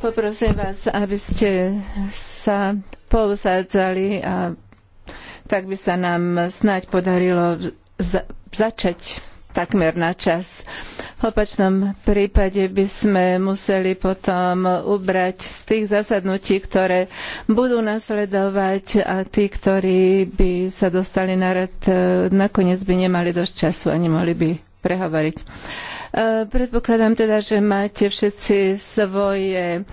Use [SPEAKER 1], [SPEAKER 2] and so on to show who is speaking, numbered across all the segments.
[SPEAKER 1] Poprosím vás, aby ste sa pousádzali a tak by sa nám snáď podarilo začať takmer na čas. V opačnom prípade by sme museli potom ubrať z tých zasadnutí, ktoré budú nasledovať a tí, ktorí by sa dostali na rad, eh, nakoniec by nemali dosť času a nemohli by prehovoriť. Eh, predpokladám teda, že máte všetci svoje ehm,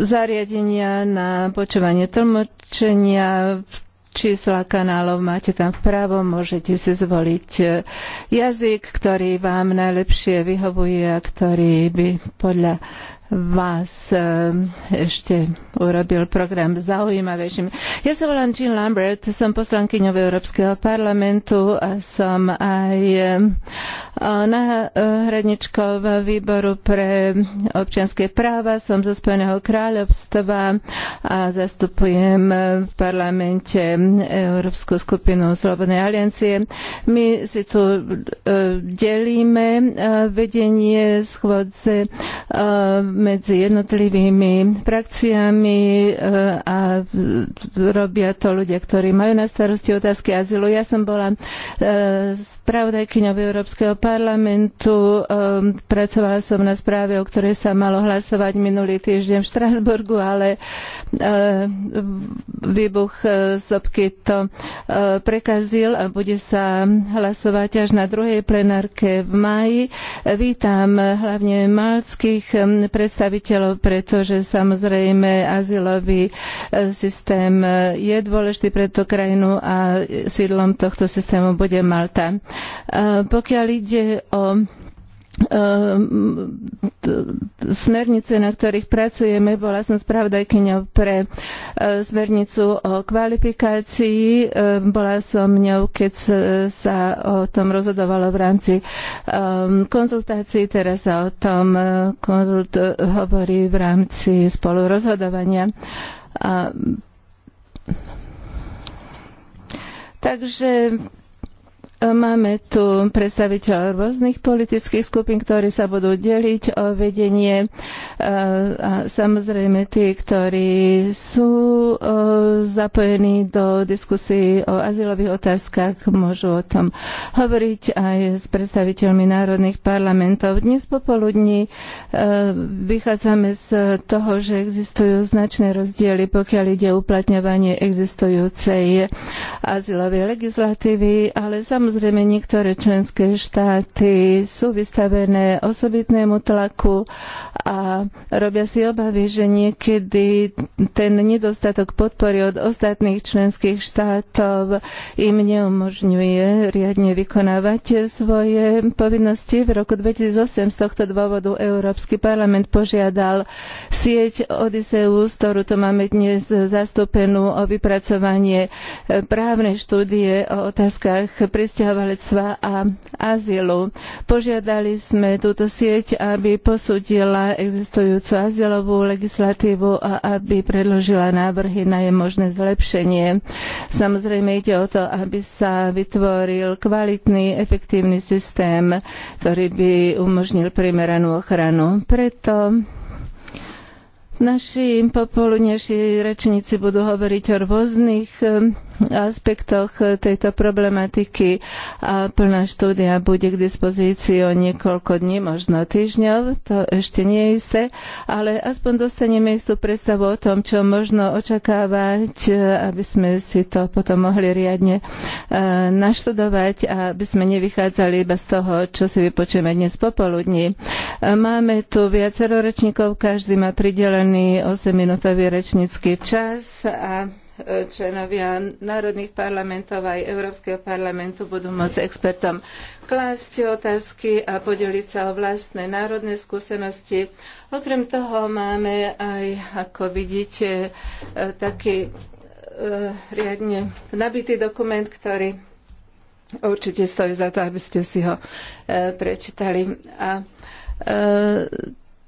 [SPEAKER 1] zariadenia na počúvanie tlmočenia čísla kanálov máte tam vpravo, môžete si zvoliť eh, jazyk, ktorý vám najlepšie vyhovuje a ktorý by podľa vás eh, ešte urobil program zaujímavejším. Ja sa volám Jean Lambert, som poslankyňou Európskeho parlamentu a som aj eh, náhradničkou eh, výboru pre občianske práva, som zo Spojeného kráľovstva a zastupujem v parlamente Európsku skupinu Slobodnej aliancie. My si tu delíme vedenie schôdze medzi jednotlivými frakciami eh, a robia to ľudia, ktorí majú na starosti otázky azylu. Ja som bola eh, spravodajkyňou Európskeho parlamentu, eh, pracovala som na správe, o ktorej sa malo hlasovať minulý týždeň v Štrasburgu, ale výbuch sopky to prekazil a bude sa hlasovať až na druhej plenárke v maji. Vítam hlavne malckých pre predstaviteľov, pretože samozrejme azylový e, systém e, je dôležitý pre tú krajinu a sídlom tohto systému bude Malta. E, pokiaľ ide o Ehm, smernice, na ktorých pracujeme. Bola som spravodajkyňou pre e, smernicu o kvalifikácii. Ehm, bola som ňou, keď sa o tom rozhodovalo v rámci ehm, konzultácií. Teraz sa o tom e, konzult e, hovorí v rámci spolurozhodovania. Takže Máme tu predstaviteľov rôznych politických skupín, ktorí sa budú deliť o vedenie e, a samozrejme tí, ktorí sú e, zapojení do diskusie o azylových otázkach, môžu o tom hovoriť aj s predstaviteľmi národných parlamentov. Dnes popoludní e, vychádzame z toho, že existujú značné rozdiely, pokiaľ ide uplatňovanie existujúcej azylovej legislatívy, ale samozrejme Samozrejme, niektoré členské štáty sú vystavené osobitnému tlaku a robia si obavy, že niekedy ten nedostatok podpory od ostatných členských štátov im neumožňuje riadne vykonávať svoje povinnosti. V roku 2008 z tohto dôvodu Európsky parlament požiadal sieť Odysseus, ktorú tu máme dnes zastúpenú o vypracovanie právnej štúdie o otázkach prístupu pristahovalectva a azylu. Požiadali sme túto sieť, aby posúdila existujúcu azylovú legislatívu a aby predložila návrhy na jej možné zlepšenie. Samozrejme ide o to, aby sa vytvoril kvalitný, efektívny systém, ktorý by umožnil primeranú ochranu. Preto Naši popoludnejší rečníci budú hovoriť o rôznych aspektoch eh, tejto problematiky a plná štúdia bude k dispozícii o niekoľko dní, možno týždňov, to ešte nie je isté, ale aspoň dostaneme istú predstavu o tom, čo možno očakávať, eh, aby sme si to potom mohli riadne eh, naštudovať a aby sme nevychádzali iba z toho, čo si vypočujeme dnes popoludní. Máme tu viacero rečníkov, každý má pridelený 8-minútový rečnícky čas a členovia národných parlamentov aj Európskeho parlamentu budú môcť expertom klásť otázky a podeliť sa o vlastné národné skúsenosti. Okrem toho máme aj, ako vidíte, e, taký e, riadne nabitý dokument, ktorý určite stojí za to, aby ste si ho e, prečítali. A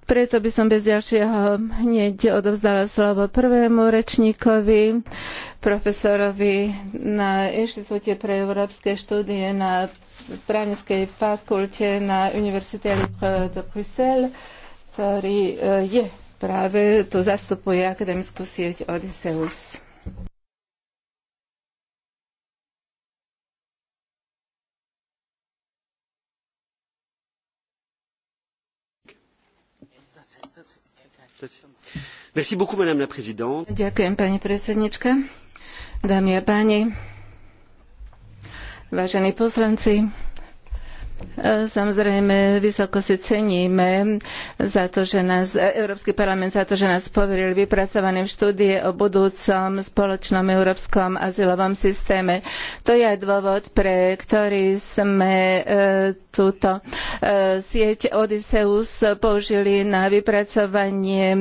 [SPEAKER 1] preto by som bez ďalšieho hneď odovzdala slovo prvému rečníkovi, profesorovi na Inštitúte pre európske štúdie na právnickej fakulte na Univerzite de Bruxelles, ktorý eh, je práve tu zastupuje akademickú sieť Odysseus.
[SPEAKER 2] Merci beaucoup, madame la
[SPEAKER 1] Ďakujem, pani predsednička. Dámy a páni, vážení poslanci, Samozrejme, vysoko si ceníme za to, že nás, Európsky parlament za to, že nás poveril vypracovaným štúdie o budúcom spoločnom európskom azylovom systéme. To je aj dôvod, pre ktorý sme e, túto e, sieť Odysseus použili na vypracovanie e,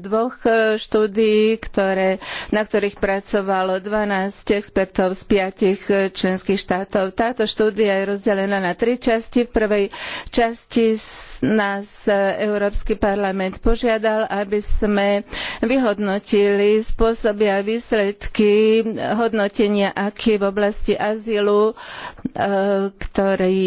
[SPEAKER 1] dvoch e, štúdií, ktoré, na ktorých pracovalo 12 expertov z piatich členských štátov. Táto štúdia je rozdelená na tri časti. V prvej časti nás Európsky parlament požiadal, aby sme vyhodnotili spôsoby a výsledky hodnotenia aký v oblasti azylu, ktorý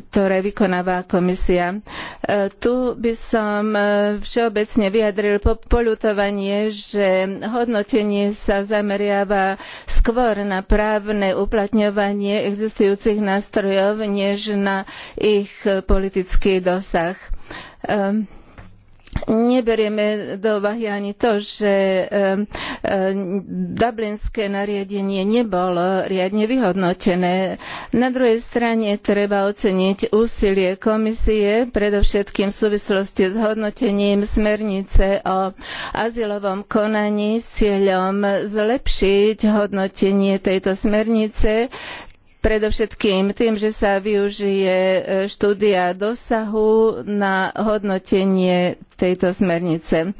[SPEAKER 1] ktoré vykonáva komisia. E, tu by som e, všeobecne vyjadril poľutovanie, že hodnotenie sa zameriava skôr na právne uplatňovanie existujúcich nástrojov, než na ich politický dosah. Um, neberieme do úvahy ani to, že dublinské nariadenie nebolo riadne vyhodnotené. Na druhej strane treba oceniť úsilie komisie, predovšetkým v súvislosti s hodnotením smernice o azylovom konaní s cieľom zlepšiť hodnotenie tejto smernice, predovšetkým tým, že sa využije e, štúdia dosahu na hodnotenie tejto smernice.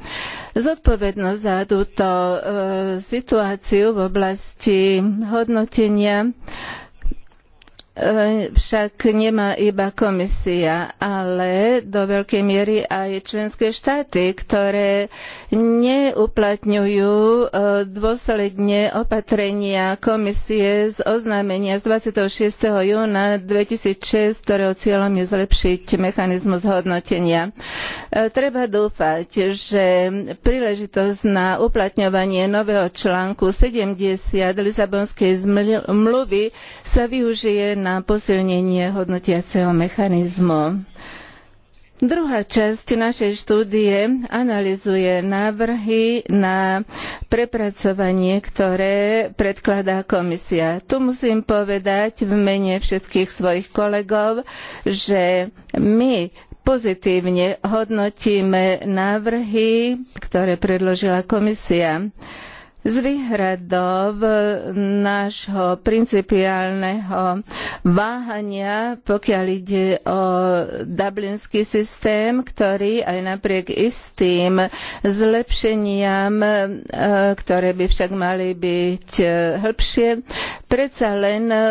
[SPEAKER 1] Zodpovednosť za túto e, situáciu v oblasti hodnotenia E, však nemá iba komisia, ale do veľkej miery aj členské štáty, ktoré neuplatňujú e, dôsledne opatrenia komisie z oznámenia z 26. júna 2006, ktorého cieľom je zlepšiť mechanizmus hodnotenia. E, treba dúfať, že príležitosť na uplatňovanie nového článku 70 Lisabonskej zmluvy sa využije na posilnenie hodnotiaceho mechanizmu. Druhá časť našej štúdie analizuje návrhy na prepracovanie, ktoré predkladá komisia. Tu musím povedať v mene všetkých svojich kolegov, že my pozitívne hodnotíme návrhy, ktoré predložila komisia z výhradov nášho principiálneho váhania, pokiaľ ide o dublinský systém, ktorý aj napriek istým zlepšeniam, e, ktoré by však mali byť e, hĺbšie, predsa len e,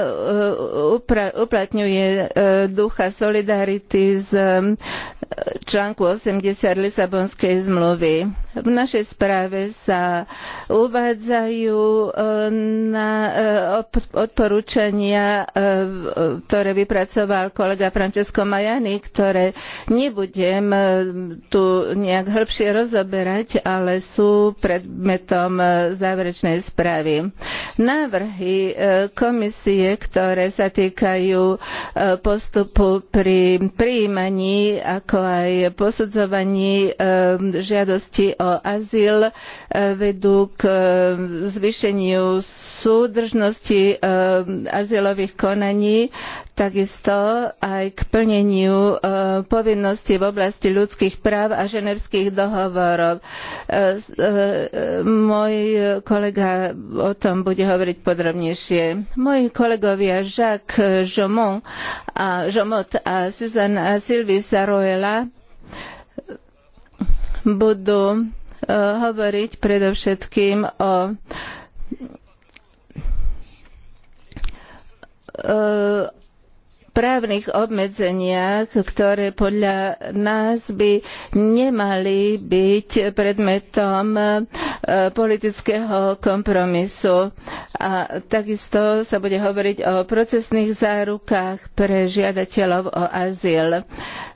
[SPEAKER 1] uplatňuje ducha solidarity z článku 80 Lisabonskej zmluvy. V našej správe sa uvádzajú e, na e, odporúčania, e, ktoré vypracoval kolega Francesco Majani, ktoré nebudem tu nejak hĺbšie rozoberať, ale sú predmetom záverečnej správy. Návrhy komisie, ktoré sa týkajú postupu pri prijímaní ako aj posudzovaní žiadosti o azyl e, vedú k e, zvýšeniu súdržnosti e, azylových konaní, takisto aj k plneniu povinností v oblasti ľudských práv a ženevských dohovorov. Môj kolega o tom bude hovoriť podrobnejšie. Moji kolegovia Jacques Jomot a, Jomot a Suzanne Sylvie Saroela budú eh, hovoriť predovšetkým o eh, právnych obmedzeniach, ktoré podľa nás by nemali byť predmetom e, politického kompromisu. A takisto sa bude hovoriť o procesných zárukách pre žiadateľov o azyl.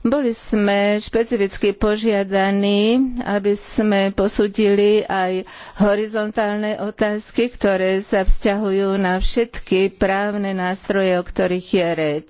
[SPEAKER 1] Boli sme špecificky požiadaní, aby sme posúdili aj horizontálne otázky, ktoré sa vzťahujú na všetky právne nástroje, o ktorých je reč.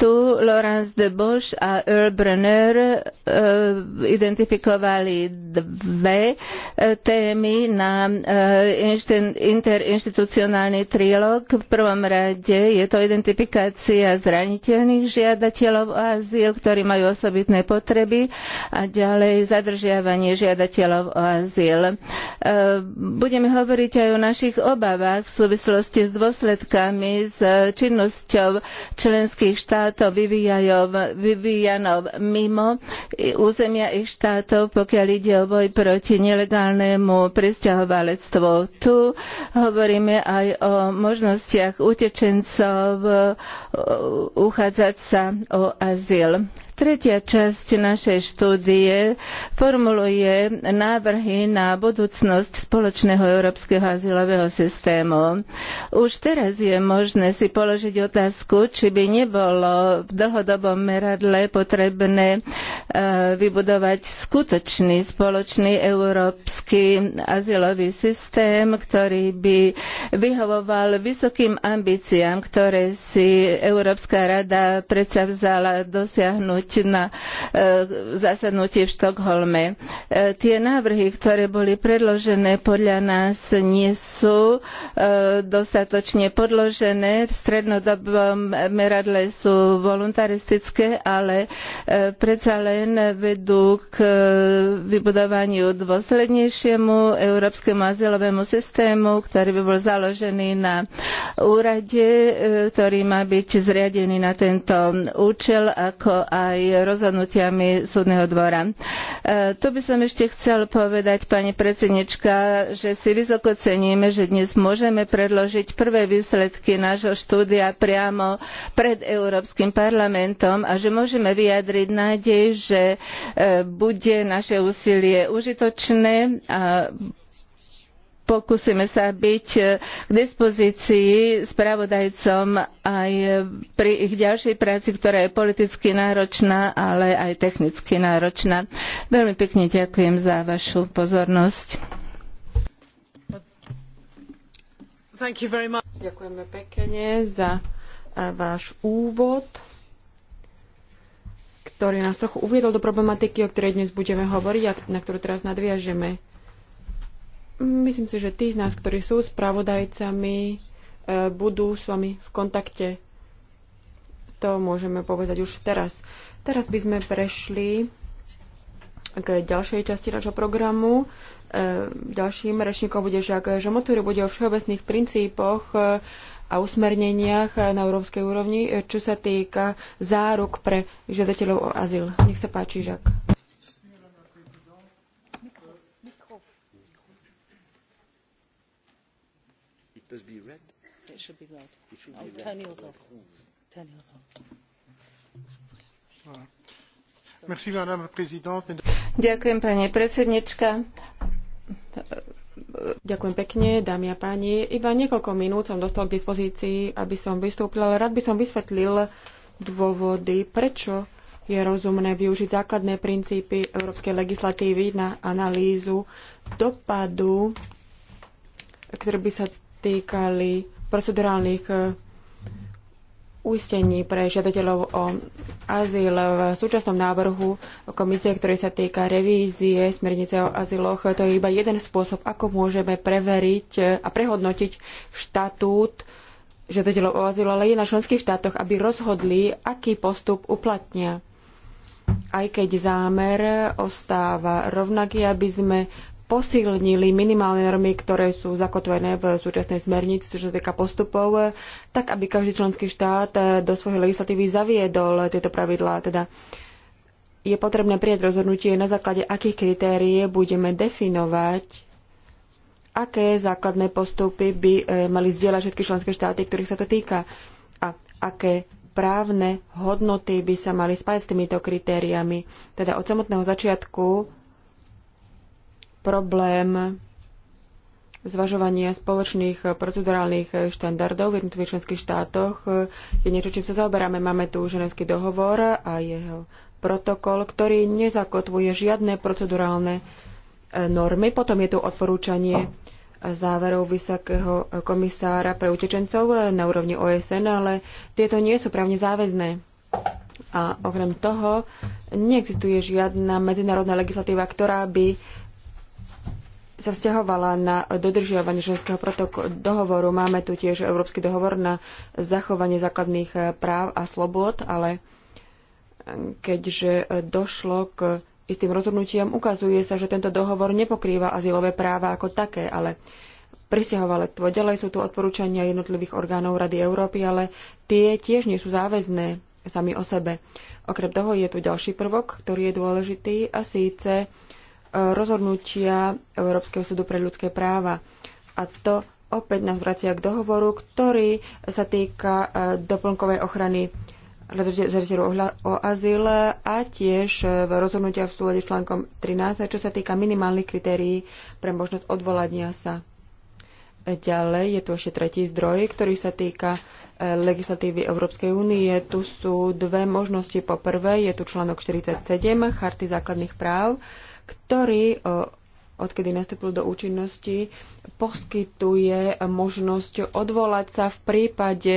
[SPEAKER 1] tu Laurence de Bosch a Earl Brenner e, eh, identifikovali dve eh, témy na e, interinstitucionálny trílog. V prvom rade je to identifikácia zraniteľných žiadateľov o azyl, ktorí majú osobitné potreby a ďalej zadržiavanie žiadateľov o azyl. E, budeme hovoriť aj o našich obavách v súvislosti s dôsledkami, s činnosťou členských štátov štátov vyvíjano mimo územia ich štátov, pokiaľ ide o boj proti nelegálnemu presťahovalectvu. Tu hovoríme aj o možnostiach utečencov uh, uchádzať sa o azyl. Tretia časť našej štúdie formuluje návrhy na budúcnosť spoločného európskeho azylového systému. Už teraz je možné si položiť otázku, či by nebolo v dlhodobom meradle potrebné e, vybudovať skutočný spoločný európsky azylový systém, ktorý by vyhovoval vysokým ambíciám, ktoré si Európska rada predsa vzala dosiahnuť prísť na e, zasadnutie v Štokholme. E, tie návrhy, ktoré boli predložené, podľa nás nie sú e, dostatočne podložené. V strednodobom meradle sú voluntaristické, ale predsa len vedú k vybudovaniu dôslednejšiemu európskemu azylovému systému, ktorý by bol založený na úrade, ktorý má byť zriadený na tento účel, ako aj aj rozhodnutiami súdneho dvora. E, tu by som ešte chcel povedať, pani predsednička, že si vysoko ceníme, že dnes môžeme predložiť prvé výsledky nášho štúdia priamo pred Európskym parlamentom a že môžeme vyjadriť nádej, že e, bude naše úsilie užitočné a pokúsime sa byť e, k dispozícii spravodajcom aj pri ich ďalšej práci, ktorá je politicky náročná, ale aj technicky náročná. Veľmi pekne ďakujem za vašu pozornosť.
[SPEAKER 3] Ďakujeme pekne za e, váš úvod ktorý nás trochu uviedol do problematiky, o ktorej dnes budeme hovoriť a na ktorú teraz nadviažeme. Myslím si, že tí z nás, ktorí sú spravodajcami, e, budú s vami v kontakte. To môžeme povedať už teraz. Teraz by sme prešli k ďalšej časti nášho programu. E, ďalším rečníkom bude Žak Žamotúr, bude o všeobecných princípoch e, a usmerneniach na európskej úrovni, čo sa týka záruk pre žiadateľov o azyl. Nech sa páči, Žak.
[SPEAKER 1] it should be red. It should oh, be turn red. yours off.
[SPEAKER 2] Turn yours off.
[SPEAKER 4] Merci, Madame la Présidente.
[SPEAKER 1] Ďakujem, pani predsednička.
[SPEAKER 3] Ďakujem pekne, dámy a páni. Iba niekoľko minút som dostal k dispozícii, aby som vystúpil, ale rád by som vysvetlil dôvody, prečo je rozumné využiť základné princípy európskej legislatívy na analýzu dopadu, ktoré by sa týkali procedurálnych ústení e, pre žiadateľov o azyl v súčasnom návrhu komisie, ktorý sa týka revízie smernice o azyloch. To je iba jeden spôsob, ako môžeme preveriť e, a prehodnotiť štatút žiadateľov o azyl, ale je na členských štátoch, aby rozhodli, aký postup uplatnia. Aj keď zámer ostáva rovnaký, aby sme posilnili minimálne normy, ktoré sú zakotvené v súčasnej smernici, čo sa týka postupov, tak aby každý členský štát eh, do svojej legislatívy zaviedol tieto pravidlá. Teda je potrebné prijať rozhodnutie, na základe akých kritérií budeme definovať, aké základné postupy by eh, mali zdieľať všetky členské štáty, ktorých sa to týka a aké právne hodnoty by sa mali spájať s týmito kritériami. Teda od samotného začiatku problém zvažovania spoločných procedurálnych štandardov v jednotlivých členských štátoch je niečo, čím sa zaoberáme. Máme tu ženevský dohovor a jeho protokol, ktorý nezakotvuje žiadne procedurálne e, normy. Potom je tu odporúčanie záverov Vysokého komisára pre utečencov e, na úrovni OSN, ale tieto nie sú právne záväzné. A okrem toho neexistuje žiadna medzinárodná legislatíva, ktorá by sa vzťahovala na dodržiavanie ženského dohovoru. Máme tu tiež Európsky dohovor na zachovanie základných eh, práv a slobod, ale eh, keďže eh, došlo k istým rozhodnutiam, ukazuje sa, že tento dohovor nepokrýva azylové práva ako také, ale tvo. Ďalej sú tu odporúčania jednotlivých orgánov Rady Európy, ale tie tiež nie sú záväzné sami o sebe. Okrem toho je tu ďalší prvok, ktorý je dôležitý a síce rozhodnutia Európskeho súdu pre ľudské práva. A to opäť nás vracia k dohovoru, ktorý sa týka e, doplnkovej ochrany žiadateľov o azyl a tiež e, v rozhodnutia v súlade s článkom 13, čo sa týka minimálnych kritérií pre možnosť odvolania sa. Ďalej je tu ešte tretí zdroj, ktorý sa týka e, legislatívy Európskej únie. Tu sú dve možnosti. Po prvé je tu článok 47 Charty základných práv, ktorý odkedy nastúpil do účinnosti, poskytuje možnosť odvolať sa v prípade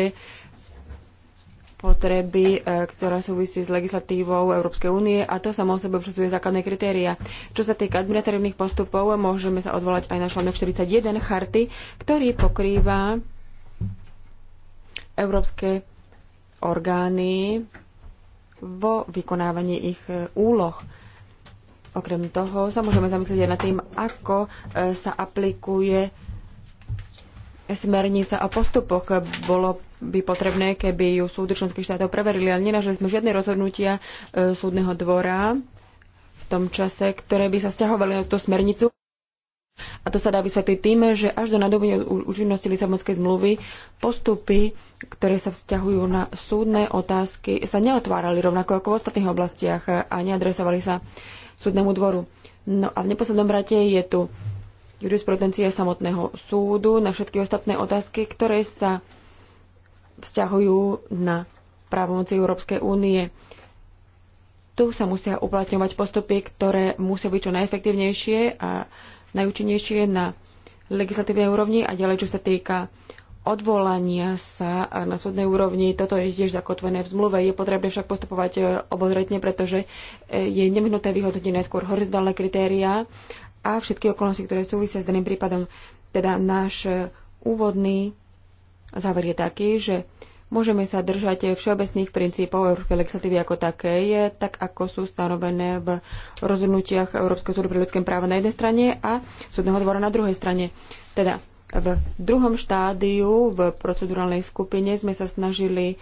[SPEAKER 3] potreby, e, ktorá súvisí s legislatívou Európskej únie a to samo o sebe obsahuje základné kritéria. Čo sa týka administratívnych postupov, môžeme sa odvolať aj na článok 41 charty, ktorý pokrýva európske orgány vo vykonávaní ich e, úloh. Okrem toho sa môžeme zamyslieť aj nad tým, ako e, sa aplikuje smernica o postupoch. Bolo by potrebné, keby ju súdy členských štátov preverili, ale nenažili sme žiadne rozhodnutia e, súdneho dvora v tom čase, ktoré by sa stiahovali na tú smernicu. A to sa dá vysvetliť tým, že až do nadobenia účinnosti Lisabonskej zmluvy postupy, ktoré sa vzťahujú na súdne otázky, sa neotvárali rovnako ako v ostatných oblastiach a neadresovali sa súdnemu dvoru. No a v neposlednom rate je tu jurisprudencia samotného súdu na všetky ostatné otázky, ktoré sa vzťahujú na právomoci Európskej únie. Tu sa musia uplatňovať postupy, ktoré musia byť čo najefektívnejšie a najúčinnejšie na legislatívnej úrovni a ďalej, čo sa týka odvolania sa na súdnej úrovni. Toto je tiež zakotvené v zmluve. Je potrebné však postupovať e, obozretne, pretože e, je nevyhnuté vyhodnotiť najskôr horizontálne kritériá a všetky okolnosti, ktoré súvisia s daným prípadom. Teda náš e, úvodný záver je taký, že môžeme sa držať všeobecných princípov európskej legislatívy ako také, tak ako sú stanovené v rozhodnutiach Európskeho súdu pre ľudské práva na jednej strane a súdneho dvora na druhej strane. Teda v druhom štádiu, v procedurálnej skupine, sme sa snažili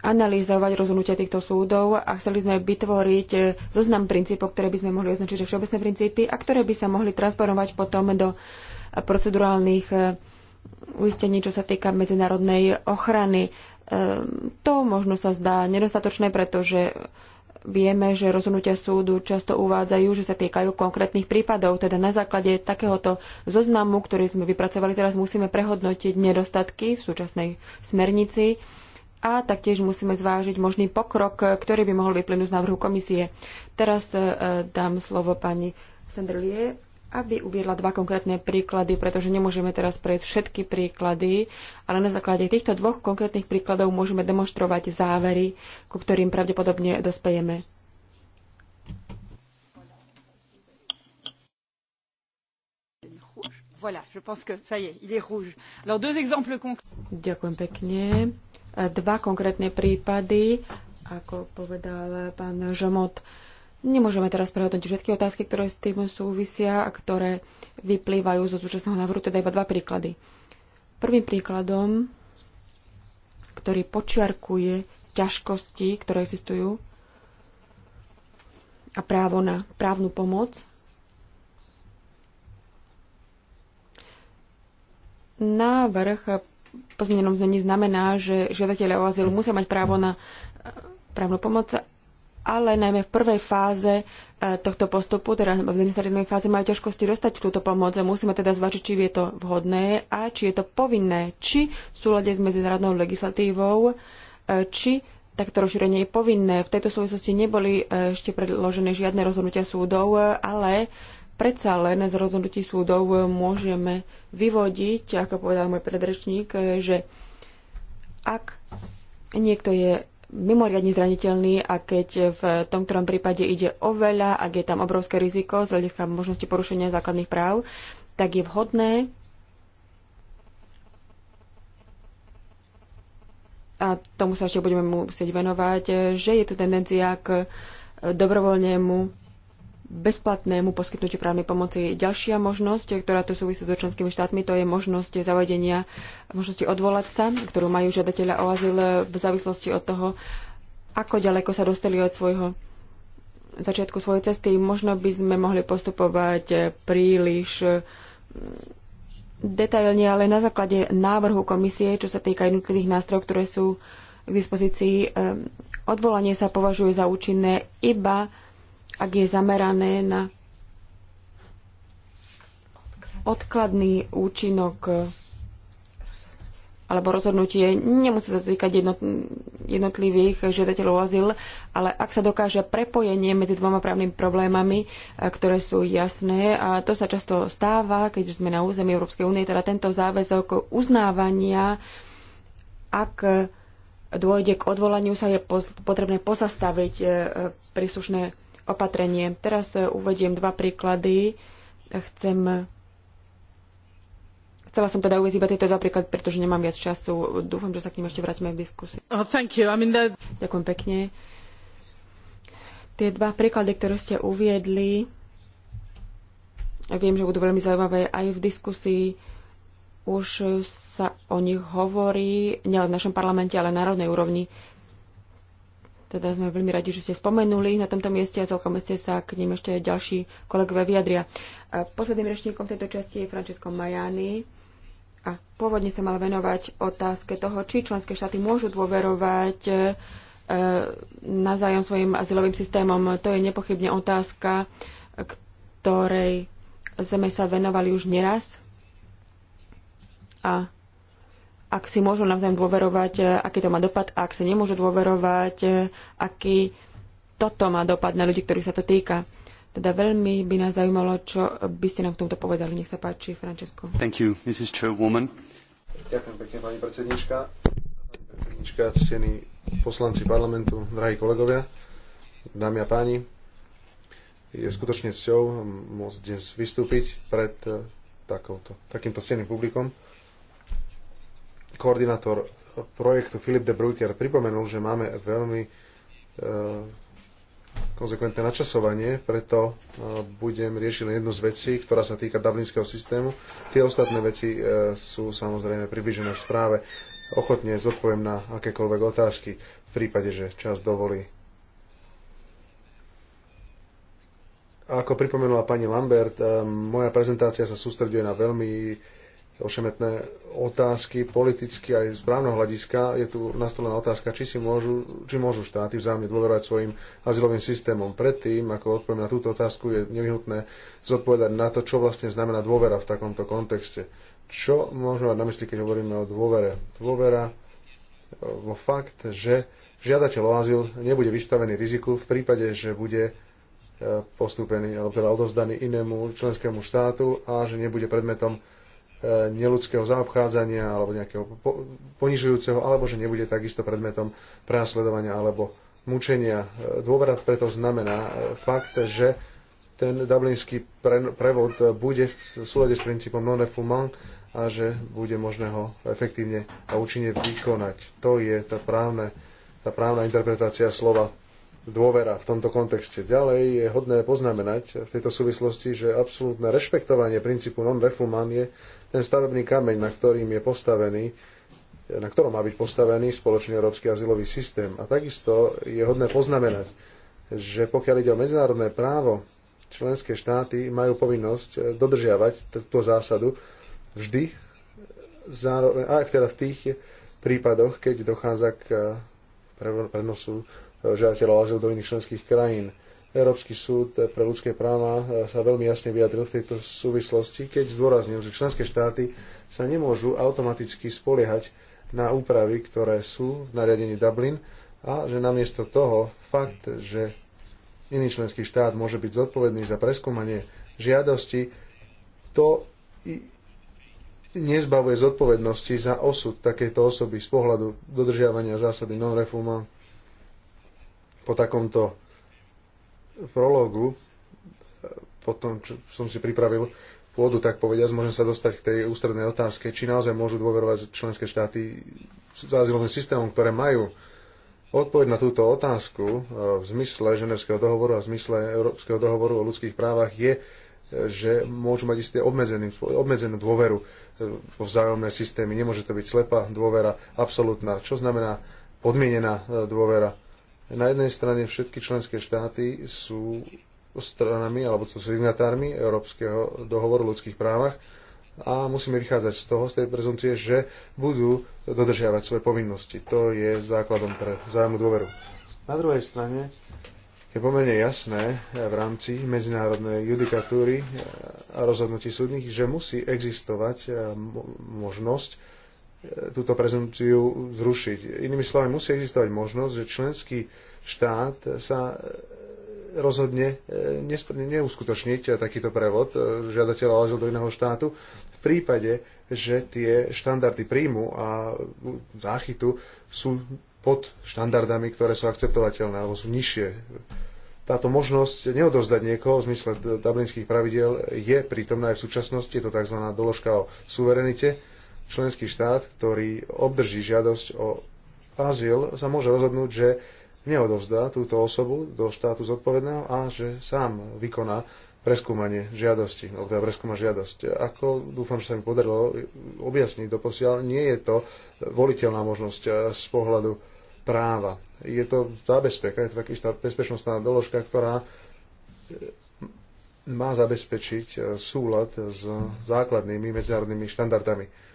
[SPEAKER 3] analýzovať rozhodnutia týchto súdov a chceli sme vytvoriť eh, zoznam princípov, ktoré by sme mohli označiť, že všeobecné princípy a ktoré by sa mohli transformovať potom do procedurálnych eh, uistení, čo sa týka medzinárodnej ochrany. Ehm, to možno sa zdá nedostatočné, pretože Vieme, že rozhodnutia súdu často uvádzajú, že sa týkajú konkrétnych prípadov, teda na základe takéhoto zoznamu, ktorý sme vypracovali, teraz musíme prehodnotiť nedostatky v súčasnej smernici a taktiež musíme zvážiť možný pokrok, ktorý by mohol vyplynúť z návrhu komisie. Teraz eh, dám slovo pani Sandrlie aby uviedla dva konkrétne príklady, pretože nemôžeme teraz prejsť všetky príklady, ale na základe týchto dvoch konkrétnych príkladov môžeme demonstrovať závery, ku ktorým pravdepodobne dospejeme.
[SPEAKER 2] Voilà, je pense que ça y est, il est rouge. Alors deux exemples
[SPEAKER 3] Ďakujem pekne. Dva konkrétne prípady, ako povedal pán Žomot, Nemôžeme teraz prehodnotiť všetky otázky, ktoré s tým súvisia a ktoré vyplývajú zo súčasného návrhu, teda iba dva príklady. Prvým príkladom, ktorý počiarkuje ťažkosti, ktoré existujú a právo na právnu pomoc, návrh po zmenenom znamená, že žiadatelia o azyl musia mať právo na eh, právnu pomoc ale najmä v prvej fáze e, tohto postupu, teda v administratívnej fáze, majú ťažkosti dostať túto pomoc a musíme teda zvažiť, či je to vhodné a či je to povinné, či v súlade s medzinárodnou legislatívou, e, či takto rozšírenie je povinné. V tejto súvislosti neboli e, ešte predložené žiadne rozhodnutia súdov, ale predsa len z rozhodnutí súdov môžeme vyvodiť, ako povedal môj predrečník, že ak niekto je mimoriadne zraniteľný a keď v tom, ktorom prípade ide o veľa, ak je tam obrovské riziko z hľadiska možnosti porušenia základných práv, tak je vhodné a tomu sa ešte budeme musieť venovať, že je tu tendencia k dobrovoľnému bezplatnému poskytnutiu právnej pomoci. Ďalšia možnosť, ktorá tu súvisí so členskými štátmi, to je možnosť zavedenia, možnosti odvolať sa, ktorú majú žiadateľa o azyl v závislosti od toho, ako ďaleko sa dostali od svojho začiatku svojej cesty. Možno by sme mohli postupovať príliš mm, detailne, ale na základe návrhu komisie, čo sa týka jednotlivých nástrojov, ktoré sú k dispozícii, odvolanie sa považuje za účinné iba ak je zamerané na odkladný účinok alebo rozhodnutie nemusí sa týkať jednotlivých žiadateľov azyl, ale ak sa dokáže prepojenie medzi dvoma právnymi problémami, e, ktoré sú jasné, a to sa často stáva, keď sme na území Európskej únie, teda tento záväzok uznávania, ak dôjde k odvolaniu, sa je potrebné pozastaviť e, e, príslušné opatrenie. Teraz e, uvediem dva príklady. Chcem Chcela som teda uvieť iba tieto dva príklady, pretože nemám viac času. Dúfam, že sa k ním ešte vrátime v diskusii. Oh, I mean, that... Ďakujem pekne. Tie dva príklady, ktoré ste uviedli, viem, že budú veľmi zaujímavé aj v diskusii. Už sa o nich hovorí, nielen v našom parlamente, ale na národnej úrovni. Teda sme veľmi radi, že ste spomenuli na tomto mieste a celkom ste sa k ním ešte ďalší kolegové vyjadria. Posledným rečníkom tejto časti je Francesco Majani a pôvodne sa mal venovať otázke toho, či členské štáty môžu dôverovať e, navzájom svojim azylovým systémom. To je nepochybne otázka, ktorej sme sa venovali už neraz a ak si môžu navzájom dôverovať, e, aký to má dopad, a ak si nemôžu dôverovať, e, aký toto má dopad na ľudí, ktorých sa to týka. Teda veľmi by nás zaujímalo, čo by ste nám k tomuto povedali. Nech sa páči, Francesco.
[SPEAKER 4] Thank you, Mrs. Chairwoman. Ďakujem pekne, pani predsednička. Pani predsednička, ctení poslanci parlamentu, drahí kolegovia, dámy a páni. Je skutočne cťou môcť dnes vystúpiť pred e, takouto, takýmto steným publikom koordinátor projektu Filip de Bruyker pripomenul, že máme veľmi e, konzekventné načasovanie, preto e, budem riešiť len jednu z vecí, ktorá sa týka dublinského systému. Tie ostatné veci e, sú samozrejme približené v správe. Ochotne zodpoviem na akékoľvek otázky v prípade, že čas dovolí. Ako pripomenula pani Lambert, moja prezentácia sa sústreduje na veľmi ošemetné otázky politicky aj z právneho hľadiska. Je tu nastolená otázka, či, si môžu, či môžu štáty vzájomne dôverovať svojim azylovým systémom. Predtým, ako odpoviem na túto otázku, je nevyhnutné zodpovedať na to, čo vlastne znamená dôvera v takomto kontexte. Čo môžeme mať na mysli, keď hovoríme o dôvere? Dôvera e, vo fakt, že žiadateľ o azyl nebude vystavený riziku v prípade, že bude e, postúpený, alebo teda odovzdaný inému členskému štátu a že nebude predmetom E, neludského zaobchádzania alebo nejakého ponižujúceho, alebo že nebude takisto predmetom prenasledovania alebo mučenia. E, dôvera preto znamená e, fakt, že ten dublinský prevod bude v súlade s princípom non refoulement a že bude možné ho efektívne a účinne vykonať. To je tá, právne, tá právna interpretácia slova dôvera v tomto kontexte. Ďalej je hodné poznamenať v tejto súvislosti, že absolútne rešpektovanie princípu non refoulement je ten stavebný kameň, na ktorým je postavený, na ktorom má byť postavený spoločný európsky azylový systém. A takisto je hodné poznamenať, že pokiaľ ide o medzinárodné právo, členské štáty majú povinnosť dodržiavať túto zásadu vždy, zároveň, aj teda v tých prípadoch, keď dochádza k prenosu e, žiadateľov azyl do iných členských krajín. Európsky súd pre ľudské práva e, sa veľmi jasne vyjadril v tejto súvislosti, keď zdôraznil, že členské štáty sa nemôžu automaticky spoliehať na úpravy, ktoré sú v nariadení Dublin a že namiesto toho fakt, že iný členský štát môže byť zodpovedný za preskúmanie žiadosti, to nezbavuje zodpovednosti za osud takejto osoby z pohľadu dodržiavania zásady non-refuma po takomto prologu, e, po tom, čo som si pripravil pôdu, tak povediať, môžem sa dostať k tej ústrednej otázke, či naozaj môžu dôverovať členské štáty azylovým systémom, ktoré majú Odpoveď na túto otázku e, v zmysle Ženevského dohovoru a v zmysle Európskeho dohovoru o ľudských právach je, e, že môžu mať isté obmedzenú, obmedzenú dôveru vo vzájomné systémy. Nemôže to byť slepá dôvera, absolútna. Čo znamená podmienená dôvera? Na jednej strane všetky členské štáty sú stranami alebo sú signatármi Európskeho dohovoru o ľudských právach a musíme vychádzať z toho, z tej prezumcie, že budú dodržiavať svoje povinnosti. To je základom pre vzájomnú dôveru. Na druhej strane je pomerne jasné v rámci medzinárodnej judikatúry a rozhodnutí súdnych, že musí existovať možnosť túto prezumciu zrušiť. Inými slovami, musí existovať možnosť, že členský štát sa e, rozhodne e, neuskutočniť takýto prevod e, žiadateľa o azyl do iného štátu v prípade, že tie štandardy príjmu a záchytu sú pod štandardami, ktoré sú akceptovateľné alebo sú nižšie. Táto možnosť neodozdať niekoho v zmysle dublinských pravidiel je prítomná aj v súčasnosti, je to tzv. doložka o suverenite členský štát, ktorý obdrží žiadosť o azyl, sa môže rozhodnúť, že neodovzdá túto osobu do štátu zodpovedného a že sám vykoná preskúmanie žiadosti, alebo teda preskúma žiadosť. Ako dúfam, že sa mi podarilo objasniť doposiaľ, nie je to voliteľná možnosť eh, z pohľadu práva. Je to tá bezpeka, je to taký bezpečnostná doložka, ktorá eh, má zabezpečiť eh, súlad s základnými medzinárodnými štandardami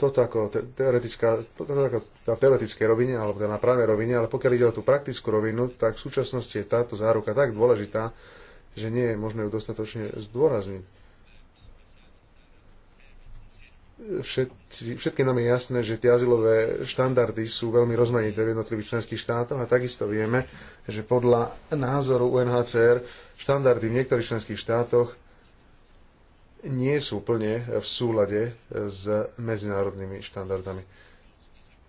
[SPEAKER 4] toto ako teoretická, toto ako na teoretickej rovine, alebo teda na právnej rovine, ale pokiaľ ide o tú praktickú rovinu, tak v súčasnosti je táto záruka tak dôležitá, že nie je možné ju dostatočne zdôrazniť. Všetci, všetky nám je jasné, že tie azylové štandardy sú veľmi rozmanité v jednotlivých členských štátoch a takisto vieme, že podľa názoru UNHCR štandardy v niektorých členských štátoch nie sú plne v súlade s medzinárodnými štandardami.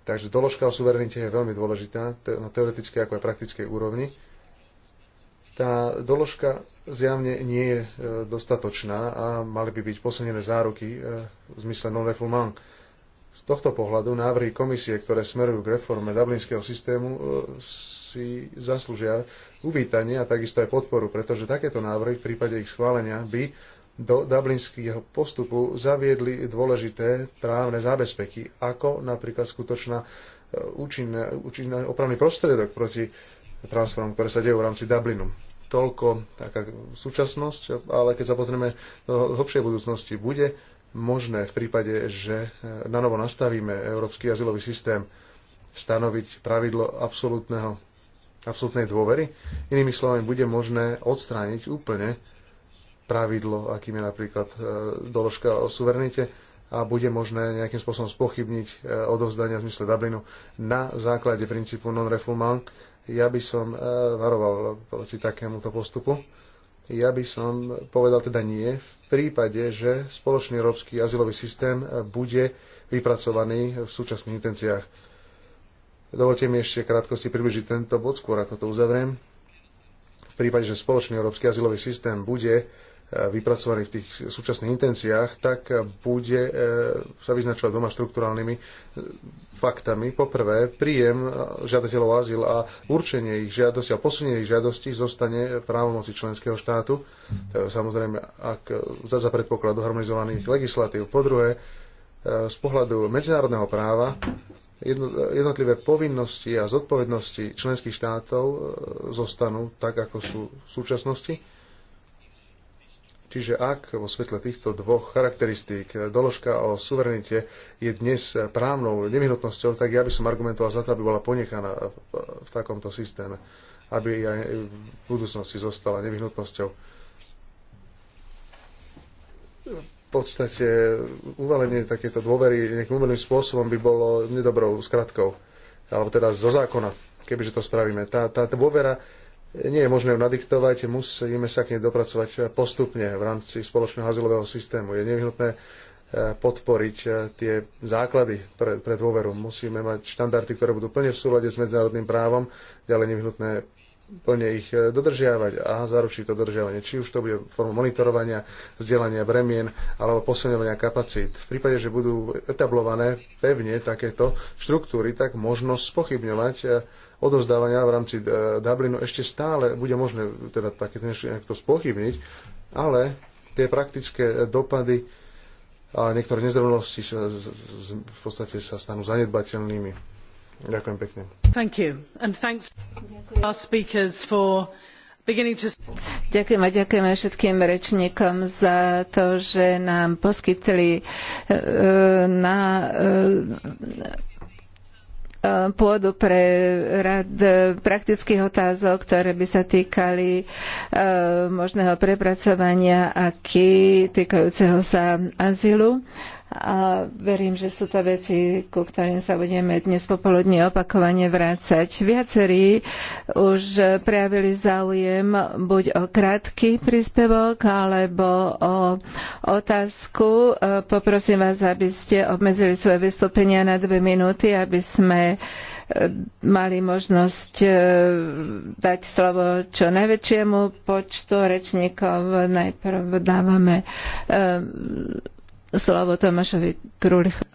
[SPEAKER 4] Takže doložka o suverenite je veľmi dôležitá na teoretickej ako aj praktickej úrovni. Tá doložka zjavne nie je e, dostatočná a mali by byť posunené záruky e, v zmysle non-refoulement. Z tohto pohľadu návrhy komisie, ktoré smerujú k reforme dublinského systému, e, si zaslúžia uvítanie a takisto aj podporu, pretože takéto návrhy v prípade ich schválenia by do dublinského postupu zaviedli dôležité právne zábezpeky, ako napríklad skutočná účinná, e, účinná opravný prostriedok proti transferom, ktoré sa dejú v rámci Dublinu. Toľko taká súčasnosť, ale keď sa pozrieme do hlbšej budúcnosti, bude možné v prípade, že e, na novo nastavíme európsky azylový systém, stanoviť pravidlo absolútnej dôvery. Inými slovami, bude možné odstrániť úplne pravidlo, akým je napríklad e, doložka o suverenite a bude možné nejakým spôsobom spochybniť e, odovzdania v zmysle Dublinu na základe princípu non-refoulement. Ja by som e, varoval proti takémuto postupu. Ja by som povedal teda nie v prípade, že spoločný európsky azylový systém bude vypracovaný v súčasných intenciách. Dovolte mi ešte krátkosti približiť tento bod, skôr ako to uzavriem. V prípade, že spoločný európsky azylový systém bude vypracovaný v tých súčasných intenciách, tak bude eh, sa vyznačovať dvoma štrukturálnymi eh, faktami. Poprvé, príjem eh, žiadateľov o azyl a určenie ich žiadosti a posunie ich žiadosti zostane v právomoci členského štátu, samozrejme ak za, za predpokladu harmonizovaných legislatív. Po druhé, z pohľadu medzinárodného práva jednotlivé povinnosti a zodpovednosti členských štátov zostanú tak, ako sú v súčasnosti Čiže ak vo svetle týchto dvoch charakteristík doložka o suverenite je dnes právnou nevyhnutnosťou, tak ja by som argumentoval za to, aby bola ponechaná v takomto systéme, aby aj v budúcnosti zostala nevyhnutnosťou. V podstate uvalenie takéto dôvery nejakým umelým spôsobom by bolo nedobrou skratkou, alebo teda zo zákona, kebyže to spravíme. Tá, tá dôvera nie je možné ju nadiktovať, musíme sa k nej dopracovať postupne v rámci spoločného azylového systému. Je nevyhnutné eh, podporiť eh, tie základy pre, pre dôveru. Musíme mať štandardy, ktoré budú plne v súlade s medzinárodným právom, ďalej nevyhnutné plne ich eh, dodržiavať a zaručiť to dodržiavanie. Či už to bude formou monitorovania, vzdelania bremien alebo posilňovania kapacít. V prípade, že budú etablované pevne takéto štruktúry, tak možno spochybňovať odovzdávania v rámci eh, Dublinu ešte stále bude možné teda takéto niečo spochybniť, ale tie praktické eh, dopady a niektoré nezrovnosti sa, v podstate sa stanú zanedbateľnými. Ďakujem pekne.
[SPEAKER 1] Thank
[SPEAKER 2] you. And thanks Ďakujem.
[SPEAKER 1] our speakers for Ďakujem a ďakujem všetkým rečníkom za to, že nám poskytli eh, na pôdu pre rad e, praktických otázok, ktoré by sa týkali e, možného prepracovania aký týkajúceho sa azylu a verím, že sú to veci, ku ktorým sa budeme dnes popoludne opakovane vrácať. Viacerí už prejavili záujem buď o krátky príspevok, alebo o otázku. E, poprosím vás, aby ste obmedzili svoje vystúpenia na dve minúty, aby sme e, mali možnosť e, dať slovo čo najväčšiemu počtu rečníkov. Najprv dávame slovo Tomášovi Krulichu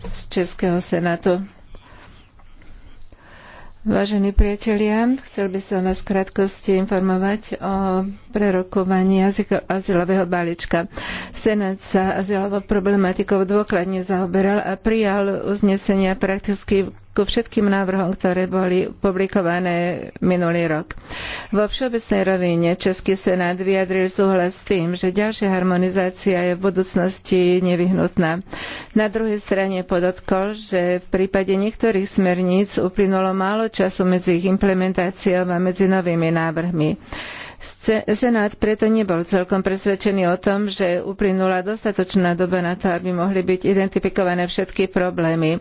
[SPEAKER 1] z Českého senátu. Vážení priatelia, chcel by som vás v krátkosti informovať o prerokovaní azylového balíčka. Senát sa azylovou problematikou dôkladne zaoberal a prijal uznesenia prakticky ku všetkým návrhom, ktoré boli publikované minulý rok. Vo všeobecnej rovine Český senát vyjadril súhlas s tým, že ďalšia harmonizácia je v budúcnosti nevyhnutná. Na druhej strane podotkol, že v prípade niektorých smerníc uplynulo málo času medzi ich implementáciou a medzi novými návrhmi. Senát preto nebol celkom presvedčený o tom, že uplynula dostatočná doba na to, aby mohli byť identifikované všetky problémy.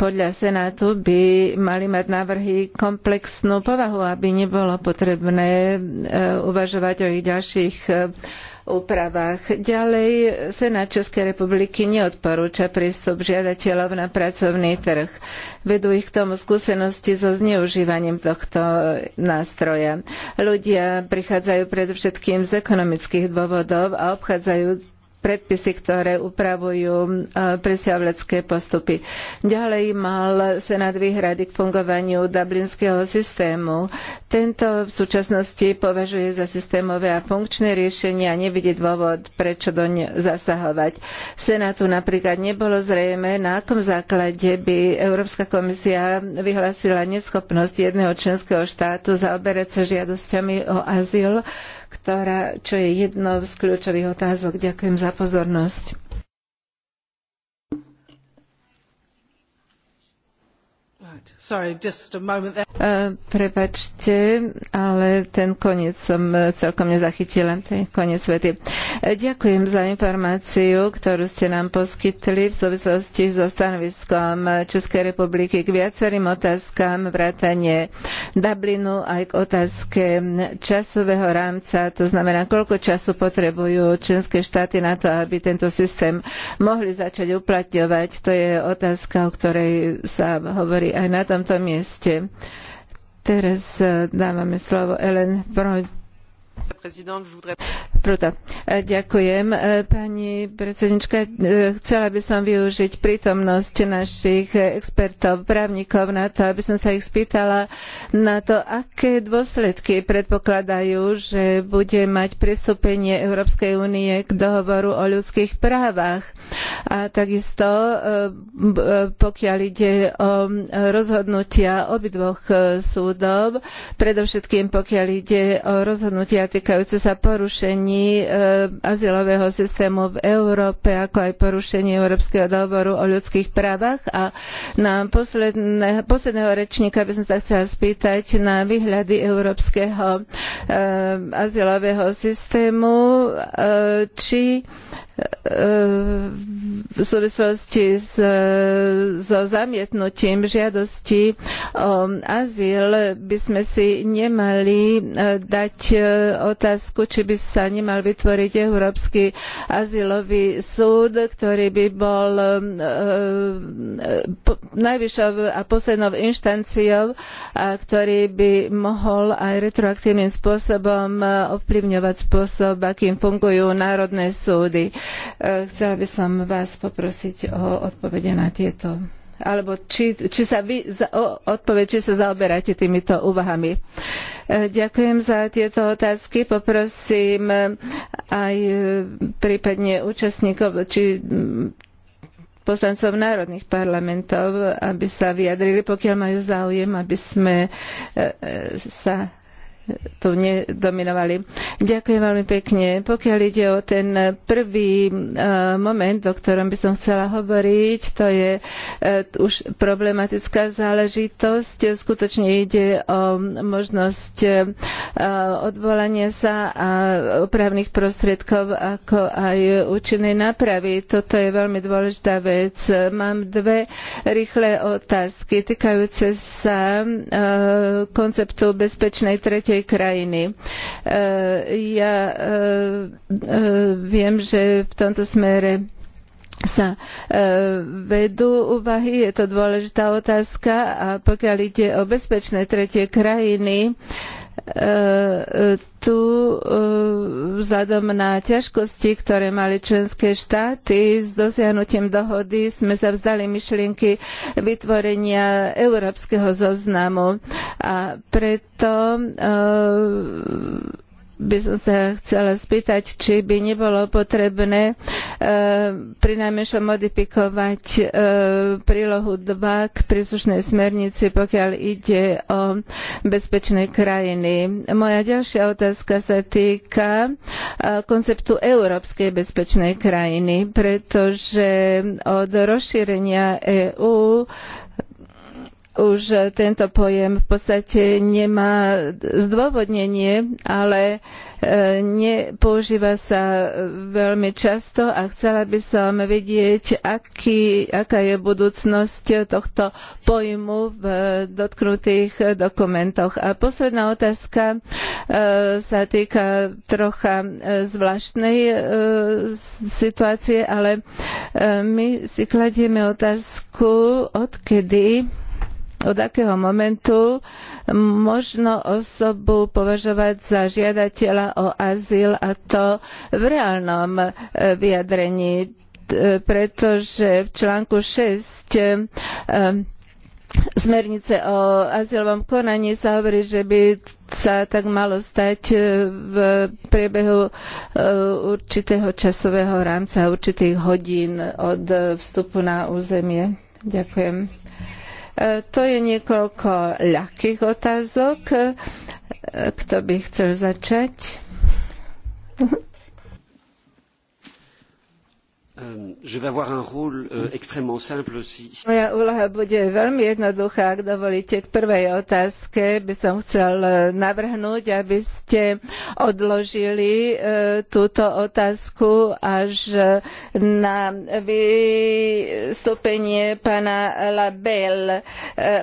[SPEAKER 1] Podľa Senátu by mali mať návrhy komplexnú povahu, aby nebolo potrebné e, uvažovať o ich ďalších e, úpravách. Ďalej, Senát Českej republiky neodporúča prístup žiadateľov na pracovný trh. Vedú ich k tomu skúsenosti so zneužívaním tohto nástroja. Ľudia prichádzajú predovšetkým z ekonomických dôvodov a obchádzajú predpisy, ktoré upravujú e, presťahovalecké postupy. Ďalej mal Senát výhrady k fungovaniu dublinského systému. Tento v súčasnosti považuje za systémové a funkčné riešenie a nevidí dôvod, prečo doň zasahovať. Senátu napríklad nebolo zrejme, na akom základe by Európska komisia vyhlásila neschopnosť jedného členského štátu zaoberať sa žiadosťami o azyl, ktorá, čo je jednou z kľúčových otázok. Ďakujem za pozornosť.
[SPEAKER 2] Sorry, just a moment there.
[SPEAKER 1] Uh, prepačte, ale ten koniec som celkom nezachytila, ten koniec vety. E, ďakujem za informáciu, ktorú ste nám poskytli v súvislosti so stanoviskom Českej republiky k viacerým otázkam vrátane Dublinu aj k otázke časového rámca, to znamená, koľko času potrebujú členské štáty na to, aby tento systém mohli začať uplatňovať. To je otázka, o ktorej sa hovorí aj na to, tomto mieste. Teraz eh, dávame slovo Ellen Brod Ďakujem. E, pani predsednička, e, chcela by som využiť prítomnosť našich expertov, právnikov na to, aby som sa ich spýtala na to, aké dôsledky predpokladajú, že bude mať pristúpenie Európskej únie k dohovoru o ľudských právach. A takisto, e, pokiaľ ide o rozhodnutia obidvoch súdov, predovšetkým pokiaľ ide o rozhodnutia týkajúce sa porušení e, azylového systému v Európe, ako aj porušenie Európskeho dohovoru o ľudských právach. A na posledné, posledného rečníka by som sa chcela spýtať na výhľady Európskeho e, azylového systému, e, či E, v súvislosti s, e, so zamietnutím žiadosti o azyl by sme si nemali e, dať otázku, či by sa nemal vytvoriť Európsky azylový súd, ktorý by bol najvyššou a poslednou inštanciou, a ktorý by mohol aj retroaktívnym spôsobom ovplyvňovať spôsob, akým fungujú národné súdy. Eh, chcela by som vás poprosiť o odpovede na tieto alebo či, či sa vy za, o, odpoveď, či sa zaoberáte týmito úvahami. Eh, ďakujem za tieto otázky. Poprosím eh, aj prípadne účastníkov, či mm, poslancov národných parlamentov, aby sa vyjadrili, pokiaľ majú záujem, aby sme sa tu nedominovali. Ďakujem veľmi pekne. Pokiaľ ide o ten prvý eh, moment, o ktorom by som chcela hovoriť, to je eh, už problematická záležitosť. Skutočne ide o možnosť eh, odvolania sa a opravných prostriedkov, ako aj účinnej nápravy. Toto je veľmi dôležitá vec. Mám dve rýchle otázky týkajúce sa konceptu bezpečnej tretej našej krajiny. E, ja e, e, viem, že v tomto smere sa vedú úvahy, je to dôležitá otázka a pokiaľ ide o bezpečné tretie krajiny, E, e, tu e, vzhľadom na ťažkosti, ktoré mali členské štáty s dosiahnutím dohody, sme sa vzdali myšlienky vytvorenia európskeho zoznamu. A preto by som sa chcela spýtať, či by nebolo potrebné e, prinajmenšom modifikovať e, prílohu 2 k príslušnej smernici, pokiaľ ide o bezpečné krajiny. Moja ďalšia otázka sa týka e, konceptu európskej bezpečnej krajiny, pretože od rozšírenia EÚ už tento pojem v podstate nemá zdôvodnenie, ale e, nepoužíva sa veľmi často a chcela by som vedieť, aký, aká je budúcnosť tohto pojmu v dotknutých dokumentoch. A posledná otázka e, sa týka trocha e, zvláštnej situácie, ale my si kladieme otázku, odkedy od akého momentu možno osobu považovať za žiadateľa o azyl a to v reálnom e, vyjadrení e, pretože v článku 6 e, smernice o azylovom konaní sa hovorí, že by sa tak malo stať v priebehu určitého časového rámca, určitých hodín od vstupu na územie. Ďakujem. E, to je niekoľko ľahkých otázok. E, kto by chcel začať?
[SPEAKER 2] Euh, euh,
[SPEAKER 1] moja úloha bude veľmi jednoduchá. Ak dovolíte, k prvej otázke by som chcel e, navrhnúť, aby ste odložili e, túto otázku až e, na vystúpenie pána Label,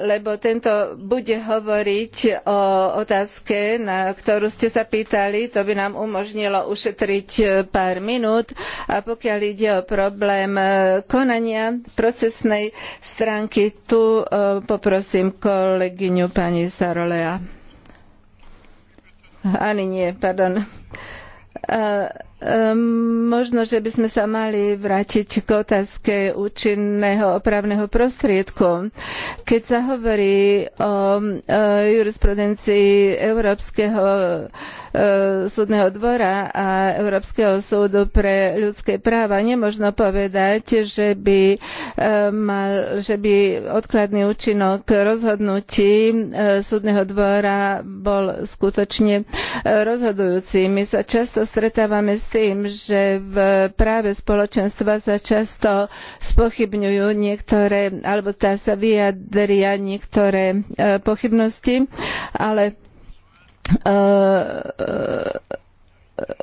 [SPEAKER 1] lebo tento bude hovoriť o otázke, na ktorú ste sa pýtali. To by nám umožnilo ušetriť pár minút. A pokiaľ ide o problém e, konania procesnej stránky. Tu e, poprosím kolegyňu pani Sarolea. Ani nie, pardon. E, možno, že by sme sa mali vrátiť k otázke účinného opravného prostriedku. Keď sa hovorí o jurisprudencii Európskeho E, súdneho dvora a Európskeho súdu pre ľudské práva. Nemožno povedať, že by, e, mal, že by odkladný účinok rozhodnutí e, súdneho dvora bol skutočne rozhodujúci. My sa často stretávame s tým, že v práve spoločenstva sa často spochybňujú niektoré, alebo tá sa vyjadria niektoré pochybnosti, ale Eh, eh,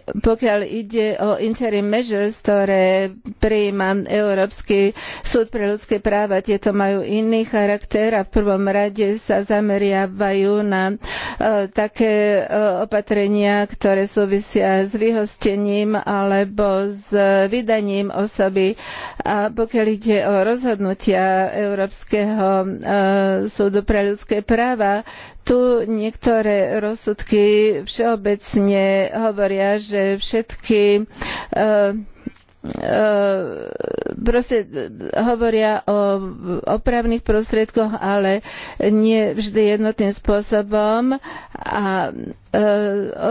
[SPEAKER 1] pokiaľ ide o interim measures, ktoré prijíma Európsky súd pre ľudské práva, tieto majú iný charakter a v prvom rade sa zameriavajú na eh, také opatrenia, ktoré súvisia s vyhostením alebo s vydaním osoby. A pokiaľ ide o rozhodnutia Európskeho súdu pre ľudské práva, tu niektoré rozsudky všeobecne hovoria, že všetky eh, E, proste hovoria o opravných prostriedkoch, ale nie vždy jednotným spôsobom a e,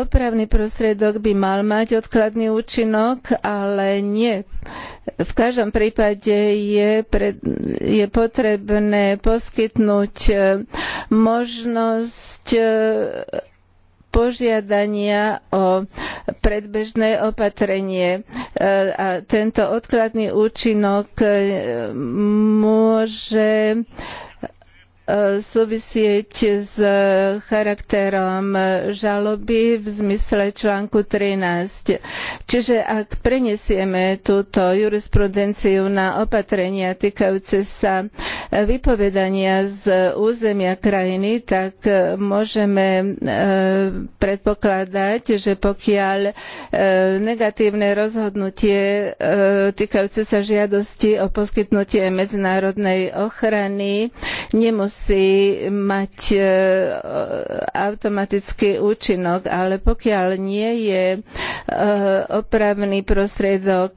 [SPEAKER 1] opravný prostriedok by mal mať odkladný účinok, ale nie. V každom prípade je, pred, je potrebné poskytnúť e, možnosť požiadania o predbežné opatrenie. E, a tento odkladný účinok e, môže súvisieť s e, charakterom e, žaloby v zmysle článku 13. Čiže ak prenesieme túto jurisprudenciu na opatrenia týkajúce sa vypovedania z územia krajiny, tak e, môžeme predpokladať, že pokiaľ negatívne rozhodnutie týkajúce sa žiadosti o poskytnutie medzinárodnej ochrany nemusí musí mať e, e, automatický účinok, ale pokiaľ nie je e, opravný prostriedok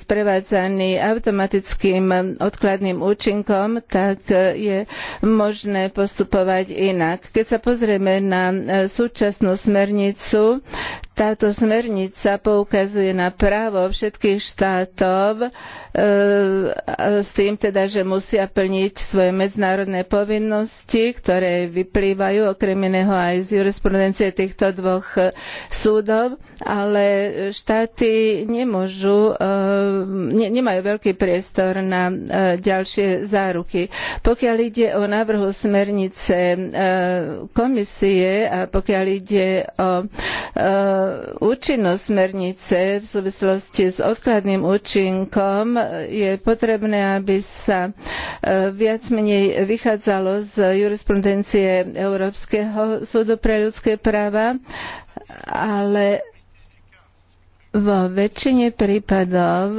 [SPEAKER 1] sprevádzaný automatickým odkladným účinkom, tak je možné postupovať inak. Keď sa pozrieme na súčasnú smernicu, táto smernica poukazuje na právo všetkých štátov s tým teda, že musia plniť svoje medzinárodné povinnosti povinnosti, ktoré vyplývajú okrem iného aj z jurisprudencie týchto dvoch e, súdov, ale štáty nemôžu, e, ne, nemajú veľký priestor na e, ďalšie záruky. Pokiaľ ide o návrhu smernice komisie a pokiaľ ide o účinnosť smernice v súvislosti s odkladným účinkom, je potrebné, aby sa viac menej vychádzalo vyplývalo z jurisprudencie Európskeho súdu pre ľudské práva, ale vo väčšine prípadov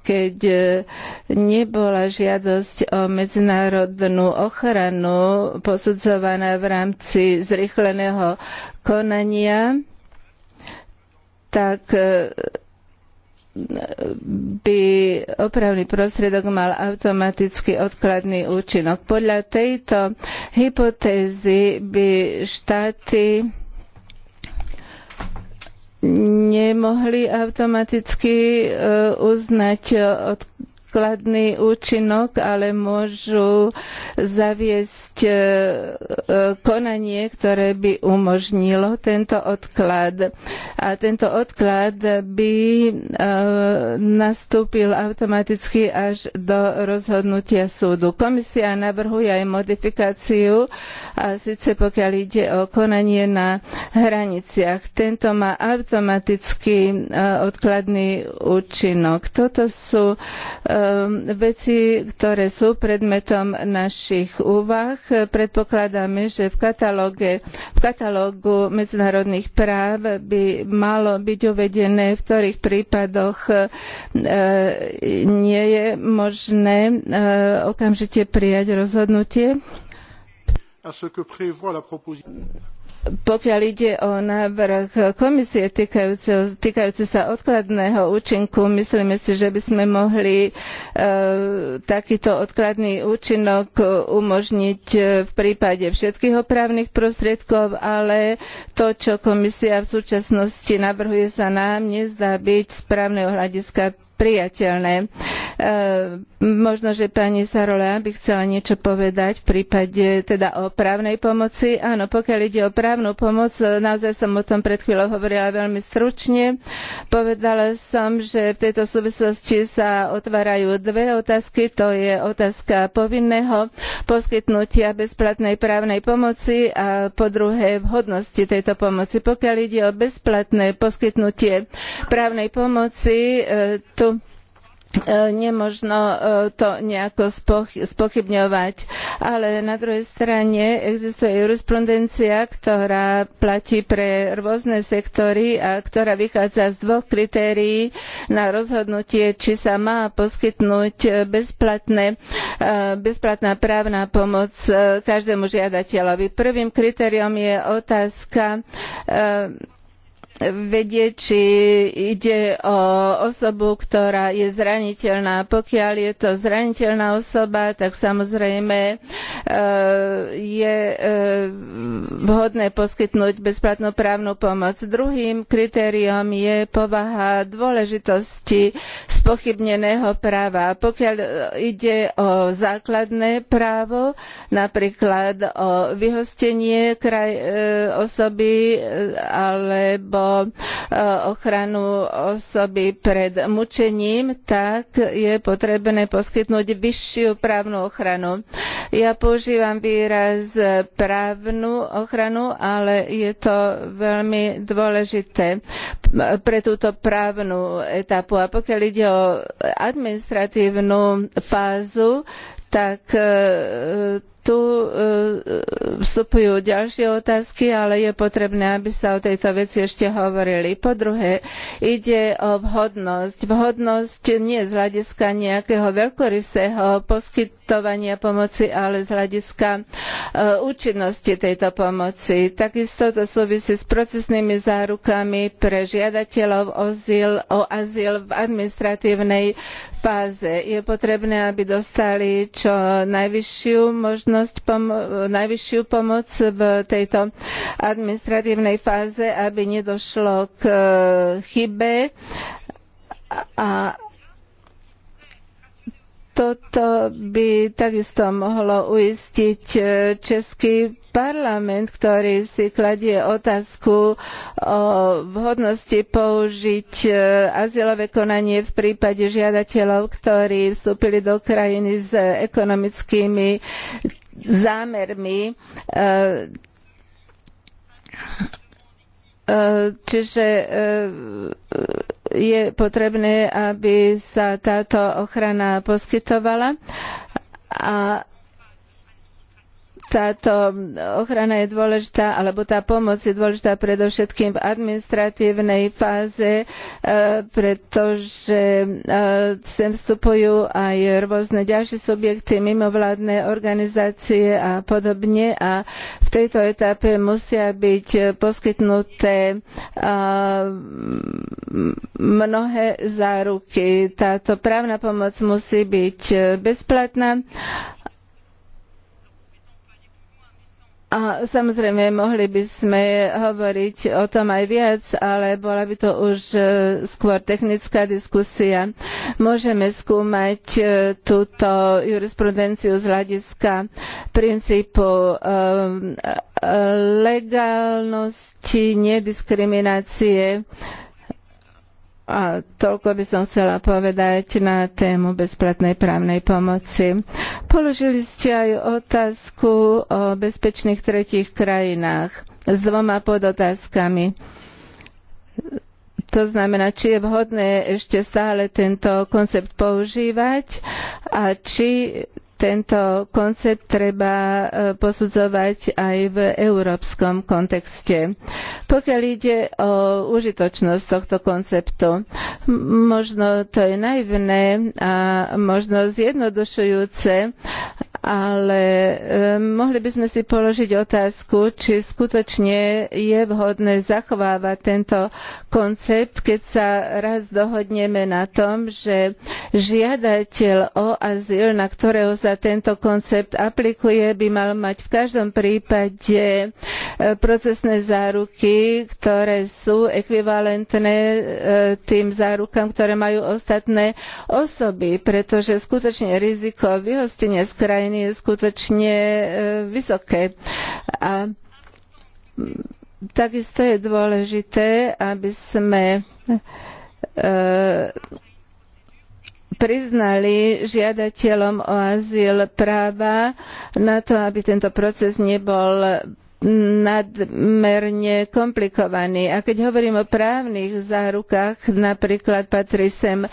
[SPEAKER 1] keď nebola žiadosť o medzinárodnú ochranu posudzovaná v rámci zrychleného konania, tak by opravný prostriedok mal automaticky odkladný účinok. Podľa tejto hypotézy by štáty nemohli automaticky e, uznať e, od kladný účinok, ale môžu zaviesť e, e, konanie, ktoré by umožnilo tento odklad. A tento odklad by e, nastúpil automaticky až do rozhodnutia súdu. Komisia navrhuje aj modifikáciu, a síce pokiaľ ide o konanie na hraniciach. Tento má automaticky odkladný účinok. Toto sú Ehm, veci, ktoré sú predmetom našich úvah. Predpokladáme, že v, katalóge, v katalógu medzinárodných práv by malo byť uvedené, v ktorých prípadoch e, nie je možné e, okamžite prijať rozhodnutie pokiaľ ide o návrh komisie týkajúce, týkajúce sa odkladného účinku, myslíme si, že by sme mohli e, takýto odkladný účinok umožniť e, v prípade všetkých opravných prostriedkov, ale to, čo komisia v súčasnosti navrhuje sa nám, nezdá byť správneho hľadiska priateľné. E, možno, že pani Sarola by chcela niečo povedať v prípade teda o právnej pomoci. Áno, pokiaľ ide o právnu pomoc, e, naozaj som o tom pred chvíľou hovorila veľmi stručne. Povedala som, že v tejto súvislosti sa otvárajú dve otázky. To je otázka povinného poskytnutia bezplatnej právnej pomoci a po druhé vhodnosti tejto pomoci. Pokiaľ ide o bezplatné poskytnutie právnej pomoci, e, tu E, nemožno e, to nejako spochybňovať. Ale na druhej strane existuje jurisprudencia, ktorá platí pre rôzne sektory a ktorá vychádza z dvoch kritérií na rozhodnutie, či sa má poskytnúť bezplatné, e, bezplatná právna pomoc každému žiadateľovi. Prvým kritériom je otázka vedieť, či ide o osobu, ktorá je zraniteľná. Pokiaľ je to zraniteľná osoba, tak samozrejme e, je e, vhodné poskytnúť bezplatnú právnu pomoc. Druhým kritériom je povaha dôležitosti spochybneného práva. Pokiaľ ide o základné právo, napríklad o vyhostenie kraj, e, osoby alebo Eh, ochranu osoby pred mučením, tak je potrebné poskytnúť vyššiu právnu ochranu. Ja používam výraz právnu ochranu, ale je to veľmi dôležité pre túto právnu etapu. A pokiaľ ide o administratívnu fázu, tak eh, tu eh, vstupujú ďalšie otázky, ale je potrebné, aby sa o tejto veci ešte hovorili. Po druhé, ide o vhodnosť. Vhodnosť nie z hľadiska nejakého veľkorysého poskytovania pomoci, ale z hľadiska eh, účinnosti tejto pomoci. Takisto to súvisí s procesnými zárukami pre žiadateľov o azyl, o azyl v administratívnej fáze. Je potrebné, aby dostali čo najvyššiu možnosť možnosť najvyššiu pomoc v tejto administratívnej fáze, aby nedošlo k e, chybe a toto by takisto mohlo uistiť e, Český parlament, ktorý si kladie otázku o vhodnosti použiť e, azylové konanie v prípade žiadateľov, ktorí vstúpili do krajiny s ekonomickými zámermi e, e, Čiže e, je potrebné, aby sa táto ochrana poskytovala a táto ochrana je dôležitá, alebo tá pomoc je dôležitá predovšetkým v administratívnej fáze, e, pretože e, sem vstupujú aj rôzne ďalšie subjekty, mimovládne organizácie a podobne a v tejto etape musia byť poskytnuté e, mnohé záruky. Táto právna pomoc musí byť bezplatná A samozrejme, mohli by sme hovoriť o tom aj viac, ale bola by to už e, skôr technická diskusia. Môžeme skúmať e, túto jurisprudenciu z hľadiska princípu e, legálnosti, nediskriminácie, a toľko by som chcela povedať na tému bezplatnej právnej pomoci. Položili ste aj otázku o bezpečných tretích krajinách s dvoma podotázkami. To znamená, či je vhodné ešte stále tento koncept používať a či tento koncept treba e, posudzovať aj v európskom kontexte. Pokiaľ ide o užitočnosť tohto konceptu, možno to je naivné a možno zjednodušujúce, ale mohli by sme si položiť otázku, či skutočne je vhodné zachovávať tento koncept, keď sa raz dohodneme na tom, že žiadateľ o azyl, na ktorého sa tento koncept aplikuje, by mal mať v každom prípade e, procesné záruky, ktoré sú ekvivalentné e, tým zárukám, ktoré majú ostatné osoby, pretože skutočne riziko vyhostenia z krajiny je skutočne e, vysoké. A takisto je dôležité, aby sme e, priznali žiadateľom o azyl práva na to, aby tento proces nebol nadmerne komplikovaný. A keď hovorím o právnych zárukách, napríklad patrí sem e,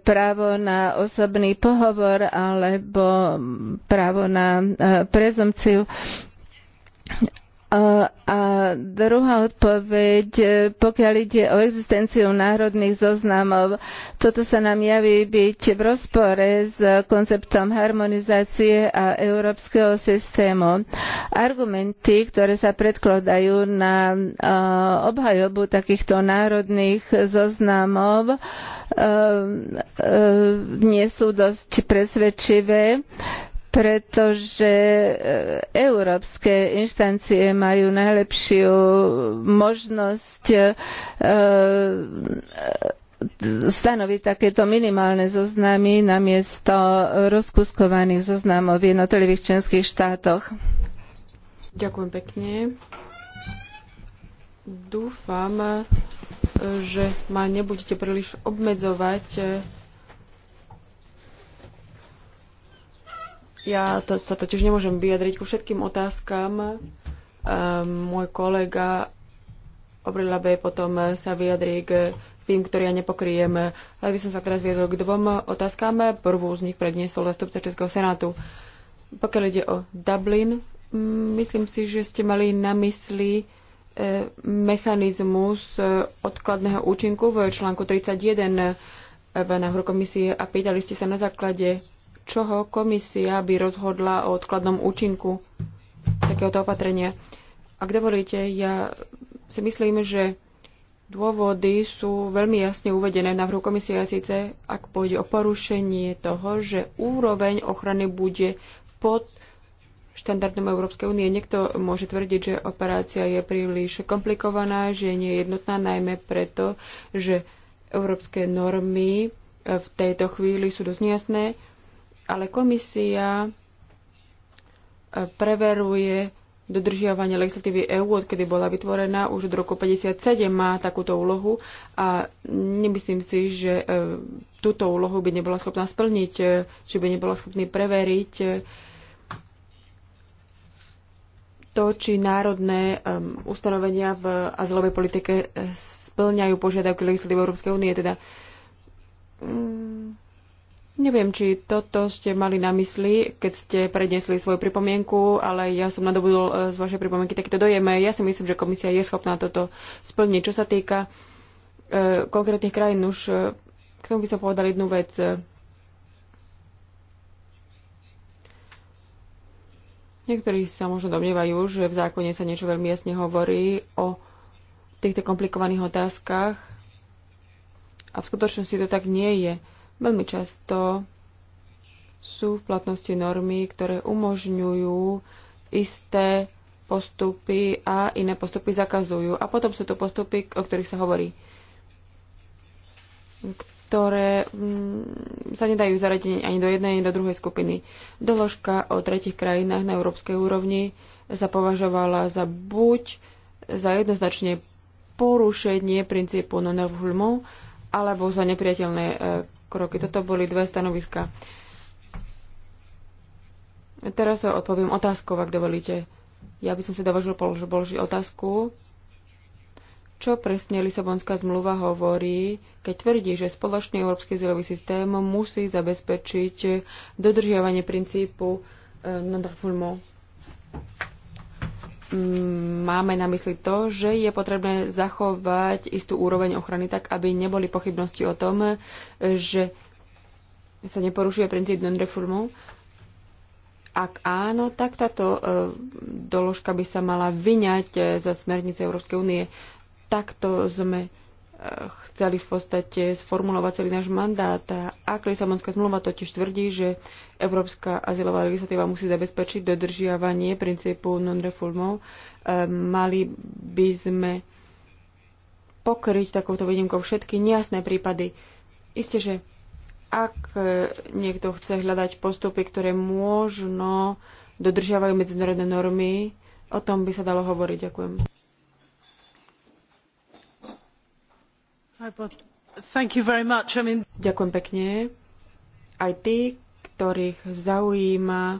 [SPEAKER 1] právo na osobný pohovor alebo právo na e, prezumciu a druhá odpoveď, pokiaľ ide o existenciu národných zoznamov, toto sa nám javí byť v rozpore s konceptom harmonizácie a európskeho systému. Argumenty, ktoré sa predkladajú na obhajobu takýchto národných zoznamov, nie sú dosť presvedčivé pretože e, európske inštancie majú najlepšiu možnosť e, stanoviť takéto minimálne zoznamy namiesto rozkuskovaných zoznamov v jednotlivých členských štátoch.
[SPEAKER 3] Ďakujem pekne. Dúfam, e, že ma nebudete príliš obmedzovať Ja to, sa totiž nemôžem vyjadriť ku všetkým otázkam. Um, môj kolega Obrila B potom sa vyjadrí k tým, ktoré ja nepokryjem. Ale by som sa teraz viedol k dvom otázkám. Prvú z nich predniesol zastupca Českého senátu. Pokiaľ ide o Dublin, mm, myslím si, že ste mali na mysli e, mechanizmus e, odkladného účinku v článku 31 v návrhu komisie a pýtali ste sa na základe čoho komisia by rozhodla o odkladnom účinku takéhoto opatrenia. Ak dovolíte, ja si myslím, že dôvody sú veľmi jasne uvedené v návrhu komisie a síce, ak pôjde o porušenie toho, že úroveň ochrany bude pod štandardom Európskej únie. Niekto môže tvrdiť, že operácia je príliš komplikovaná, že nie je jednotná, najmä preto, že európske normy v tejto chvíli sú dosť nejasné ale komisia e, preveruje dodržiavanie legislatívy EÚ, odkedy bola vytvorená, už od roku 1957 má takúto úlohu a nemyslím si, že e, túto úlohu by nebola schopná splniť, e, že by nebola schopný preveriť to, či národné ustanovenia v azylovej politike splňajú požiadavky legislatívy Európskej únie. Teda, mm, Neviem, či toto ste mali na mysli, keď ste prednesli svoju pripomienku, ale ja som nadobudol e, z vašej pripomienky takýto dojem. E, ja si myslím, že komisia je schopná toto splniť. Čo sa týka e, konkrétnych krajín, už e, k tomu by som povedal jednu vec. Niektorí sa možno domnievajú, že v zákone sa niečo veľmi jasne hovorí o týchto komplikovaných otázkach a v skutočnosti to tak nie je Veľmi často sú v platnosti normy, ktoré umožňujú isté postupy a iné postupy zakazujú. A potom sú to postupy, o ktorých sa hovorí, ktoré mm, sa nedajú zaradiť ani do jednej, ani do druhej skupiny. Doložka o tretich krajinách na európskej úrovni sa považovala za buď za jednoznačne porušenie princípu non alebo za nepriateľné e, kroky. Toto boli dve stanoviska. Teraz sa odpoviem otázkou, ak dovolíte. Ja by som si dovolil položiť otázku. Čo presne Lisabonská zmluva hovorí, keď tvrdí, že spoločný európsky zelový systém musí zabezpečiť dodržiavanie princípu eh, non-refoulement? Mm, máme na mysli to, že je potrebné zachovať istú úroveň ochrany tak, aby neboli pochybnosti o tom, že sa neporušuje princíp non-reformu. Ak áno, tak táto e, doložka by sa mala vyňať e, za smernice Európskej únie. Takto sme chceli v podstate sformulovať celý náš mandát. A ak Lisabonská zmluva totiž tvrdí, že Európska azylová legislatíva musí zabezpečiť dodržiavanie princípu non-reformov. Eh, mali by sme pokryť takouto výnimkou všetky nejasné prípady. Isté, že ak eh, niekto chce hľadať postupy, ktoré možno dodržiavajú medzinárodné normy, o tom by sa dalo hovoriť. Ďakujem. Ďakujem pekne. Aj tí, ktorých zaujíma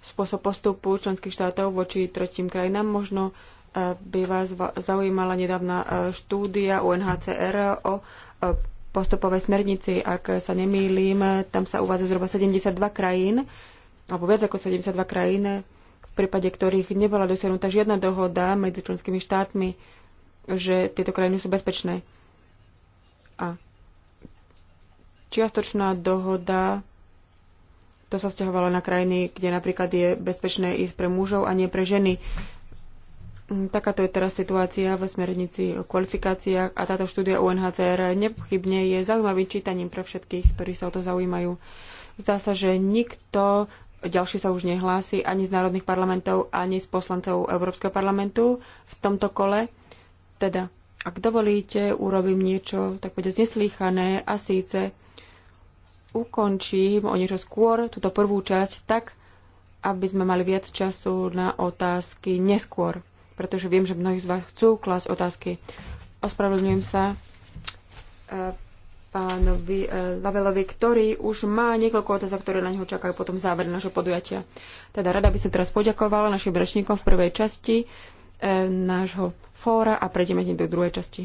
[SPEAKER 3] spôsob postupu členských štátov voči tretím krajinám, možno eh, by vás zaujímala nedávna eh, štúdia UNHCR o eh, postupovej smernici. Ak sa nemýlim, tam sa uvádza zhruba 72 krajín, alebo viac ako 72 krajín, v prípade ktorých nebola dosiahnutá žiadna dohoda medzi členskými štátmi, že tieto krajiny sú bezpečné. A čiastočná dohoda, to sa stiahovalo na krajiny, kde napríklad je bezpečné ísť pre mužov a nie pre ženy. Mm, Takáto je teraz situácia v smernici o kvalifikáciách a táto štúdia UNHCR nepochybne je zaujímavým čítaním pre všetkých, ktorí sa o to zaujímajú. Zdá sa, že nikto ďalší sa už nehlási ani z národných parlamentov, ani z poslancov Európskeho parlamentu v tomto kole. Teda ak dovolíte, urobím niečo tak bude neslýchané a síce ukončím o niečo skôr túto prvú časť tak, aby sme mali viac času na otázky neskôr, pretože viem, že mnohí z vás chcú klásť otázky. Ospravedlňujem sa e, pánovi e, Lavelovi, ktorý už má niekoľko otázok, ktoré na neho čakajú potom záver našho podujatia. Teda rada by som teraz poďakovala našim rečníkom v prvej časti. E, nášho fóra a prejdeme hneď do druhej časti.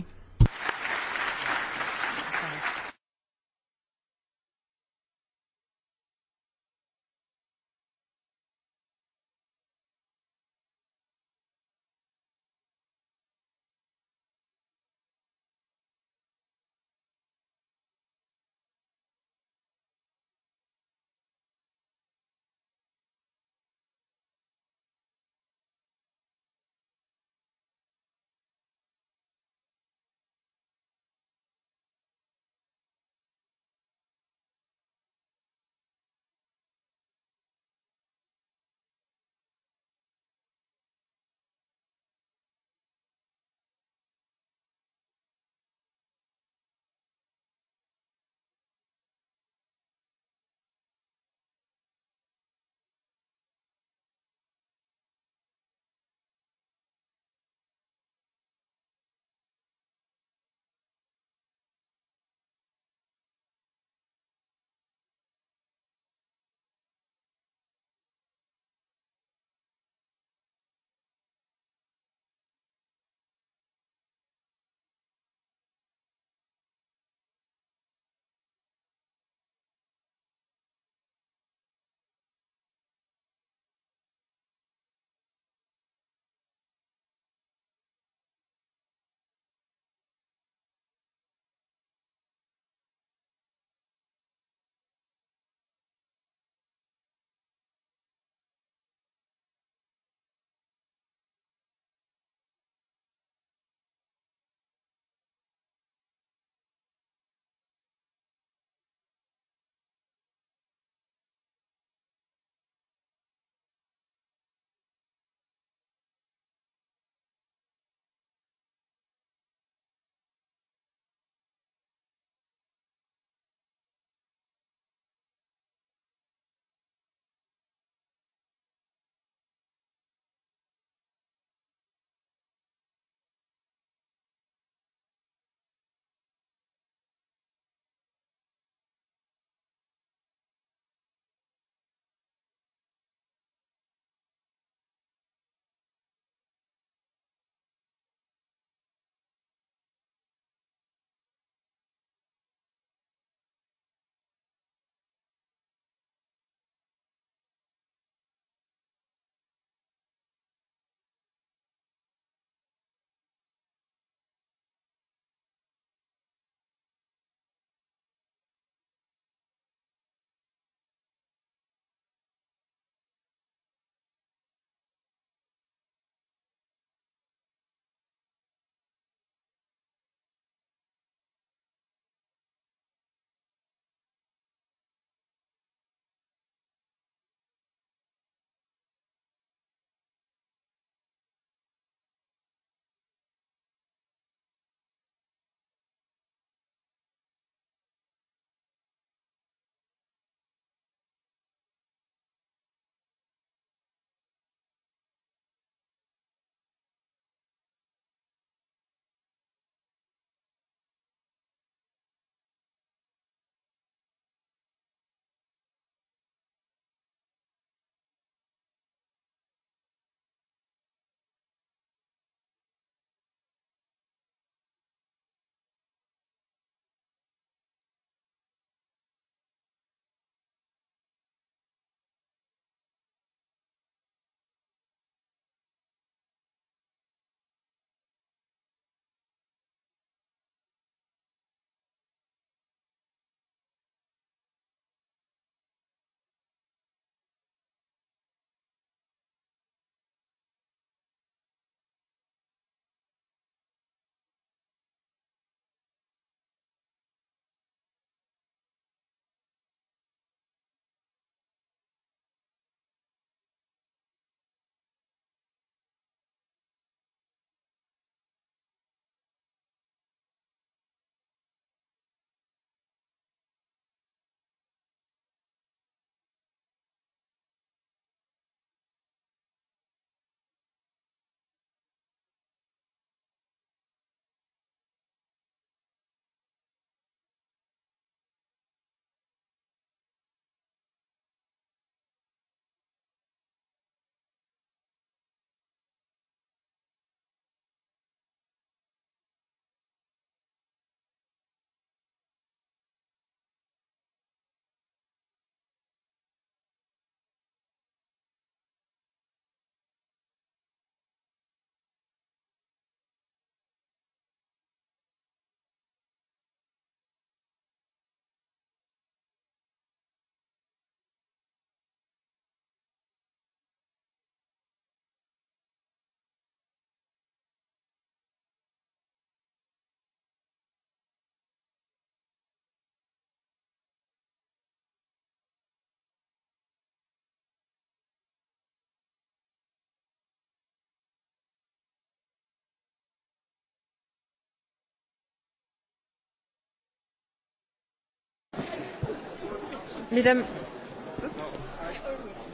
[SPEAKER 2] Mesdames,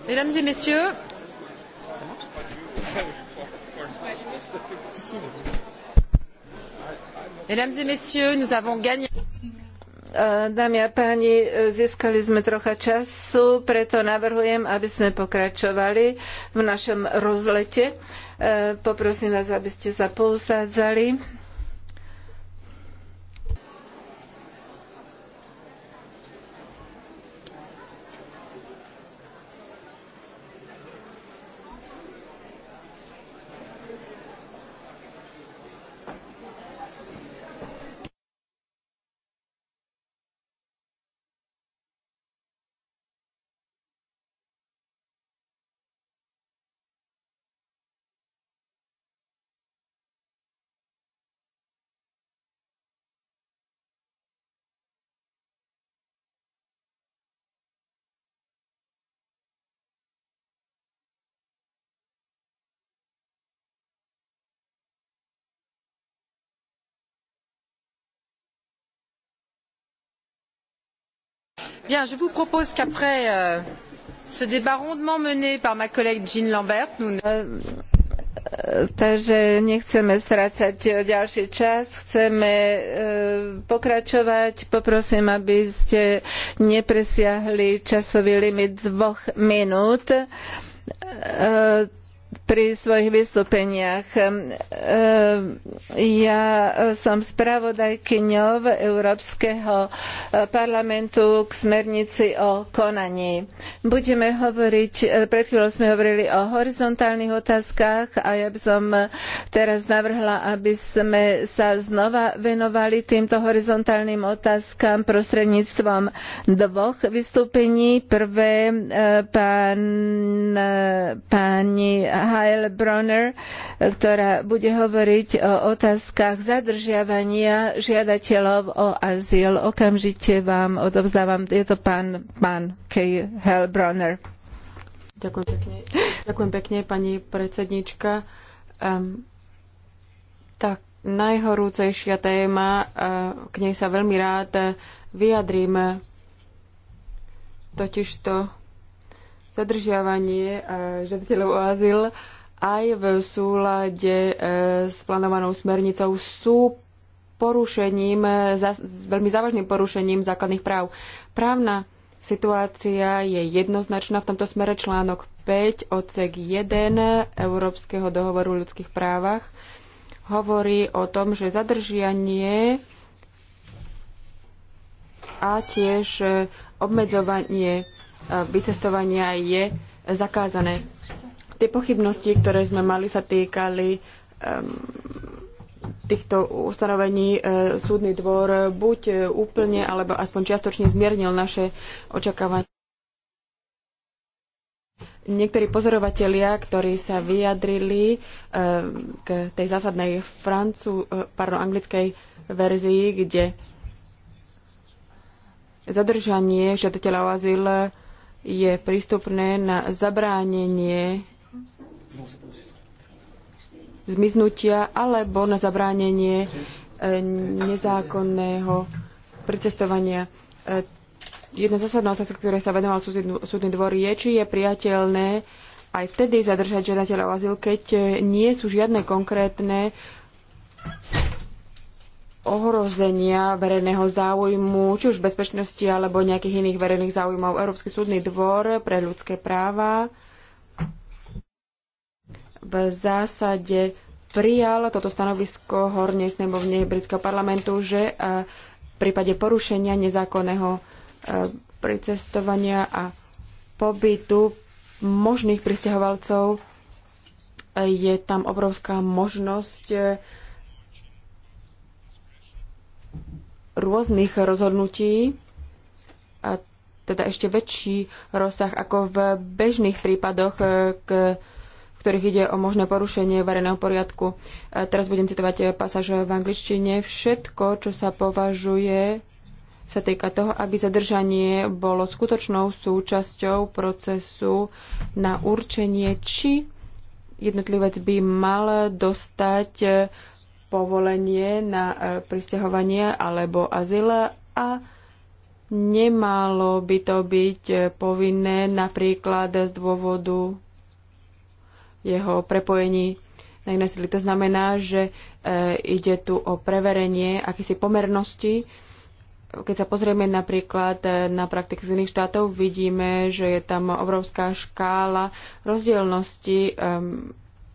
[SPEAKER 2] et messieurs, Mesdames et
[SPEAKER 1] messieurs, nous avons gagné. Dámy a páni, získali sme trocha času, preto navrhujem, aby sme pokračovali v našom rozlete. Poprosím vás, aby ste sa pousádzali.
[SPEAKER 2] Bien, je vous propose qu'après euh, ce débat rondement mené par ma collègue Jean Lambert, nous euh,
[SPEAKER 1] takže nechceme strácať eh, ďalší čas, chceme eh, pokračovať. Poprosím, aby ste nepresiahli časový limit dvoch minút eh, pri svojich vystúpeniach. Ehm, ehm, ja som spravodajkyňou Európskeho e, parlamentu k smernici o konaní. Budeme hovoriť, e, pred chvíľou sme hovorili o horizontálnych otázkach a ja by som e, teraz navrhla, aby sme sa znova venovali týmto horizontálnym otázkam prostredníctvom dvoch vystúpení. Prvé pán, pani Heilbronner, ktorá bude hovoriť o otázkach zadržiavania žiadateľov o azyl. Okamžite vám odovzdávam, je to pán, pán K. Heilbronner.
[SPEAKER 3] Ďakujem pekne. Ďakujem pekne, pani predsednička. Um, najhorúcejšia téma, uh, k nej sa veľmi rád vyjadrím. Totiž to zadržiavanie e, žiadateľov o azyl aj v súlade e, s plánovanou smernicou sú porušením, e, veľmi závažným porušením základných práv. Právna situácia je jednoznačná v tomto smere článok 5 odsek 1 Európskeho dohovoru o ľudských právach hovorí o tom, že zadržianie a tiež obmedzovanie vycestovania je zakázané. Tie pochybnosti, ktoré sme mali, sa týkali um, týchto ustanovení e, súdny dvor buď úplne alebo aspoň čiastočne zmiernil naše očakávania. Niektorí pozorovatelia, ktorí sa vyjadrili e, k tej zásadnej francú, e, pardon, anglickej verzii, kde zadržanie žiadateľa o azyl je prístupné na zabránenie zmiznutia alebo na zabránenie e, nezákonného pricestovania. E, jedna zásadná otázka, ktoré sa venoval súdny dvor, je, či je priateľné aj vtedy zadržať žiadateľa o azyl, keď e, nie sú žiadne konkrétne ohrozenia verejného záujmu, či už bezpečnosti alebo nejakých iných verejných záujmov. Európsky súdny dvor pre ľudské práva v zásade prijal toto stanovisko hornej snemovne britského parlamentu, že v prípade porušenia nezákonného e, pricestovania a pobytu možných pristahovalcov e, je tam obrovská možnosť e, rôznych rozhodnutí a teda ešte väčší rozsah ako v bežných prípadoch, e, k, v ktorých ide o možné porušenie verejného poriadku. E, teraz budem citovať pasáž v angličtine. Všetko, čo sa považuje, sa týka toho, aby zadržanie bolo skutočnou súčasťou procesu na určenie, či jednotlivec by mal dostať e, povolenie na e, pristahovanie alebo azyl a nemalo by to byť e, povinné napríklad z dôvodu jeho prepojení na iné sily. To znamená, že e, ide tu o preverenie akýsi pomernosti. Keď sa pozrieme napríklad na praktiky z iných štátov, vidíme, že je tam obrovská škála rozdielnosti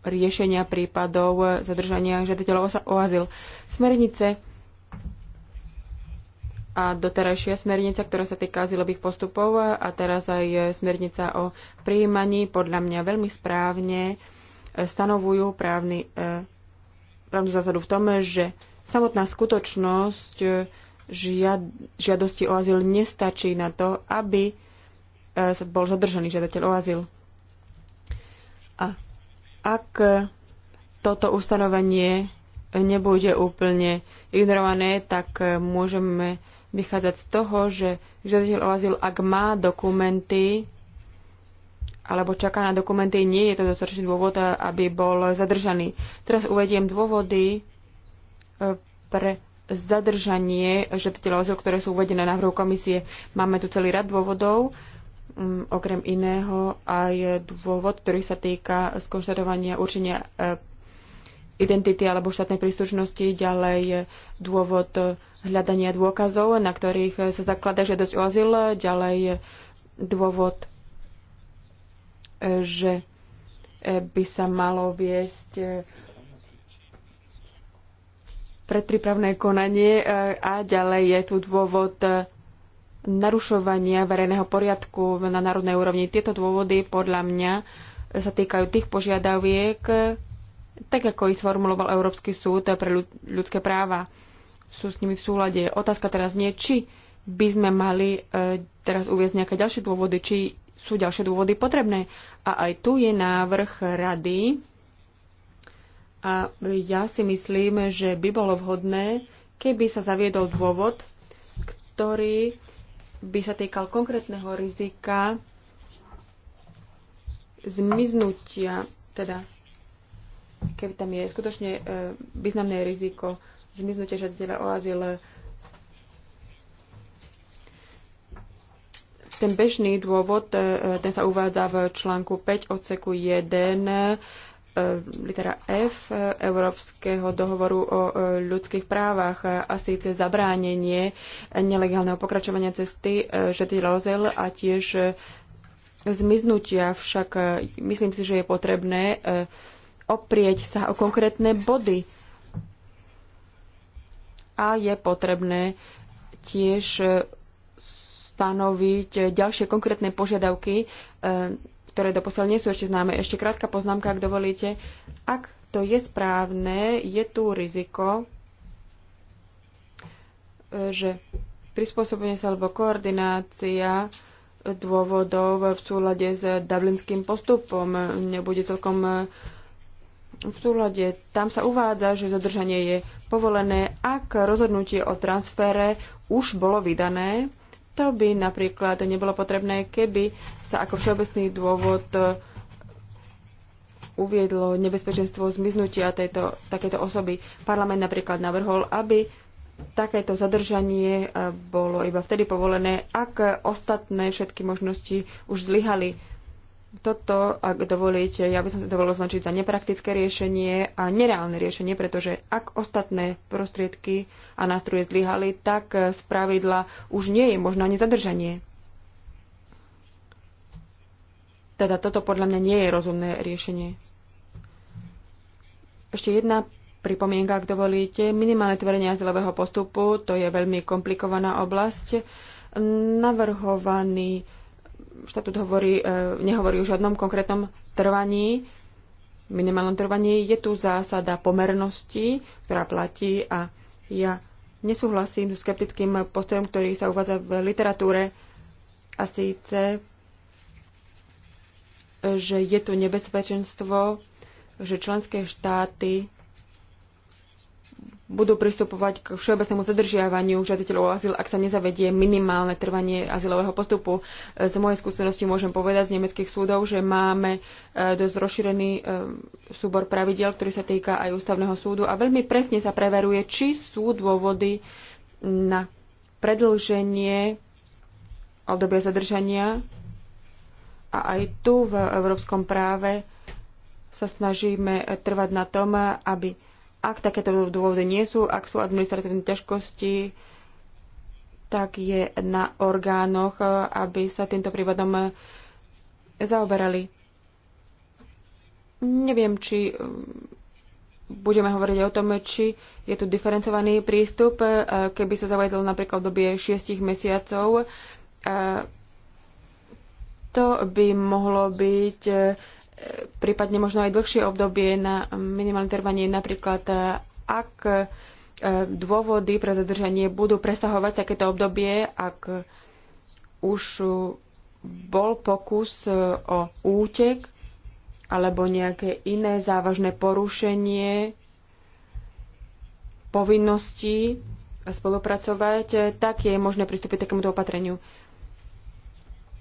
[SPEAKER 3] riešenia prípadov zadržania žiadateľov o azyl. Smernice a doterajšia smernica, ktorá sa týka azylových postupov a teraz aj smernica o prijímaní, podľa mňa veľmi správne e, stanovujú právny, e, právnu zásadu v tom, že samotná skutočnosť e, žiad, žiadosti o azyl nestačí na to, aby bol zadržaný žiadateľ o azyl. Ak toto ustanovenie nebude úplne ignorované, tak môžeme vychádzať z toho, že žiadateľ o azyl, ak má dokumenty alebo čaká na dokumenty, nie je to dostatočný dôvod, aby bol zadržaný. Teraz uvediem dôvody e, pre zadržanie žiadateľa o azyl, ktoré sú uvedené na návrhu komisie. Máme tu celý rad dôvodov Mm, okrem iného aj dôvod, ktorý sa týka skonštatovania určenia eh, identity alebo štátnej príslušnosti, ďalej dôvod hľadania dôkazov, na ktorých sa zaklada, žiadosť o azyl, ďalej dôvod, eh, že eh, by sa malo viesť predprípravné konanie a ďalej je tu dôvod narušovania verejného poriadku na národnej úrovni. Tieto dôvody podľa mňa sa týkajú tých požiadaviek, tak ako ich sformuloval Európsky súd pre ľudské práva. Sú s nimi v súlade. Otázka teraz nie, či by sme mali e, teraz uviezť nejaké ďalšie dôvody, či sú ďalšie dôvody potrebné. A aj tu je návrh rady. A ja si myslím, že by bolo vhodné, keby sa zaviedol dôvod, ktorý by sa týkal konkrétneho rizika zmiznutia, teda keby tam je skutočne e, významné riziko zmiznutia žiadateľa o azyl, ten bežný dôvod, e, ten sa uvádza v článku 5 odseku 1 E, litera F e, Európskeho dohovoru o e, ľudských právach a síce zabránenie nelegálneho pokračovania cesty Žety Lozel a tiež zmiznutia. Však myslím si, že je potrebné oprieť sa o konkrétne body a je potrebné tiež stanoviť ďalšie konkrétne požiadavky ktoré doposiaľ nie sú ešte známe. Ešte krátka poznámka, ak dovolíte. Ak to je správne, je tu riziko, že prispôsobenie sa alebo koordinácia dôvodov v súlade s dublinským postupom nebude celkom eh, v súlade. Tam sa uvádza, že zadržanie je povolené, ak rozhodnutie o transfere už bolo vydané to by napríklad nebolo potrebné, keby sa ako všeobecný dôvod e, uviedlo nebezpečenstvo zmiznutia tejto, takéto osoby. Parlament napríklad navrhol, aby takéto zadržanie e, bolo iba vtedy povolené, ak ostatné všetky možnosti už zlyhali toto, ak dovolíte, ja by som to dovolila značiť za nepraktické riešenie a nereálne riešenie, pretože ak ostatné prostriedky a nástroje zlyhali, tak eh, z pravidla už nie je možné ani zadržanie. Teda toto podľa mňa nie je rozumné riešenie. Ešte jedna pripomienka, ak dovolíte. Minimálne tvorenie azylového postupu, to je veľmi komplikovaná oblasť. Navrhovaný štatút hovorí, e, nehovorí o žiadnom konkrétnom trvaní, minimálnom trvaní. Je tu zásada pomernosti, ktorá platí a ja nesúhlasím s skeptickým postojom, ktorý sa uvádza v literatúre a síce, e, že je tu nebezpečenstvo, že členské štáty budú pristupovať k všeobecnému zadržiavaniu žiadateľov o azyl, ak sa nezavedie minimálne trvanie azylového postupu. Z mojej skúsenosti môžem povedať z nemeckých súdov, že máme e, dosť rozšírený e, súbor pravidel, ktorý sa týka aj ústavného súdu a veľmi presne sa preveruje, či sú dôvody na predlženie obdobia zadržania a aj tu v európskom práve sa snažíme trvať na tom, aby ak takéto dôvody nie sú, ak sú administratívne ťažkosti, tak je na orgánoch, eh, aby sa týmto prípadom eh, zaoberali. Neviem, či eh, budeme hovoriť o tom, či je tu diferencovaný prístup, keby sa zavedol napríklad v dobie 6 mesiacov. To by mohlo byť prípadne možno aj dlhšie obdobie na minimálne trvanie, napríklad e, ak e, dôvody pre zadržanie budú presahovať takéto obdobie, ak už bol pokus e, o útek alebo nejaké iné závažné porušenie povinností spolupracovať, tak je možné pristúpiť k takémuto opatreniu.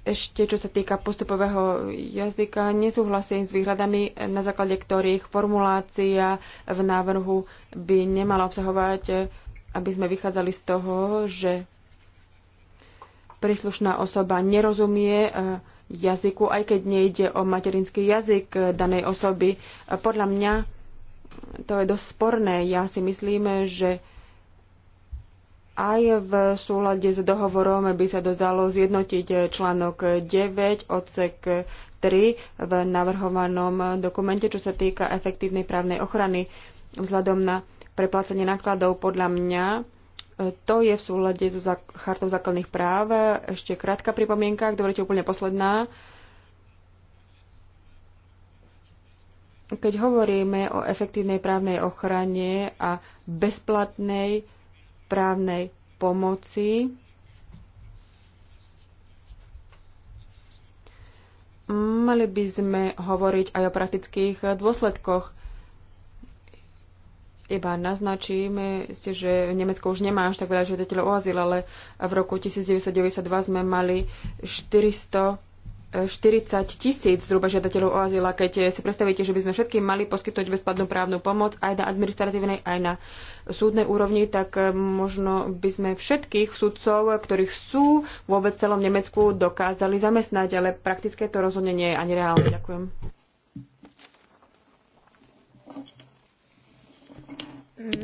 [SPEAKER 3] Ešte čo sa týka postupového jazyka, nesúhlasím s výhradami, na základe ktorých formulácia v návrhu by nemala obsahovať, aby sme vychádzali z toho, že príslušná osoba nerozumie eh, jazyku, aj keď nejde o materinský jazyk eh, danej osoby. Podľa mňa to je dosť sporné. Ja si myslím, že aj v súlade s dohovorom by sa dodalo zjednotiť článok 9 odsek 3 v navrhovanom dokumente, čo sa týka efektívnej právnej ochrany vzhľadom na preplácanie nákladov. Podľa mňa to je v súlade so chartou základných práv. Ešte krátka pripomienka, ak dovolíte úplne posledná. Keď hovoríme o efektívnej právnej ochrane a bezplatnej právnej pomoci mali by sme hovoriť aj o praktických dôsledkoch. Iba naznačíme, ste, že Nemecko už nemá až tak veľa žiadateľov o azyl, ale v roku 1992 sme mali 400 40 tisíc zhruba žiadateľov o azyl a keď si predstavíte, že by sme všetkým mali poskytnúť bezplatnú právnu pomoc aj na administratívnej, aj na súdnej úrovni, tak eh, možno by sme všetkých súdcov, ktorých sú vôbec celom Nemecku, dokázali zamestnať, ale praktické to rozhodne nie je ani reálne. Ďakujem.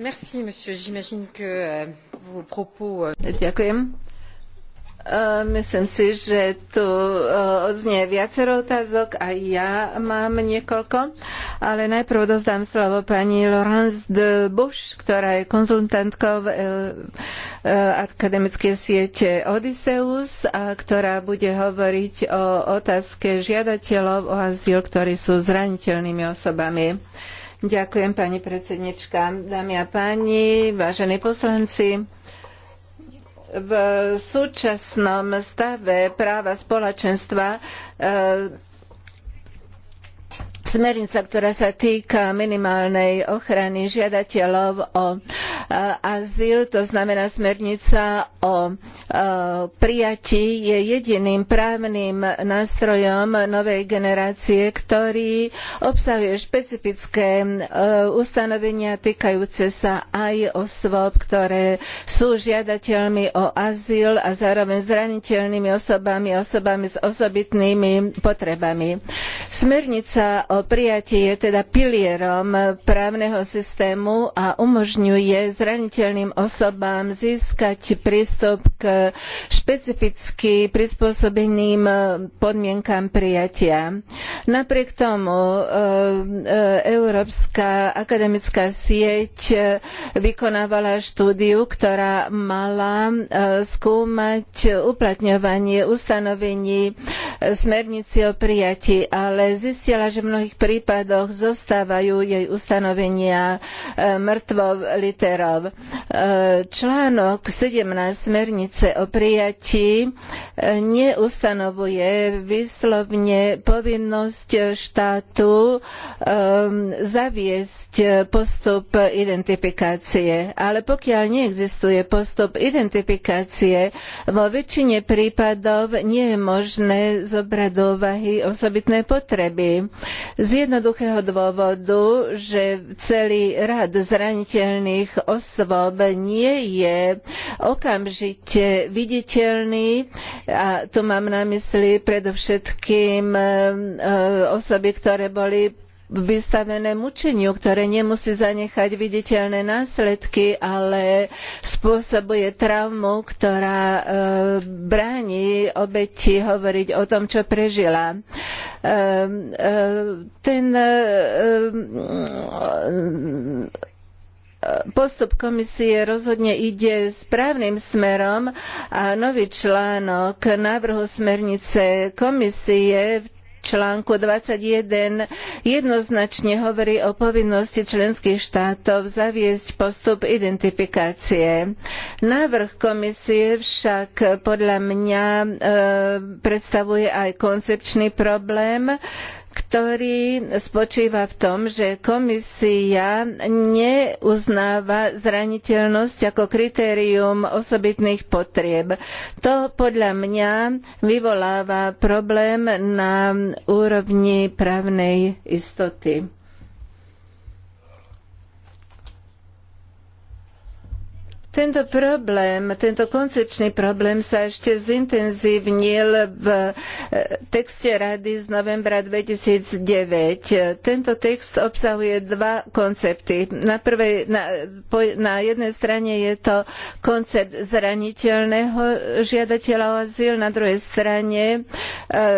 [SPEAKER 2] Merci, monsieur. J'imagine que eh, vos
[SPEAKER 1] propos... Eh, Ďakujem Eh, myslím si, že tu eh, odznie viacero otázok a ja mám niekoľko, ale najprv dozdám slovo pani Laurence de Bush, ktorá je konzultantkou eh, akademickej siete Odysseus a ktorá bude hovoriť o otázke žiadateľov o azyl, ktorí sú zraniteľnými osobami. Ďakujem, pani predsednička. Dámy a páni, vážení poslanci, v súčasnom stave práva spoločenstva e, smernica, ktorá sa týka minimálnej ochrany žiadateľov o e, azyl, to znamená smernica o e, prijatí, je jediným právnym nástrojom novej generácie, ktorý obsahuje špecifické e, ustanovenia týkajúce sa aj osôb, ktoré sú žiadateľmi o azyl a zároveň zraniteľnými osobami a osobami s osobitnými potrebami. Smernica o prijatie je teda pilierom právneho systému a umožňuje zraniteľným osobám získať prístup k špecificky prispôsobeným podmienkam prijatia. Napriek tomu e, e, Európska akademická sieť vykonávala štúdiu, ktorá mala e, skúmať uplatňovanie ustanovení smernici o prijatí, ale zistila, že mnohí niektorých prípadoch zostávajú jej ustanovenia e, mŕtvou literov. E, článok 17 smernice o prijatí e, neustanovuje vyslovne povinnosť štátu zaviesť postup identifikácie. Ale pokiaľ neexistuje postup identifikácie, vo väčšine prípadov nie je možné zobrať do úvahy osobitné potreby. Z jednoduchého dôvodu, že celý rad zraniteľných osôb nie je okamžite viditeľný a tu mám na mysli predovšetkým e, e, osoby, ktoré boli vystavené mučeniu, ktoré nemusí zanechať viditeľné následky, ale spôsobuje traumu, ktorá e, bráni obeti hovoriť o tom, čo prežila. E, e, ten e, e, postup komisie rozhodne ide správnym smerom a nový článok návrhu smernice komisie v článku 21 jednoznačne hovorí o povinnosti členských štátov zaviesť postup identifikácie. Návrh komisie však podľa mňa e, predstavuje aj koncepčný problém, ktorý spočíva v tom, že komisia neuznáva zraniteľnosť ako kritérium osobitných potrieb. To podľa mňa vyvoláva problém na úrovni právnej istoty. Tento problém, tento koncepčný problém sa ešte zintenzívnil v e, texte rady z novembra 2009. Tento text obsahuje dva koncepty. Na, prvej, na, po, na jednej strane je to koncept zraniteľného žiadateľa o azyl, na druhej strane e,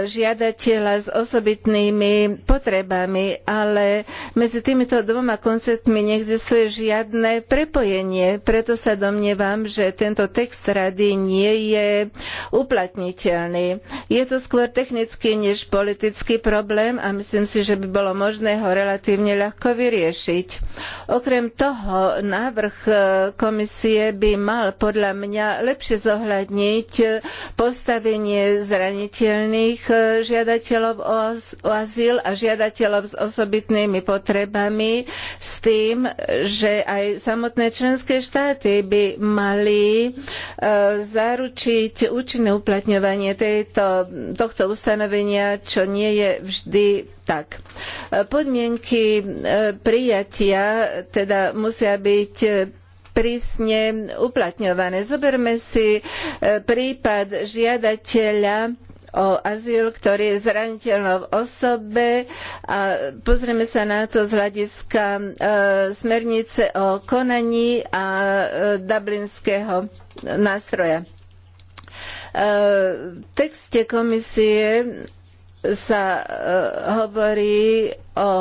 [SPEAKER 1] žiadateľa s osobitnými potrebami, ale medzi týmito dvoma konceptmi neexistuje žiadne prepojenie, preto sa do domnievam, že tento text rady nie je uplatniteľný. Je to skôr technický než politický problém a myslím si, že by bolo možné ho relatívne ľahko vyriešiť. Okrem toho, návrh e, komisie by mal podľa mňa lepšie zohľadniť e, postavenie zraniteľných e, žiadateľov o, azyl a žiadateľov s osobitnými potrebami s tým, že aj samotné členské štáty by mali eh, zaručiť účinné uplatňovanie tejto, tohto ustanovenia, čo nie je vždy tak. Eh, podmienky eh, prijatia teda musia byť prísne uplatňované. Zoberme si prípad žiadateľa o azyl, ktorý je zraniteľnou osobe a pozrieme sa na to z hľadiska e, smernice o konaní a e, dublinského nástroja. E, v texte komisie sa e, hovorí o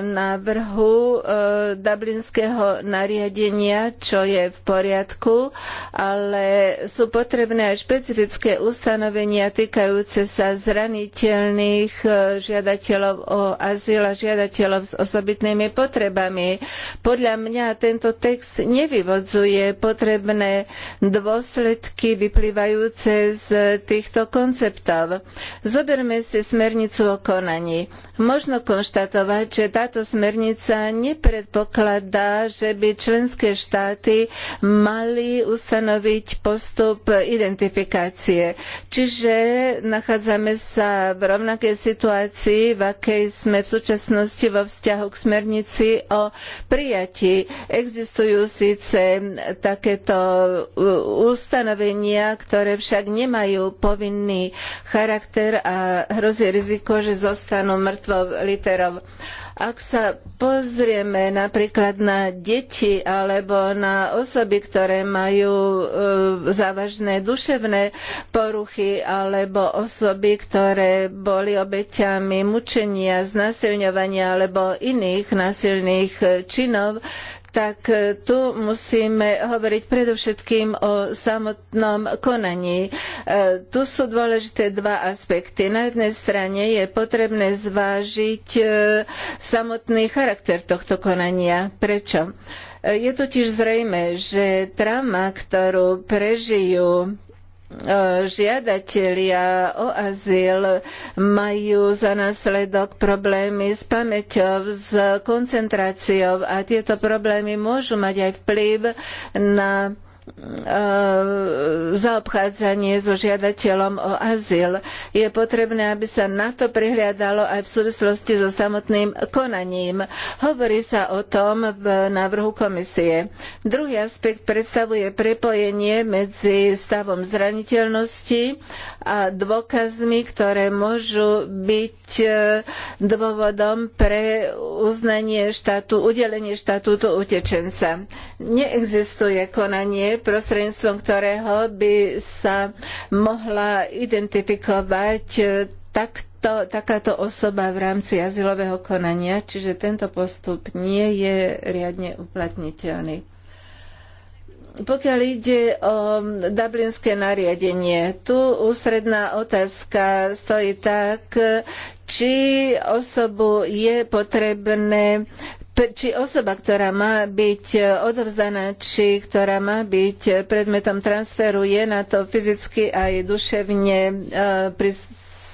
[SPEAKER 1] návrhu e, dublinského nariadenia, čo je v poriadku, ale sú potrebné aj špecifické ustanovenia týkajúce sa zraniteľných e, žiadateľov o azyl a žiadateľov s osobitnými potrebami. Podľa mňa tento text nevyvodzuje potrebné dôsledky vyplývajúce z týchto konceptov. Zoberme si smernicu o konaní. Možno konštatovať, že že táto smernica nepredpokladá, že by členské štáty mali ustanoviť postup identifikácie. Čiže nachádzame sa v rovnakej situácii, v akej sme v súčasnosti vo vzťahu k smernici o prijatí. Existujú síce takéto e, ustanovenia, ktoré však nemajú povinný charakter a hrozí riziko, že zostanú mŕtvou literou. Ak sa pozrieme napríklad na deti alebo na osoby, ktoré majú e, závažné duševné poruchy alebo osoby, ktoré boli obeťami mučenia, znásilňovania alebo iných násilných činov, tak e, tu musíme hovoriť predovšetkým o samotnom konaní. E, tu sú dôležité dva aspekty. Na jednej strane je potrebné zvážiť e, samotný charakter tohto konania. Prečo? Je totiž zrejme, že trauma, ktorú prežijú E, žiadatelia o azyl majú za následok problémy s pamäťou, s koncentráciou a tieto problémy môžu mať aj vplyv na E, zaobchádzanie so žiadateľom o azyl. Je potrebné, aby sa na to prihliadalo aj v súvislosti so samotným konaním. Hovorí sa o tom v návrhu komisie. Druhý aspekt predstavuje prepojenie medzi stavom zraniteľnosti a dôkazmi, ktoré môžu byť e, dôvodom pre uznanie štátu, udelenie štatútu utečenca. Neexistuje konanie prostredníctvom ktorého by sa mohla identifikovať e, takto, takáto osoba v rámci azylového konania, čiže tento postup nie je riadne uplatniteľný pokiaľ ide o dublinské nariadenie, tu ústredná otázka stojí tak, či osobu je potrebné či osoba, ktorá má byť e, odovzdaná, či ktorá má byť predmetom transferu, je na to fyzicky aj duševne e,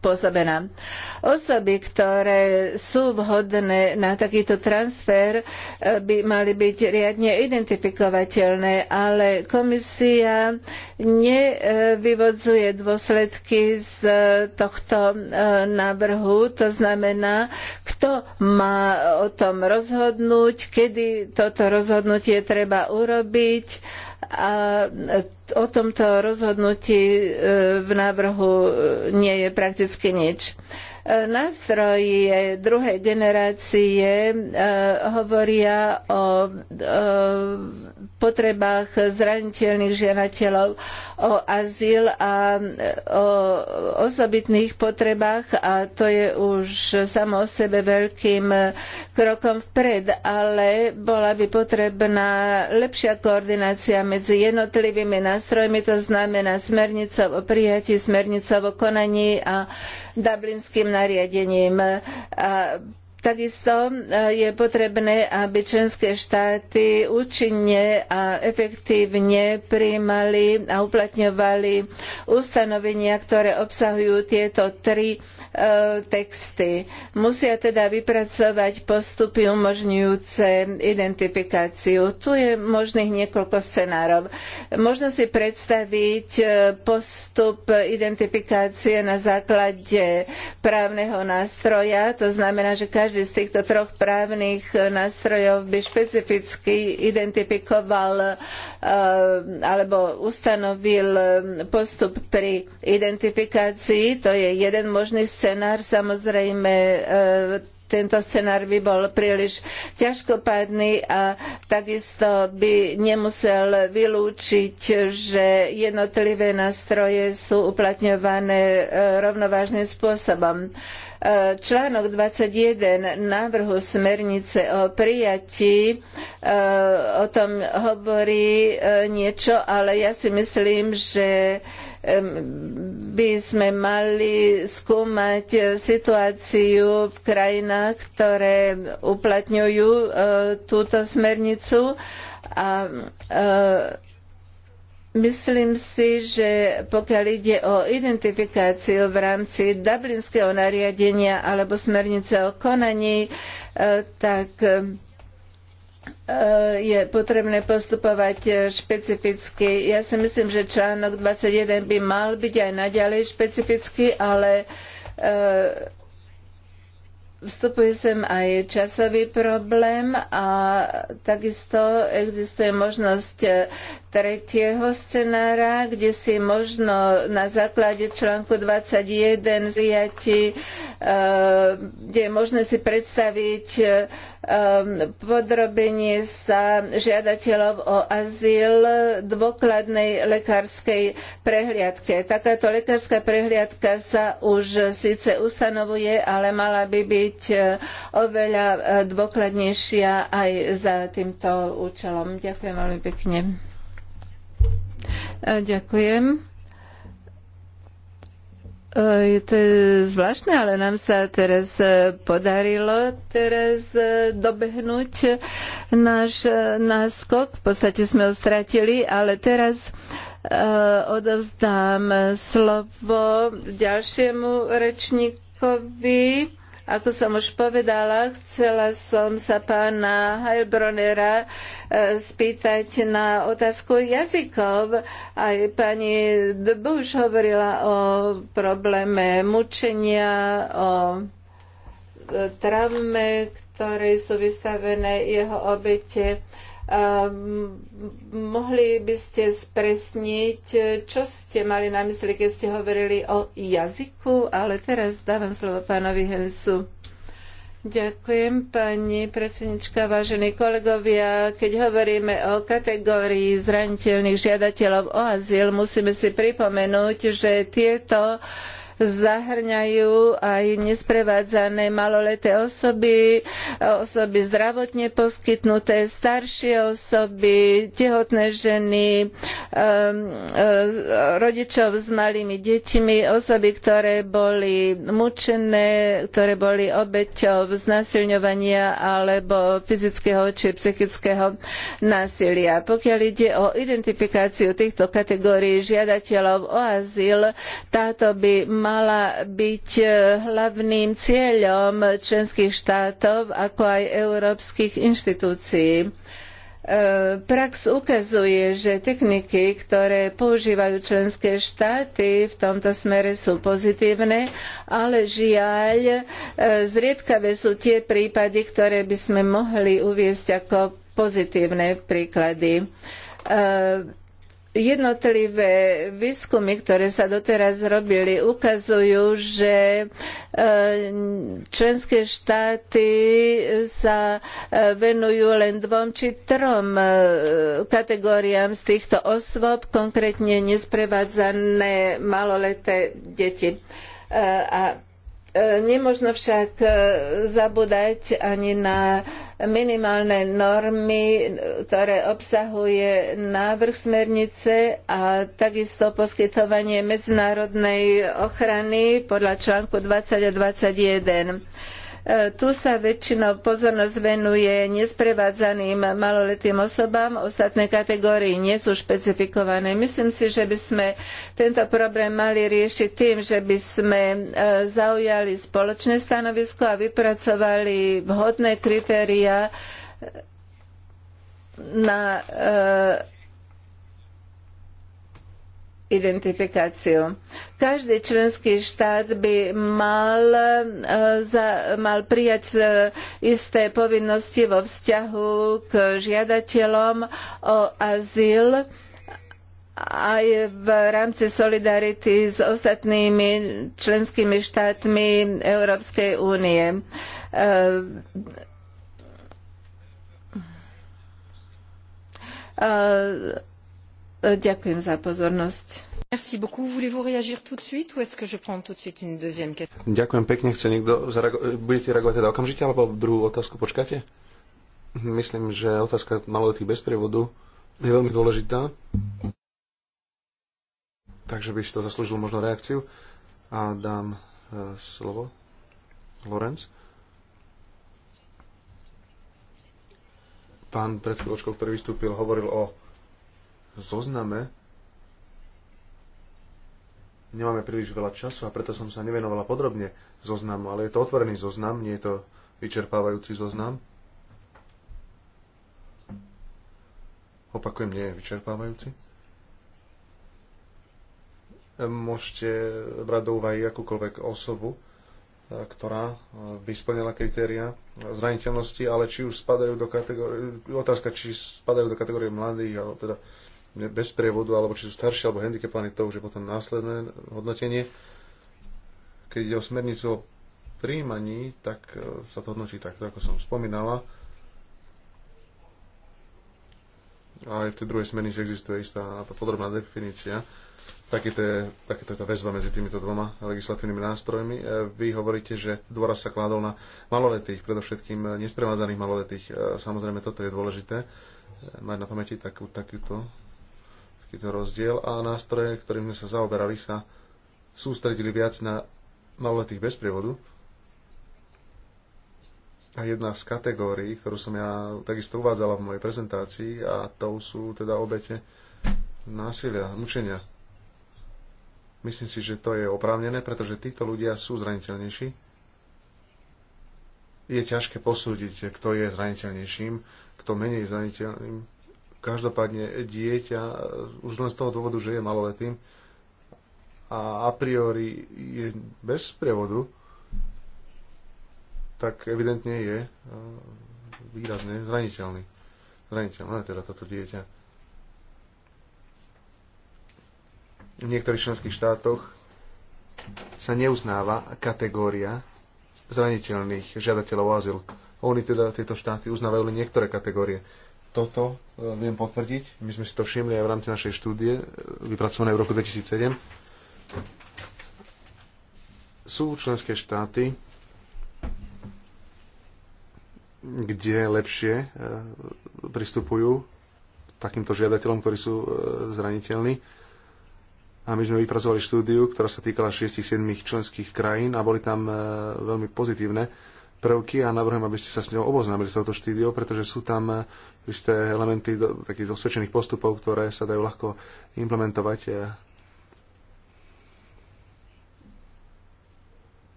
[SPEAKER 1] spôsobená. Osoby, ktoré sú vhodné na takýto transfer, eh, by mali byť riadne identifikovateľné, ale komisia nevyvodzuje eh, dôsledky z eh, tohto návrhu. To znamená, kto má o tom rozhodnúť, kedy toto rozhodnutie treba urobiť a e, o tomto rozhodnutí e, v návrhu e, nie je prakticky nič. Nástroje druhej generácie e, hovoria o e, potrebách zraniteľných žiadateľov o azyl a e, o osobitných potrebách a to je už samo o sebe veľkým krokom vpred, ale bola by potrebná lepšia koordinácia medzi jednotlivými nástrojmi, to znamená smernicou o prijatí, smernicou o konaní a dublinským nariadením. Takisto e, je potrebné, aby členské štáty účinne a efektívne prijímali a uplatňovali ustanovenia, ktoré obsahujú tieto tri e, texty. Musia teda vypracovať postupy umožňujúce identifikáciu. Tu je možných niekoľko scenárov. Možno si predstaviť e, postup identifikácie na základe právneho nástroja, to znamená, že každý každý z týchto troch právnych e, nástrojov by špecificky identifikoval e, alebo ustanovil e, postup pri identifikácii. To je jeden možný scenár. Samozrejme, tento scenár by bol príliš ťažkopádny a takisto by nemusel vylúčiť, že jednotlivé nástroje sú uplatňované e, rovnovážnym spôsobom. E, článok 21 návrhu smernice o prijatí e, o tom hovorí niečo, ale ja si myslím, že by sme mali skúmať eh, situáciu v krajinách, ktoré uplatňujú eh, túto smernicu a eh, Myslím si, že pokiaľ ide o identifikáciu v rámci Dublinského nariadenia alebo smernice o konaní, tak Eh, je potrebné postupovať eh, špecificky. Ja si myslím, že článok 21 by mal byť aj naďalej špecificky, ale eh, vstupuje sem aj časový problém a takisto existuje možnosť tretieho scenára, kde si možno na základe článku 21 zriati, e, kde je možné si predstaviť e, e, podrobenie sa žiadateľov o azyl dôkladnej lekárskej prehliadke. Takáto lekárska prehliadka sa už síce ustanovuje, ale mala by byť oveľa dôkladnejšia aj za týmto účelom. Ďakujem veľmi pekne. E, ďakujem. E, je to zvláštne, ale nám sa teraz e, podarilo teraz dobehnúť náš náskok. V podstate sme ho stratili, ale teraz odovzdám slovo ďalšiemu rečníkovi. Ako som už povedala, chcela som sa pána Heilbronera e, spýtať na otázku jazykov. Aj pani Dbuš hovorila o probléme mučenia, o e, traume, ktorej sú vystavené jeho obete. Ehm, mohli by ste spresniť, čo ste mali na mysli, keď ste hovorili o jazyku, ale teraz dávam slovo pánovi Hensu. Ďakujem, pani predsednička, vážení kolegovia. Keď hovoríme o kategórii zraniteľných žiadateľov o azyl, musíme si pripomenúť, že tieto uh, zahrňajú aj nesprevádzané maloleté osoby, osoby zdravotne poskytnuté, staršie osoby, tehotné ženy, um, uh, rodičov s malými deťmi, osoby, ktoré boli mučené, ktoré boli obeťou znásilňovania alebo fyzického či psychického násilia. Pokiaľ ide o identifikáciu týchto kategórií žiadateľov o azyl, táto by mala mala byť e, hlavným cieľom členských štátov, ako aj európskych inštitúcií. E, prax ukazuje, že techniky, ktoré používajú členské štáty, v tomto smere sú pozitívne, ale žiaľ, e, zriedkavé sú tie prípady, ktoré by sme mohli uviesť ako pozitívne príklady jednotlivé výskumy, ktoré sa doteraz robili, ukazujú, že e, členské štáty sa e, venujú len dvom či trom e, kategóriám z týchto osôb, konkrétne nesprevádzané maloleté deti. A E, nemožno však e, zabúdať ani na minimálne normy, ktoré obsahuje návrh smernice a takisto poskytovanie medzinárodnej ochrany podľa článku 20 a 21. E, tu sa väčšinou pozornosť venuje nesprevádzaným maloletým osobám, ostatné kategórie nie sú špecifikované. Myslím si, že by sme tento problém mali riešiť tým, že by sme e, zaujali spoločné stanovisko a vypracovali vhodné kritériá na e, identifikáciu. Každý členský štát by mal, e, za, mal prijať e, isté povinnosti vo vzťahu k žiadateľom o azyl aj v rámci solidarity s ostatnými členskými štátmi Európskej únie. Uh, Ďakujem za pozornosť.
[SPEAKER 2] Merci beaucoup. Voulez-vous réagir tout de suite ou est-ce que je prends tout de suite une deuxième question
[SPEAKER 4] Ďakujem pekne. Chce niekto zareago- budete reagovať teda okamžite alebo druhú otázku počkáte? Myslím, že otázka maloletých bez prievodu je veľmi dôležitá. Takže by si to zaslúžil možno reakciu. A dám e, slovo Lorenz. Pán pred chvíľočkou, ktorý vystúpil, hovoril o zozname nemáme príliš veľa času a preto som sa nevenovala podrobne zoznamu, ale je to otvorený zoznam, nie je to vyčerpávajúci zoznam. Opakujem, nie je vyčerpávajúci. Môžete brať do úvahy akúkoľvek osobu, ktorá by splnila kritéria zraniteľnosti, ale či už spadajú do kategórie, otázka, či spadajú do kategórie mladých, alebo teda bez prievodu, alebo či sú staršie alebo handicapovaní, to už je potom následné hodnotenie. Keď ide o smernicu o príjmaní, tak e, sa to hodnotí takto, ako som spomínala. A aj v tej druhej smernici existuje istá podrobná definícia. Takéto je, takéto je tá väzba medzi týmito dvoma legislatívnymi nástrojmi. E, vy hovoríte, že dôraz sa kládol na maloletých, predovšetkým nesprevádzaných maloletých. E, samozrejme, toto je dôležité mať na pamäti takú, takúto takýto rozdiel a nástroje, ktorým sme sa zaoberali, sa sústredili viac na maloletých bez prievodu. A jedna z kategórií, ktorú som ja takisto uvádzala v mojej prezentácii, a to sú teda obete násilia, mučenia. Myslím si, že to je oprávnené, pretože títo ľudia sú zraniteľnejší. Je ťažké posúdiť, kto je zraniteľnejším, kto menej zraniteľným Každopádne dieťa e, už len z toho dôvodu, že je maloletým a a priori je bez prevodu, tak evidentne je e, výrazne zraniteľný. Zraniteľné teda toto dieťa. V niektorých členských štátoch sa neuznáva kategória zraniteľných žiadateľov o azyl. Oni teda tieto štáty uznávajú len niektoré kategórie. Toto e, viem potvrdiť. My sme si to všimli aj v rámci našej štúdie, e, vypracované v roku 2007. Sú členské štáty, kde lepšie e, pristupujú k takýmto žiadateľom, ktorí sú zraniteľní. A my sme vypracovali štúdiu, ktorá sa týkala 6-7 členských krajín a boli tam veľmi pozitívne prvky a navrhujem, aby ste sa s ňou oboznámili s touto štúdiou, pretože sú tam eh, isté elementy do, takých osvedčených postupov, ktoré sa dajú ľahko implementovať. Eh.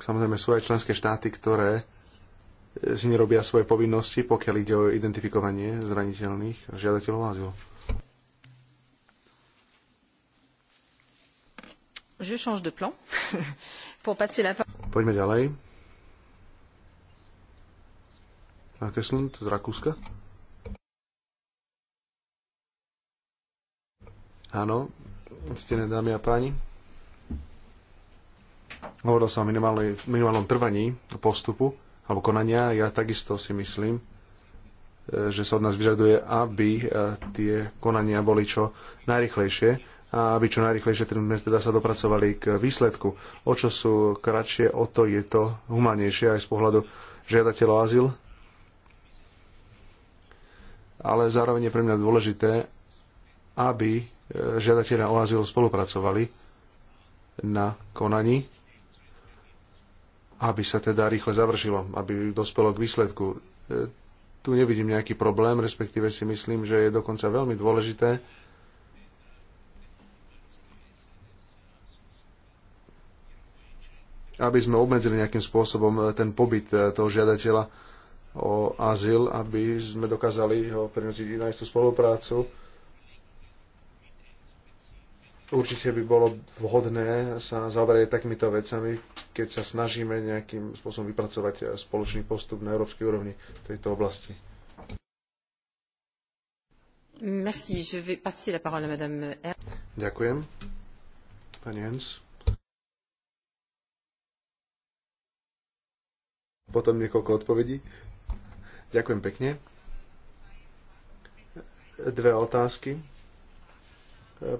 [SPEAKER 4] Samozrejme sú aj členské štáty, ktoré eh, si nerobia svoje povinnosti, pokiaľ ide o identifikovanie zraniteľných žiadateľov azylu. Poďme ďalej. Kesslund z Rakúska. Áno, stené dámy a páni. Hovoril som o minimálnom trvaní postupu alebo konania. Ja takisto si myslím, e, že sa od nás vyžaduje, aby e, tie konania boli čo najrychlejšie a aby čo najrychlejšie ten mes teda sa dopracovali k výsledku. O čo sú kratšie, o to je to humanejšie aj z pohľadu žiadateľov azyl ale zároveň je pre mňa dôležité, aby e, žiadatelia o azyl spolupracovali na konaní, aby sa teda rýchle završilo, aby dospelo k výsledku. E, tu nevidím nejaký problém, respektíve si myslím, že je dokonca veľmi dôležité, aby sme obmedzili nejakým spôsobom e, ten pobyt toho žiadateľa o azyl, aby sme dokázali ho prinútiť na istú spoluprácu. Určite by bolo vhodné sa zaoberať takýmito vecami, keď sa snažíme nejakým spôsobom vypracovať spoločný postup na európskej úrovni v tejto oblasti.
[SPEAKER 2] Merci, je vais passer la parole à Madame R.
[SPEAKER 4] Ďakujem. Pani Hens. Potom niekoľko odpovedí. Ďakujem pekne. Dve otázky.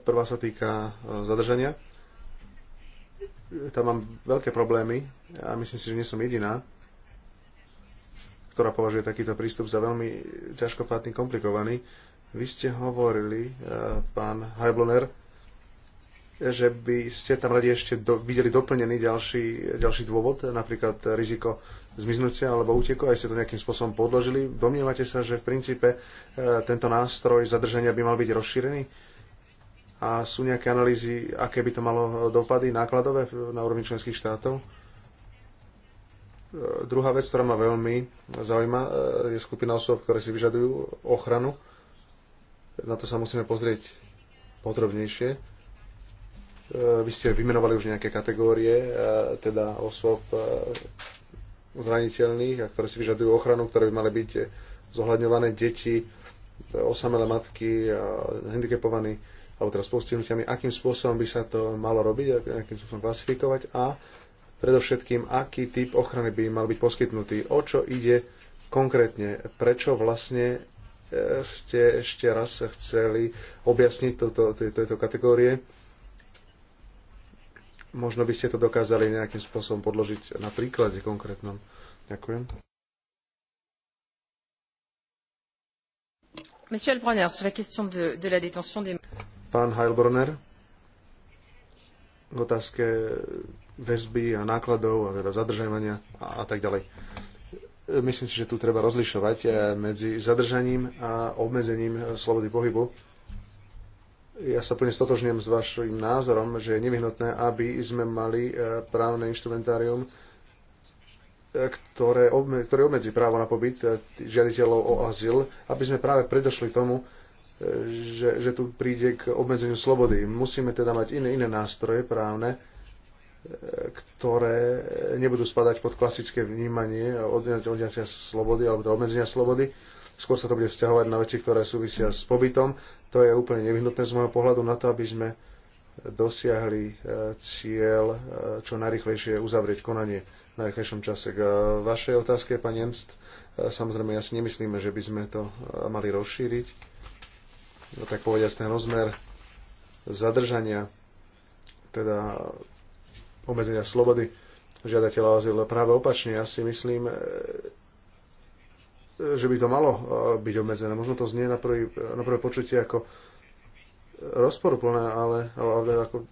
[SPEAKER 4] Prvá sa týka eh, zadržania. Tam mám veľké problémy a myslím si, že nie som jediná, ktorá považuje takýto prístup za veľmi ťažkopátny, komplikovaný. Vy ste hovorili, eh, pán Heibloner, že by ste tam radi ešte do, videli doplnený ďalší, ďalší dôvod, napríklad riziko zmiznutia alebo úteku, aj ste to nejakým spôsobom podložili. Domnievate sa, že v princípe e, tento nástroj zadržania by mal byť rozšírený? A sú nejaké analýzy, aké by to malo dopady nákladové na úrovni členských štátov? E, druhá vec, ktorá ma veľmi zaujíma, e, je skupina osôb, ktoré si vyžadujú ochranu. Na to sa musíme pozrieť podrobnejšie E, vy ste vymenovali už nejaké kategórie, e, teda osôb e, zraniteľných a ktoré si vyžadujú ochranu, ktoré by mali byť zohľadňované deti, osamelé matky, handicapovaní alebo teraz postihnutiami, akým spôsobom by sa to malo robiť, akým spôsobom klasifikovať a predovšetkým, aký typ ochrany by mal byť poskytnutý, o čo ide konkrétne, prečo vlastne ste ešte raz chceli objasniť toto, tieto kategórie Možno by ste to dokázali nejakým spôsobom podložiť na príklade konkrétnom. Ďakujem.
[SPEAKER 2] Monsieur Heilbronner, sur la question de, de la détention des...
[SPEAKER 4] Pán Heilbronner, v otázke väzby a nákladov a teda zadržania a, a tak ďalej. Myslím si, že tu treba rozlišovať eh, medzi zadržaním a obmedzením eh, slobody pohybu ja sa plne stotožňujem s vašim názorom, že je nevyhnutné, aby sme mali e, právne instrumentárium, e, ktoré, obme, ktoré obmedzí právo na pobyt e, žiaditeľov o azyl, aby sme práve predošli tomu, že, že tu príde k obmedzeniu slobody. Musíme teda mať iné, iné nástroje právne, ktoré nebudú spadať pod klasické vnímanie odňatia slobody alebo teda obmedzenia slobody, skôr sa to bude vzťahovať na veci, ktoré súvisia s pobytom. To je úplne nevyhnutné z môjho pohľadu na to, aby sme dosiahli e, cieľ e, čo najrychlejšie uzavrieť konanie v najrychlejšom čase. K e, vašej otázke, pani Ernst, samozrejme ja si nemyslíme, že by sme to mali rozšíriť. No, tak povediať ten rozmer zadržania, teda obmedzenia slobody žiadateľa azyl. Práve opačne, ja si myslím, že by to malo e, byť obmedzené. Možno to znie na, prvé na prvé počutie ako rozporuplné, ale, ale ako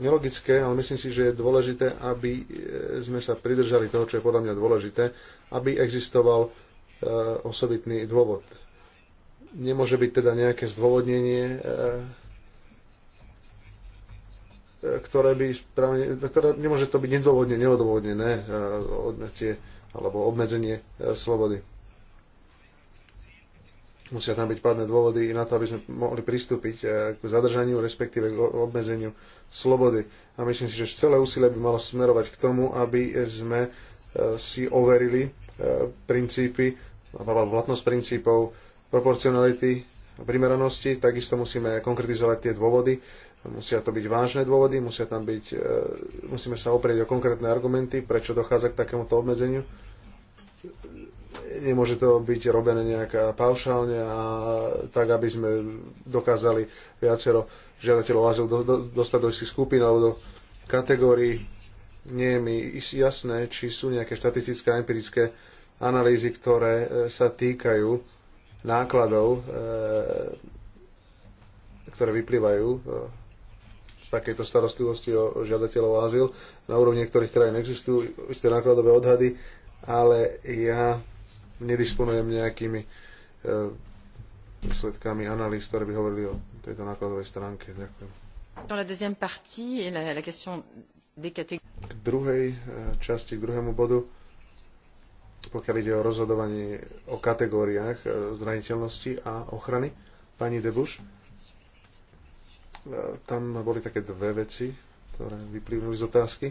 [SPEAKER 4] nelogické, ale myslím si, že je dôležité, aby e, sme sa pridržali toho, čo je podľa mňa dôležité, aby existoval e, osobitný dôvod. Nemôže byť teda nejaké zdôvodnenie, ktoré by správne, ktoré, nemôže to byť nezdôvodne, neodôvodnené odmetie alebo obmedzenie slobody. Musia tam byť pádne dôvody na to, aby sme mohli pristúpiť eh, k zadržaniu, respektíve k obmedzeniu slobody. A myslím si, že celé úsilie by malo smerovať k tomu, aby sme eh, si overili eh, princípy, platnosť princípov proporcionality, primeranosti. Takisto musíme konkretizovať tie dôvody, musia to byť vážne dôvody, musia tam byť, musíme sa oprieť o konkrétne argumenty, prečo dochádza k takémuto obmedzeniu nemôže to byť robené nejak paušálne a tak, aby sme dokázali viacero žiadateľov azyl do, do, dostať do istých skupín alebo do kategórií. Nie je mi jasné, či sú nejaké štatistické a empirické analýzy, ktoré e, sa týkajú nákladov, e, ktoré vyplývajú e, z takejto starostlivosti o žiadateľov o azyl. Na úrovni niektorých krajín existujú isté nákladové odhady, ale ja nedisponujem nejakými eh, výsledkami analýz, ktoré by hovorili o tejto nákladovej stránke. Ďakujem. K druhej eh, časti, k druhému bodu, pokiaľ ide o rozhodovanie o kategóriách eh, zraniteľnosti a ochrany, pani Debuš, tam boli také dve veci, ktoré vyplývali z otázky.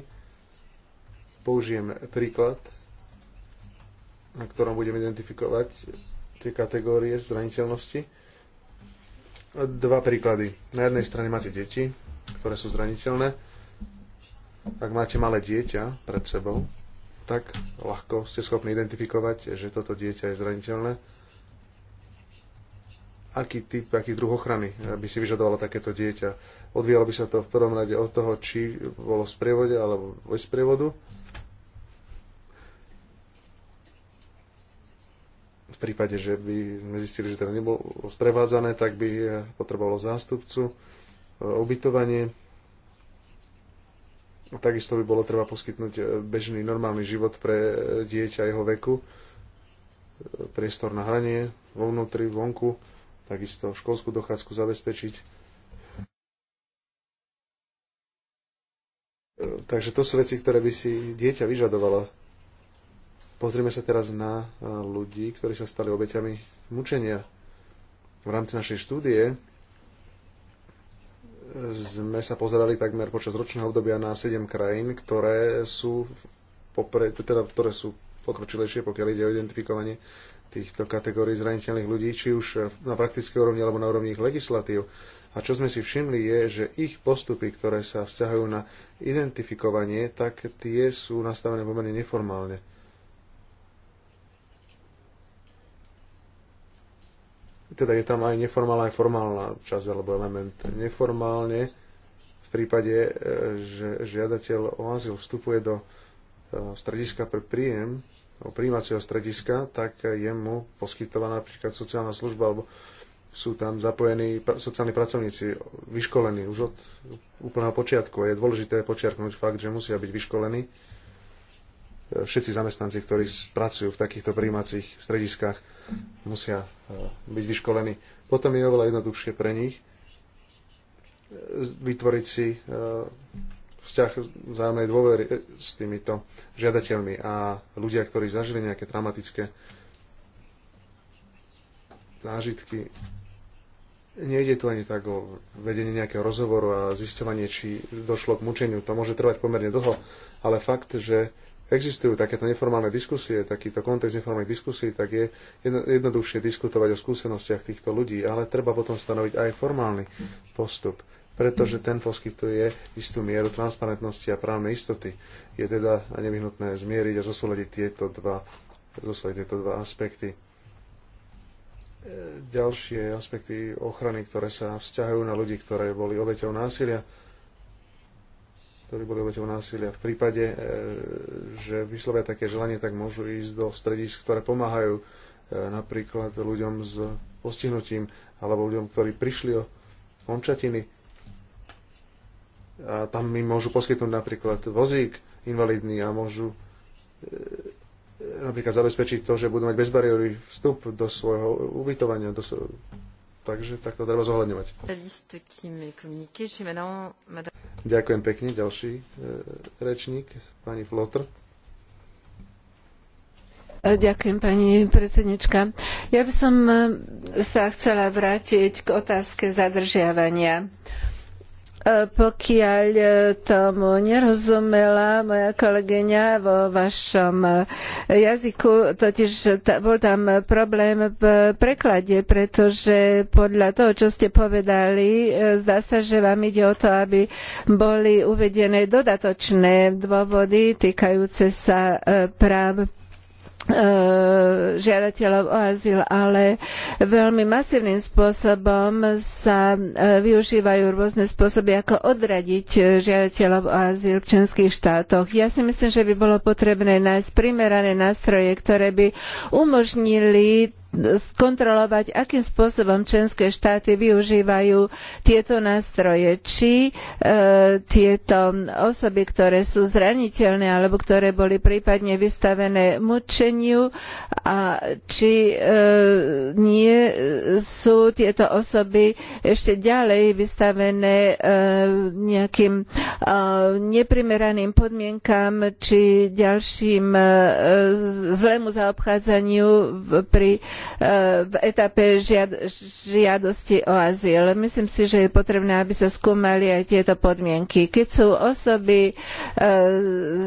[SPEAKER 4] Použijem príklad na ktorom budeme identifikovať tie kategórie zraniteľnosti. Dva príklady. Na jednej strane máte deti, ktoré sú zraniteľné. Ak máte malé dieťa pred sebou, tak ľahko ste schopní identifikovať, že toto dieťa je zraniteľné. Aký typ, aký druh ochrany by si vyžadovalo takéto dieťa? Odvíjalo by sa to v prvom rade od toho, či bolo v sprievode alebo bez sprievodu v prípade, že by sme zistili, že teda nebolo sprevádzané, tak by eh, potrebovalo zástupcu, eh, ubytovanie. Takisto by bolo treba poskytnúť eh, bežný, normálny život pre dieťa jeho veku, priestor na hranie, vo vnútri, vonku, takisto školskú dochádzku zabezpečiť. Takže to sú veci, ktoré by si dieťa vyžadovalo Pozrieme sa teraz na e, ľudí, ktorí sa stali obeťami mučenia. V rámci našej štúdie e, sme sa pozerali takmer počas ročného obdobia na 7 krajín, ktoré sú, popre, teda, ktoré sú pokročilejšie, pokiaľ ide o identifikovanie týchto kategórií zraniteľných ľudí, či už na praktickej úrovni alebo na úrovni ich legislatív. A čo sme si všimli je, že ich postupy, ktoré sa vzťahujú na identifikovanie, tak tie sú nastavené pomerne neformálne. teda je tam aj neformálna, aj formálna časť alebo element. Neformálne v prípade, e, že žiadateľ o azyl vstupuje do e, strediska pre príjem, o príjmacieho strediska, tak je mu poskytovaná napríklad sociálna služba, alebo sú tam zapojení sociálni pracovníci, vyškolení už od úplného počiatku. Je dôležité počiarknúť fakt, že musia byť vyškolení e, všetci zamestnanci, ktorí pracujú v takýchto príjmacích strediskách musia eh, byť vyškolení. Potom je oveľa jednoduchšie pre nich eh, vytvoriť si eh, vzťah vzájomnej dôvery s týmito žiadateľmi a ľudia, ktorí zažili nejaké traumatické zážitky. Nejde tu ani tak o vedenie nejakého rozhovoru a zisťovanie, či došlo k mučeniu. To môže trvať pomerne dlho, ale fakt, že existujú takéto neformálne diskusie, takýto kontext neformálnych diskusí, tak je jednoduchšie diskutovať o skúsenostiach týchto ľudí, ale treba potom stanoviť aj formálny postup pretože ten poskytuje istú mieru transparentnosti a právnej istoty. Je teda nevyhnutné zmieriť a zosúľadiť tieto dva, tieto dva aspekty e, ďalšie aspekty ochrany, ktoré sa vzťahujú na ľudí, ktoré boli obeťou násilia ktorí boli obeťou násilia. V prípade, e, že vyslovia také želanie, tak môžu ísť do stredísk, ktoré pomáhajú e, napríklad ľuďom s postihnutím alebo ľuďom, ktorí prišli o končatiny. A tam im môžu poskytnúť napríklad vozík invalidný a môžu e, napríklad zabezpečiť to, že budú mať bezbariérový vstup do svojho ubytovania, do svojho Takže tak to treba zohľadňovať. Ďakujem pekne. Ďalší e, rečník, pani Flotr.
[SPEAKER 1] E, ďakujem, pani predsednička. Ja by som e, sa chcela vrátiť k otázke zadržiavania. E, E, pokiaľ e, tomu nerozumela moja kolegyňa vo vašom e, jazyku, totiž bol tam problém v preklade, pretože podľa toho, čo ste povedali, zdá sa, že vám ide o to, aby boli uvedené dodatočné dôvody týkajúce sa práv E, žiadateľov o azyl, ale veľmi masívnym spôsobom sa e, využívajú rôzne spôsoby, ako odradiť žiadateľov o azyl v členských štátoch. Ja si myslím, že by bolo potrebné nájsť primerané nástroje, ktoré by umožnili skontrolovať, akým spôsobom členské štáty využívajú tieto nástroje. Či e, tieto osoby, ktoré sú zraniteľné alebo ktoré boli prípadne vystavené mučeniu a či e, nie sú tieto osoby ešte ďalej vystavené e, nejakým e, neprimeraným podmienkam či ďalším e, zlému zaobchádzaniu pri E, v etape žiadosti o azyl. Myslím si, že je potrebné, aby sa skúmali aj tieto podmienky. Keď sú osoby e,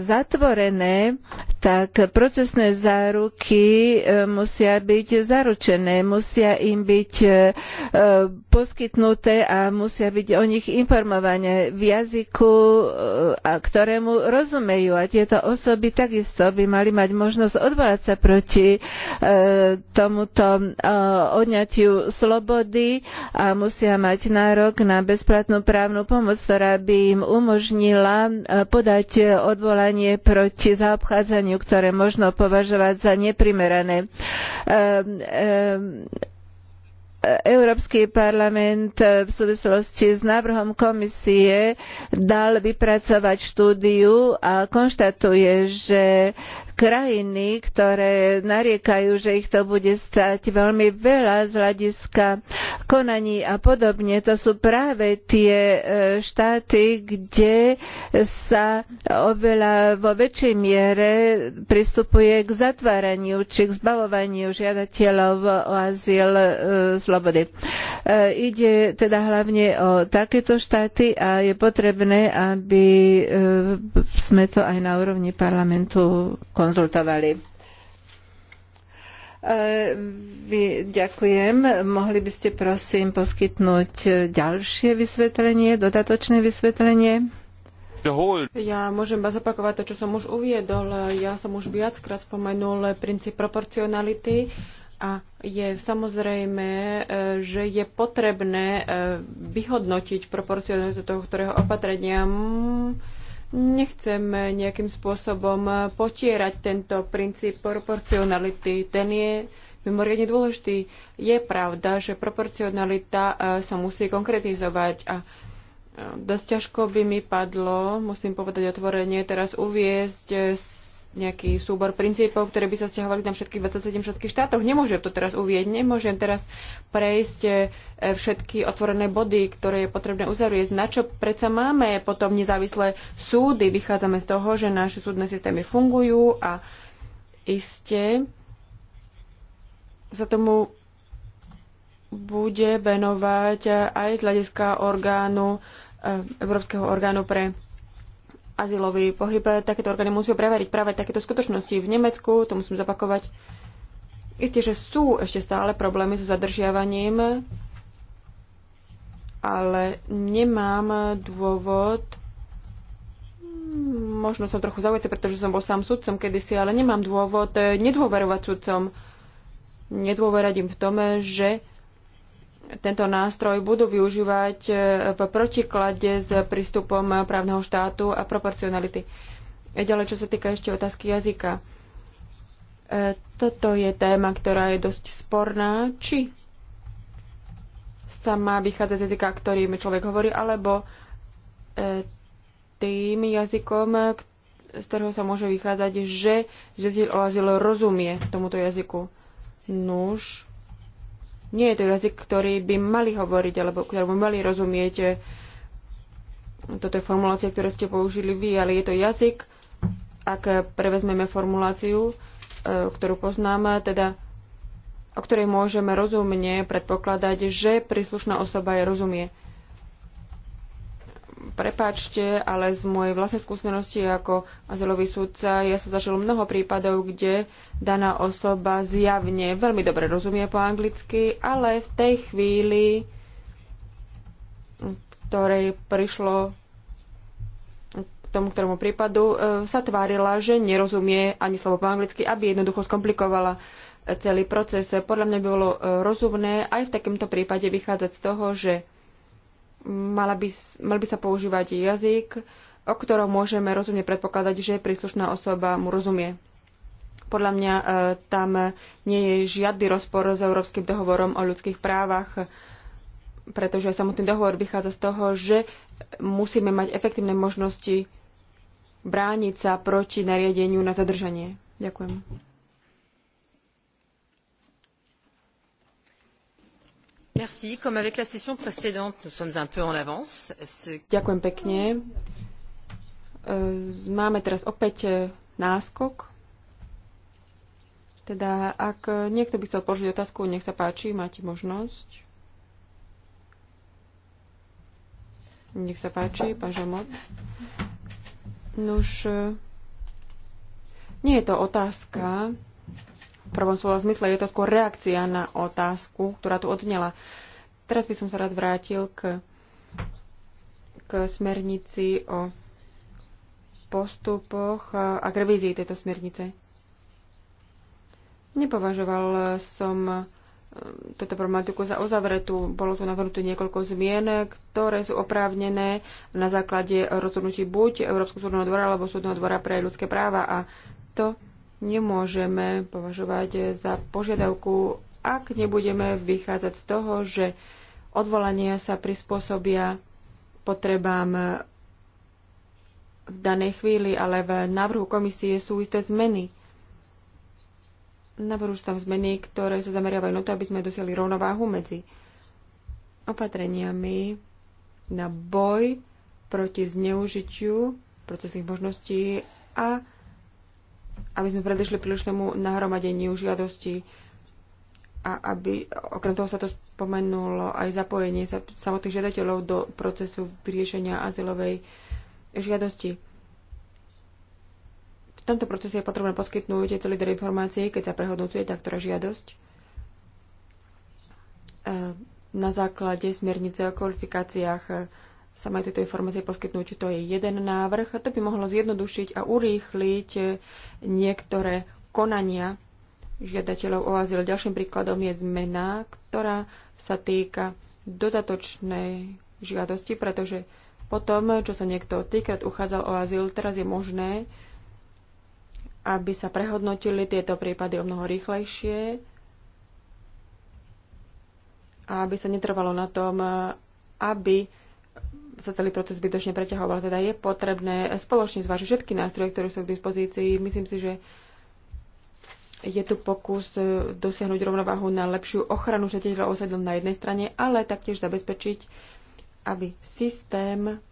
[SPEAKER 1] zatvorené, tak procesné záruky e, musia byť zaručené, musia im byť poskytnuté a musia byť o nich informované v jazyku, ktorému rozumejú. A tieto osoby takisto by mali mať možnosť odvolať sa proti tomu tomuto e, odňatiu slobody a musia mať nárok na bezplatnú právnu pomoc, ktorá by im umožnila e, podať odvolanie proti zaobchádzaniu, ktoré možno považovať za neprimerané. E, Európsky parlament v súvislosti s návrhom komisie dal vypracovať štúdiu a konštatuje, že krajiny, ktoré nariekajú, že ich to bude stať veľmi veľa z hľadiska konaní a podobne. To sú práve tie e, štáty, kde sa oveľa vo väčšej miere pristupuje k zatváraniu či k zbavovaniu žiadateľov o azyl e, slobody. E, ide teda hlavne o takéto štáty a je potrebné, aby e, sme to aj na úrovni parlamentu konzultovali konzultovali. E, vy, ďakujem. Mohli by ste prosím poskytnúť ďalšie vysvetlenie, dodatočné vysvetlenie?
[SPEAKER 3] Ja môžem vás opakovať to, čo som už uviedol. Ja som už viackrát spomenul princíp proporcionality a je samozrejme, e, že je potrebné e, vyhodnotiť proporcionalitu toho, ktorého opatrenia Nechcem nejakým spôsobom eh, potierať tento princíp proporcionality. Ten je mimoriadne dôležitý. Je pravda, že proporcionalita eh, sa musí konkretizovať a eh, dosť ťažko by mi padlo, musím povedať otvorenie teraz uviezť z nejaký súbor princípov, ktoré by sa stiahovali na všetkých 27 všetkých štátoch. Nemôžem to teraz uvieť, nemôžem teraz prejsť e, všetky otvorené body, ktoré je potrebné uzavrieť. Na čo predsa máme potom nezávislé súdy? Vychádzame z toho, že naše súdne systémy fungujú a iste sa tomu bude venovať aj z hľadiska orgánu, e, Európskeho orgánu pre azylový pohyb, eh, takéto orgány musia preveriť práve takéto skutočnosti. V Nemecku, to musím zapakovať, isté, že sú ešte stále problémy so zadržiavaním, ale nemám dôvod možno som trochu zaujatý, pretože som bol sám sudcom kedysi, ale nemám dôvod eh, nedôverovať sudcom. Nedôverať im v tom, eh, že tento nástroj budú využívať e, v protiklade s prístupom právneho štátu a proporcionality. E, ďalej, čo sa týka ešte otázky jazyka. E, toto je téma, ktorá je dosť sporná. Či sa má vychádzať z jazyka, ktorým človek hovorí, alebo tým jazykom, z ktorého sa môže vychádzať, že žiadateľ o azyl rozumie tomuto jazyku. Nuž, nie je to jazyk, ktorý by mali hovoriť, alebo ktorému mali rozumieť. E, toto je formulácia, ktoré ste použili vy, ale je to jazyk, ak prevezmeme formuláciu, e, ktorú poznáme, teda o ktorej môžeme rozumne predpokladať, že príslušná osoba je rozumie. Prepáčte, ale z mojej vlastnej skúsenosti ako azylový súdca ja som zažil mnoho prípadov, kde daná osoba zjavne veľmi dobre rozumie po anglicky, ale v tej chvíli, ktorej prišlo k tomu, ktorému prípadu, e, sa tvárila, že nerozumie ani slovo po anglicky, aby jednoducho skomplikovala e, celý proces. Podľa mňa by bolo e, rozumné aj v takomto prípade vychádzať z toho, že mala by, mal by sa používať jazyk, o ktorom môžeme rozumne predpokladať, že príslušná osoba mu rozumie. Podľa mňa e, tam nie je žiadny rozpor s Európskym dohovorom o ľudských právach, pretože samotný dohovor vychádza z toho, že musíme mať efektívne možnosti brániť sa proti nariadeniu na zadržanie. Ďakujem.
[SPEAKER 2] Ďakujem
[SPEAKER 3] pekne. E, máme teraz opäť e, náskok. Teda, ak e, niekto by chcel položiť otázku, nech sa páči, máte možnosť. Nech sa páči, pán Žomot. Nuž, nie je to otázka, prvom slova zmysle. Je to skôr reakcia na otázku, ktorá tu odznela. Teraz by som sa rád vrátil k, k smernici o postupoch a k revízii tejto smernice. Nepovažoval som e, túto problematiku za uzavretú. Bolo tu navrhnuté niekoľko zmien, ktoré sú oprávnené na základe rozhodnutí buď Európskeho súdneho dvora alebo Súdneho dvora pre ľudské práva a to nemôžeme považovať za požiadavku, ak nebudeme vychádzať z toho, že odvolania sa prispôsobia potrebám v danej chvíli, ale v návrhu komisie sú isté zmeny. sú tam zmeny, ktoré sa zameriavajú na to, aby sme dosiahli rovnováhu medzi opatreniami na boj proti zneužitiu procesných možností a aby sme predešli prílišnému nahromadeniu žiadosti a aby, okrem toho sa to spomenulo, aj zapojenie samotných žiadateľov do procesu vyriešenia azylovej žiadosti. V tomto procese je potrebné poskytnúť tieto líder informácie, keď sa prehodnotuje tá ktorá žiadosť eh, na základe smernice o kvalifikáciách sa majú tieto informácie poskytnúť. To je jeden návrh a to by mohlo zjednodušiť a urýchliť niektoré konania žiadateľov o azyl. Ďalším príkladom je zmena, ktorá sa týka dodatočnej žiadosti, pretože potom, čo sa niekto týkrát uchádzal o azyl, teraz je možné, aby sa prehodnotili tieto prípady o mnoho rýchlejšie a aby sa netrvalo na tom, aby sa celý proces zbytočne preťahoval. Teda je potrebné spoločne zvážiť všetky nástroje, ktoré sú k dispozícii. Myslím si, že je tu pokus e, dosiahnuť rovnováhu na lepšiu ochranu šetiteľov osadil na jednej strane, ale taktiež zabezpečiť, aby systém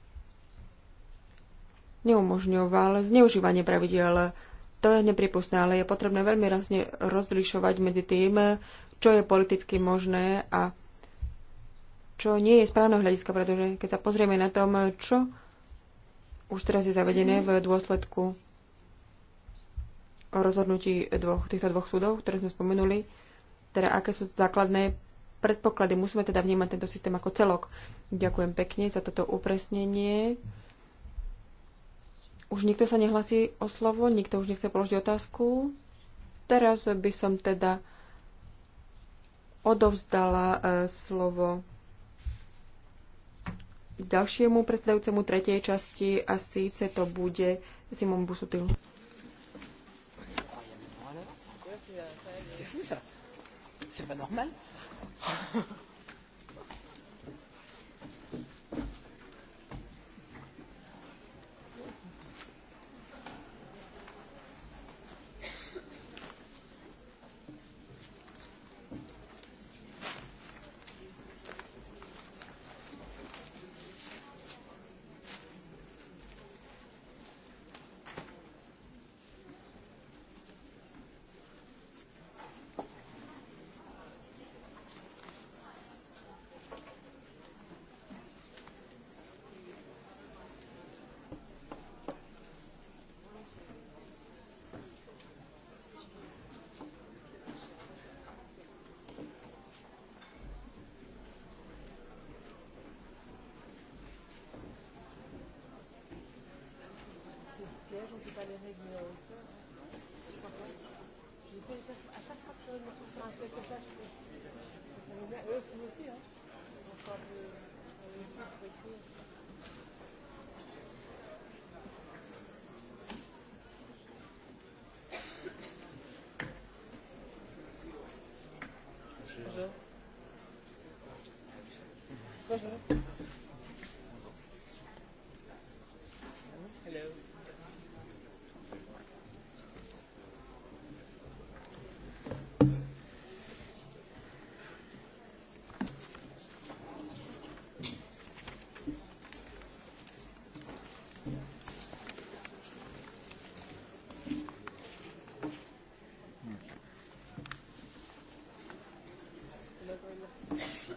[SPEAKER 3] neumožňoval zneužívanie pravidel. To je nepripustné, ale je potrebné veľmi razne rozlišovať medzi tým, čo je politicky možné a čo nie je správne hľadiska, pretože keď sa pozrieme na tom, čo už teraz je zavedené v dôsledku o rozhodnutí dvoch, týchto dvoch súdov, ktoré sme spomenuli, teda aké sú základné predpoklady. Musíme teda vnímať tento systém ako celok. Ďakujem pekne za toto upresnenie. Už nikto sa nehlasí o slovo, nikto už nechce položiť otázku. Teraz by som teda odovzdala e, slovo ďalšiemu predstavujúcemu tretej časti a síce to bude Simon Busutil.
[SPEAKER 2] C'est fou ça. C'est pas normal.
[SPEAKER 3] pas les règles en hauteur. Je
[SPEAKER 2] crois pas. J'essaie chaque, à chaque fois que je me trouve sur un quelque chose, je fais. Ça me vient, eux aussi, hein. On sort de l'équipe pour écrire.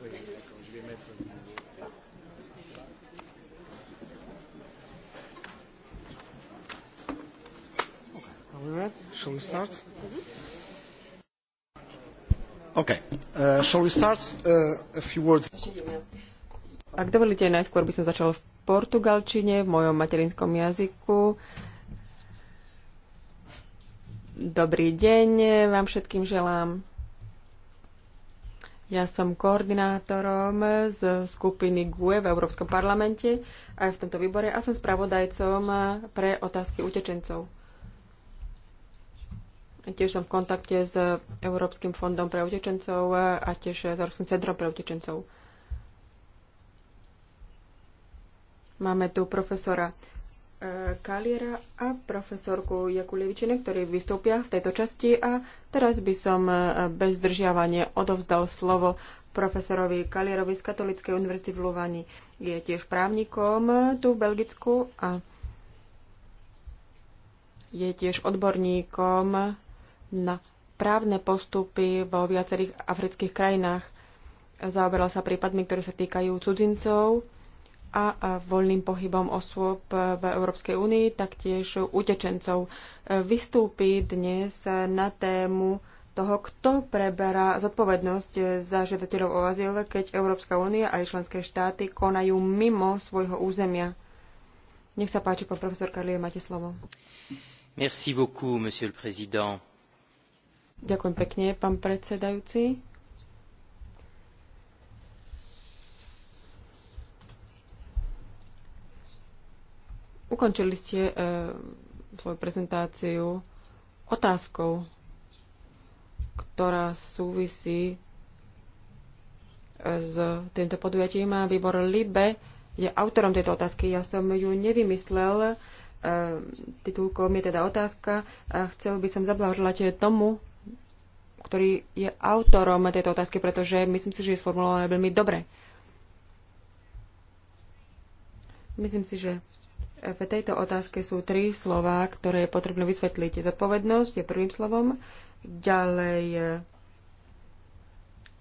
[SPEAKER 4] Are
[SPEAKER 3] we ready? Shall we start? Okay.
[SPEAKER 4] Uh, shall we start? Uh, a few words.
[SPEAKER 3] Ak dovolíte, najskôr by som začal v portugalčine, v mojom materinskom jazyku. Dobrý deň vám všetkým želám. Ja som koordinátorom z skupiny GUE v Európskom parlamente aj v tomto výbore a som spravodajcom pre otázky utečencov. Tiež som v kontakte s Európskym fondom pre utečencov a tiež s Európskym centrom pre utečencov. Máme tu profesora Kaliera a profesorku Jakulevičinu, ktorí vystúpia v tejto časti. A teraz by som e, bez zdržiavania odovzdal slovo profesorovi Kalierovi z Katolíckej univerzity v Luvani. Je tiež právnikom e, tu v Belgicku a je tiež odborníkom na právne postupy vo viacerých afrických krajinách. Zaoberal sa prípadmi, ktoré sa týkajú cudzincov, a voľným pohybom osôb v Európskej únii, taktiež utečencov. Vystúpi dnes na tému toho, kto preberá zodpovednosť za žiadateľov o azyl, keď Európska únia a členské štáty konajú mimo svojho územia. Nech sa páči, pán profesor Karlie, máte slovo.
[SPEAKER 2] Merci beaucoup, monsieur le président.
[SPEAKER 3] Ďakujem pekne, pán predsedajúci. Ukončili ste e, svoju prezentáciu otázkou, ktorá súvisí e, s týmto podujatím. Výbor LIBE je autorom tejto otázky. Ja som ju nevymyslel. E, titulkom je teda otázka. A chcel by som zablahodlať tomu, ktorý je autorom tejto otázky, pretože myslím si, že je sformulované veľmi dobre. Myslím si, že v tejto otázke sú tri slova, ktoré je potrebné vysvetliť. Zodpovednosť je prvým slovom. Ďalej,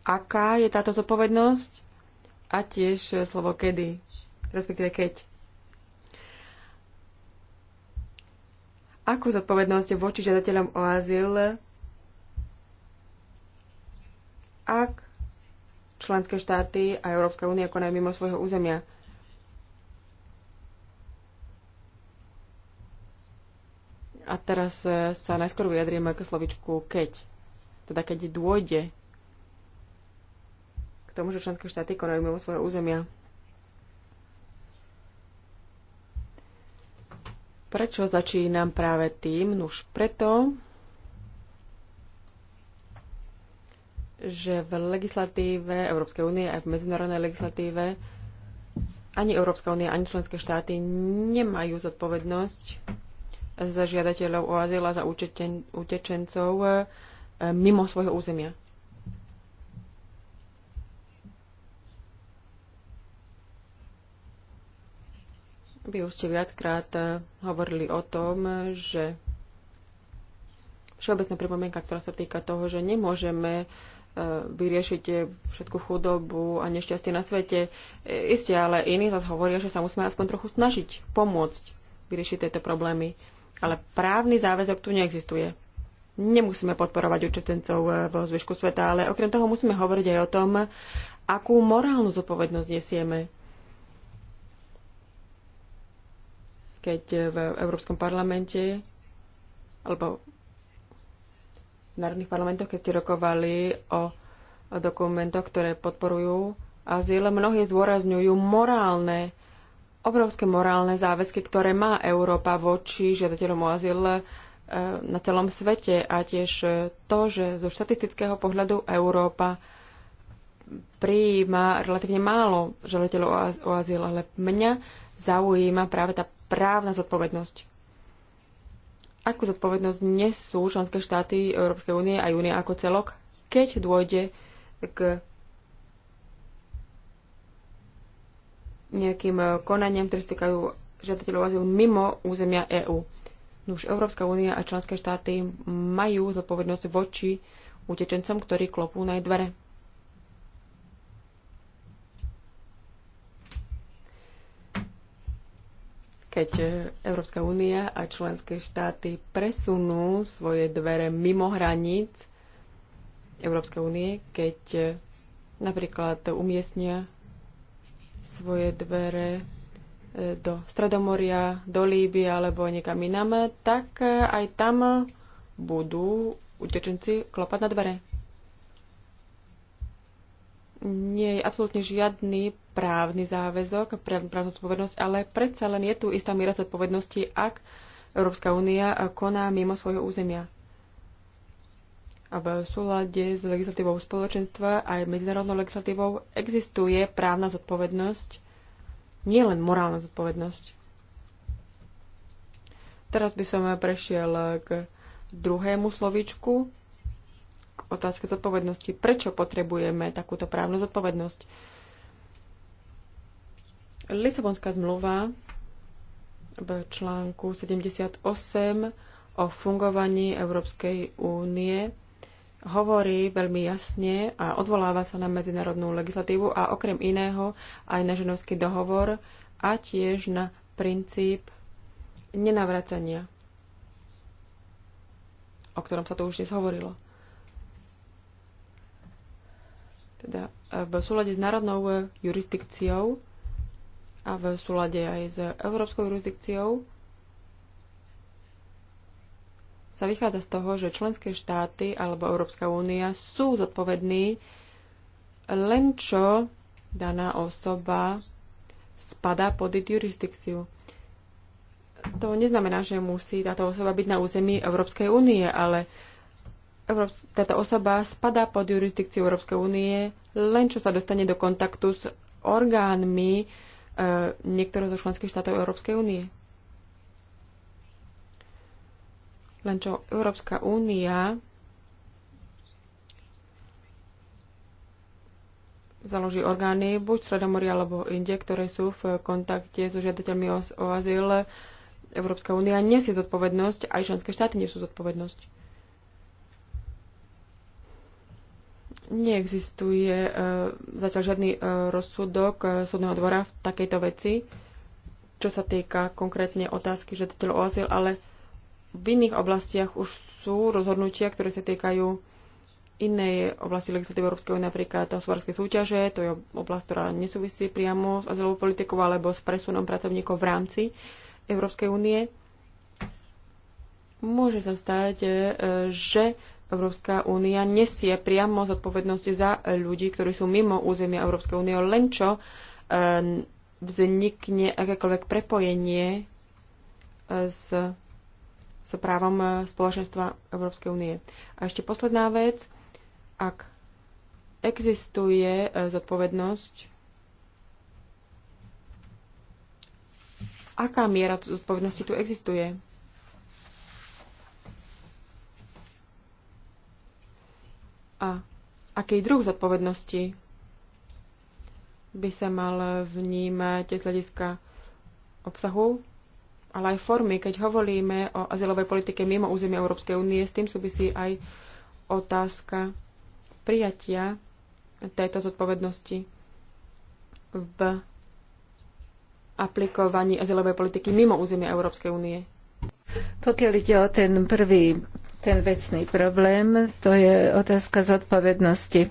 [SPEAKER 3] aká je táto zodpovednosť? A tiež slovo kedy, respektíve keď. Akú zodpovednosť voči žiadateľom o azyl, ak členské štáty a Európska únia konajú mimo svojho územia? A teraz e, sa najskôr vyjadrieme k slovičku keď. Teda keď dôjde k tomu, že členské štáty konajú mimo svojho územia. Prečo začínam práve tým? Nuž preto, že v legislatíve Európskej únie aj v medzinárodnej legislatíve ani Európska únia, ani členské štáty nemajú zodpovednosť za žiadateľov o azyl a za utečencov e, mimo svojho územia. Vy už ste viackrát e, hovorili o tom, že všeobecná pripomienka, ktorá sa týka toho, že nemôžeme e, vyriešiť všetku chudobu a nešťastie na svete. Isté, ale iní zase hovoria, že sa musíme aspoň trochu snažiť pomôcť vyriešiť tieto problémy. Ale právny záväzok tu neexistuje. Nemusíme podporovať účastnícov eh, vo zvyšku sveta, ale okrem toho musíme hovoriť aj o tom, akú morálnu zodpovednosť nesieme. Keď eh, v Európskom parlamente alebo v národných parlamentoch, keď ste rokovali o, o dokumentoch, ktoré podporujú azyl, mnohí zdôrazňujú morálne obrovské morálne záväzky, ktoré má Európa voči žiadateľom o azyl e, na celom svete a tiež e, to, že zo štatistického pohľadu Európa prijíma relatívne málo žiadateľov o azyl, ale mňa zaujíma práve tá právna zodpovednosť. Akú zodpovednosť nesú členské štáty Európskej únie a únie ako celok, keď dôjde k nejakým eh, konaním, ktoré týkajú žiadateľov azylu mimo územia EÚ. No už Európska únia a členské štáty majú zodpovednosť voči utečencom, ktorí klopú na dvere. Keď eh, Európska únia a členské štáty presunú svoje dvere mimo hraníc Európskej únie, keď eh, napríklad umiestnia svoje dvere e, do Stredomoria, do Líby alebo niekam inam, tak e, aj tam budú utečenci klopať na dvere. Nie je absolútne žiadny právny záväzok, právna zodpovednosť, ale predsa len je tu istá miera zodpovednosti, ak Európska únia koná mimo svojho územia a v súlade s legislatívou spoločenstva aj medzinárodnou legislatívou existuje právna zodpovednosť, nie len morálna zodpovednosť. Teraz by som prešiel k druhému slovičku, k otázke zodpovednosti. Prečo potrebujeme takúto právnu zodpovednosť? Lisabonská zmluva v článku 78 o fungovaní Európskej únie hovorí veľmi jasne a odvoláva sa na medzinárodnú legislatívu a okrem iného aj na ženovský dohovor a tiež na princíp nenavracania, o ktorom sa to už dnes hovorilo. Teda eh, v súlade s národnou eh, jurisdikciou a v súlade aj s európskou jurisdikciou sa vychádza z toho, že členské štáty alebo Európska únia sú zodpovední len čo daná osoba spadá pod jurisdikciu. To neznamená, že musí táto osoba byť na území Európskej únie, ale táto osoba spadá pod jurisdikciu Európskej únie len čo sa dostane do kontaktu s orgánmi e, niektorého zo členských štátov Európskej únie. Len čo Európska únia založí orgány buď v Stredomoria alebo inde, ktoré sú v kontakte so žiadateľmi o, o azyl. Európska únia nesie zodpovednosť, aj členské štáty nesú zodpovednosť. Neexistuje e, zatiaľ žiadny e, rozsudok e, súdneho dvora v takejto veci, čo sa týka konkrétne otázky žiadateľov o azyl, ale v iných oblastiach už sú rozhodnutia, ktoré sa týkajú inej oblasti legislatívy Európskej únie, napríklad hospodárske súťaže, to je oblasť, ktorá nesúvisí priamo s azylovou politikou alebo s presunom pracovníkov v rámci Európskej únie. Môže sa stať, e, že Európska únia nesie priamo zodpovednosť za ľudí, ktorí sú mimo územia Európskej únie, len čo e, vznikne akékoľvek prepojenie e, s s právom e, spoločenstva Európskej únie. A ešte posledná vec, ak existuje e, zodpovednosť, aká miera zodpovednosti tu existuje? A aký druh zodpovednosti by sa mal vnímať z hľadiska obsahu ale aj formy. Keď hovoríme o azylovej politike mimo územia Európskej únie, s tým súvisí aj otázka prijatia tejto zodpovednosti v aplikovaní azylovej politiky mimo územia Európskej únie.
[SPEAKER 1] Pokiaľ ide o ten prvý, ten vecný problém, to je otázka zodpovednosti.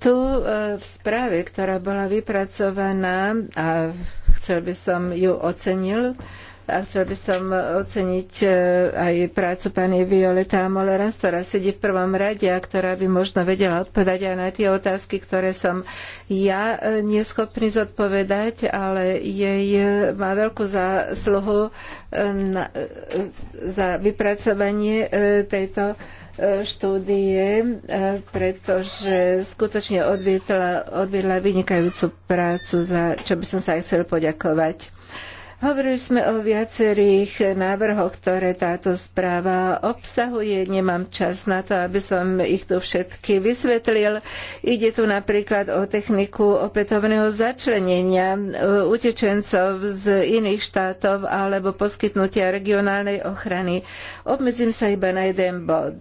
[SPEAKER 1] Tu e, v správe, ktorá bola vypracovaná a chcel by som ju ocenil, a chcela by som oceniť e, aj prácu pani Violeta Molera, ktorá sedí v prvom rade a ktorá by možno vedela odpovedať aj na tie otázky, ktoré som ja e, neschopný zodpovedať, ale jej e, má veľkú zásluhu za vypracovanie tejto štúdie, pretože skutočne odviedla, odviedla vynikajúcu prácu, za čo by som sa aj chcel poďakovať. Hovorili sme o viacerých návrhoch, ktoré táto správa obsahuje. Nemám čas na to, aby som ich tu všetky vysvetlil. Ide tu napríklad o techniku opätovného začlenenia e, utečencov z iných štátov alebo poskytnutia regionálnej ochrany. Obmedzím sa iba na jeden bod.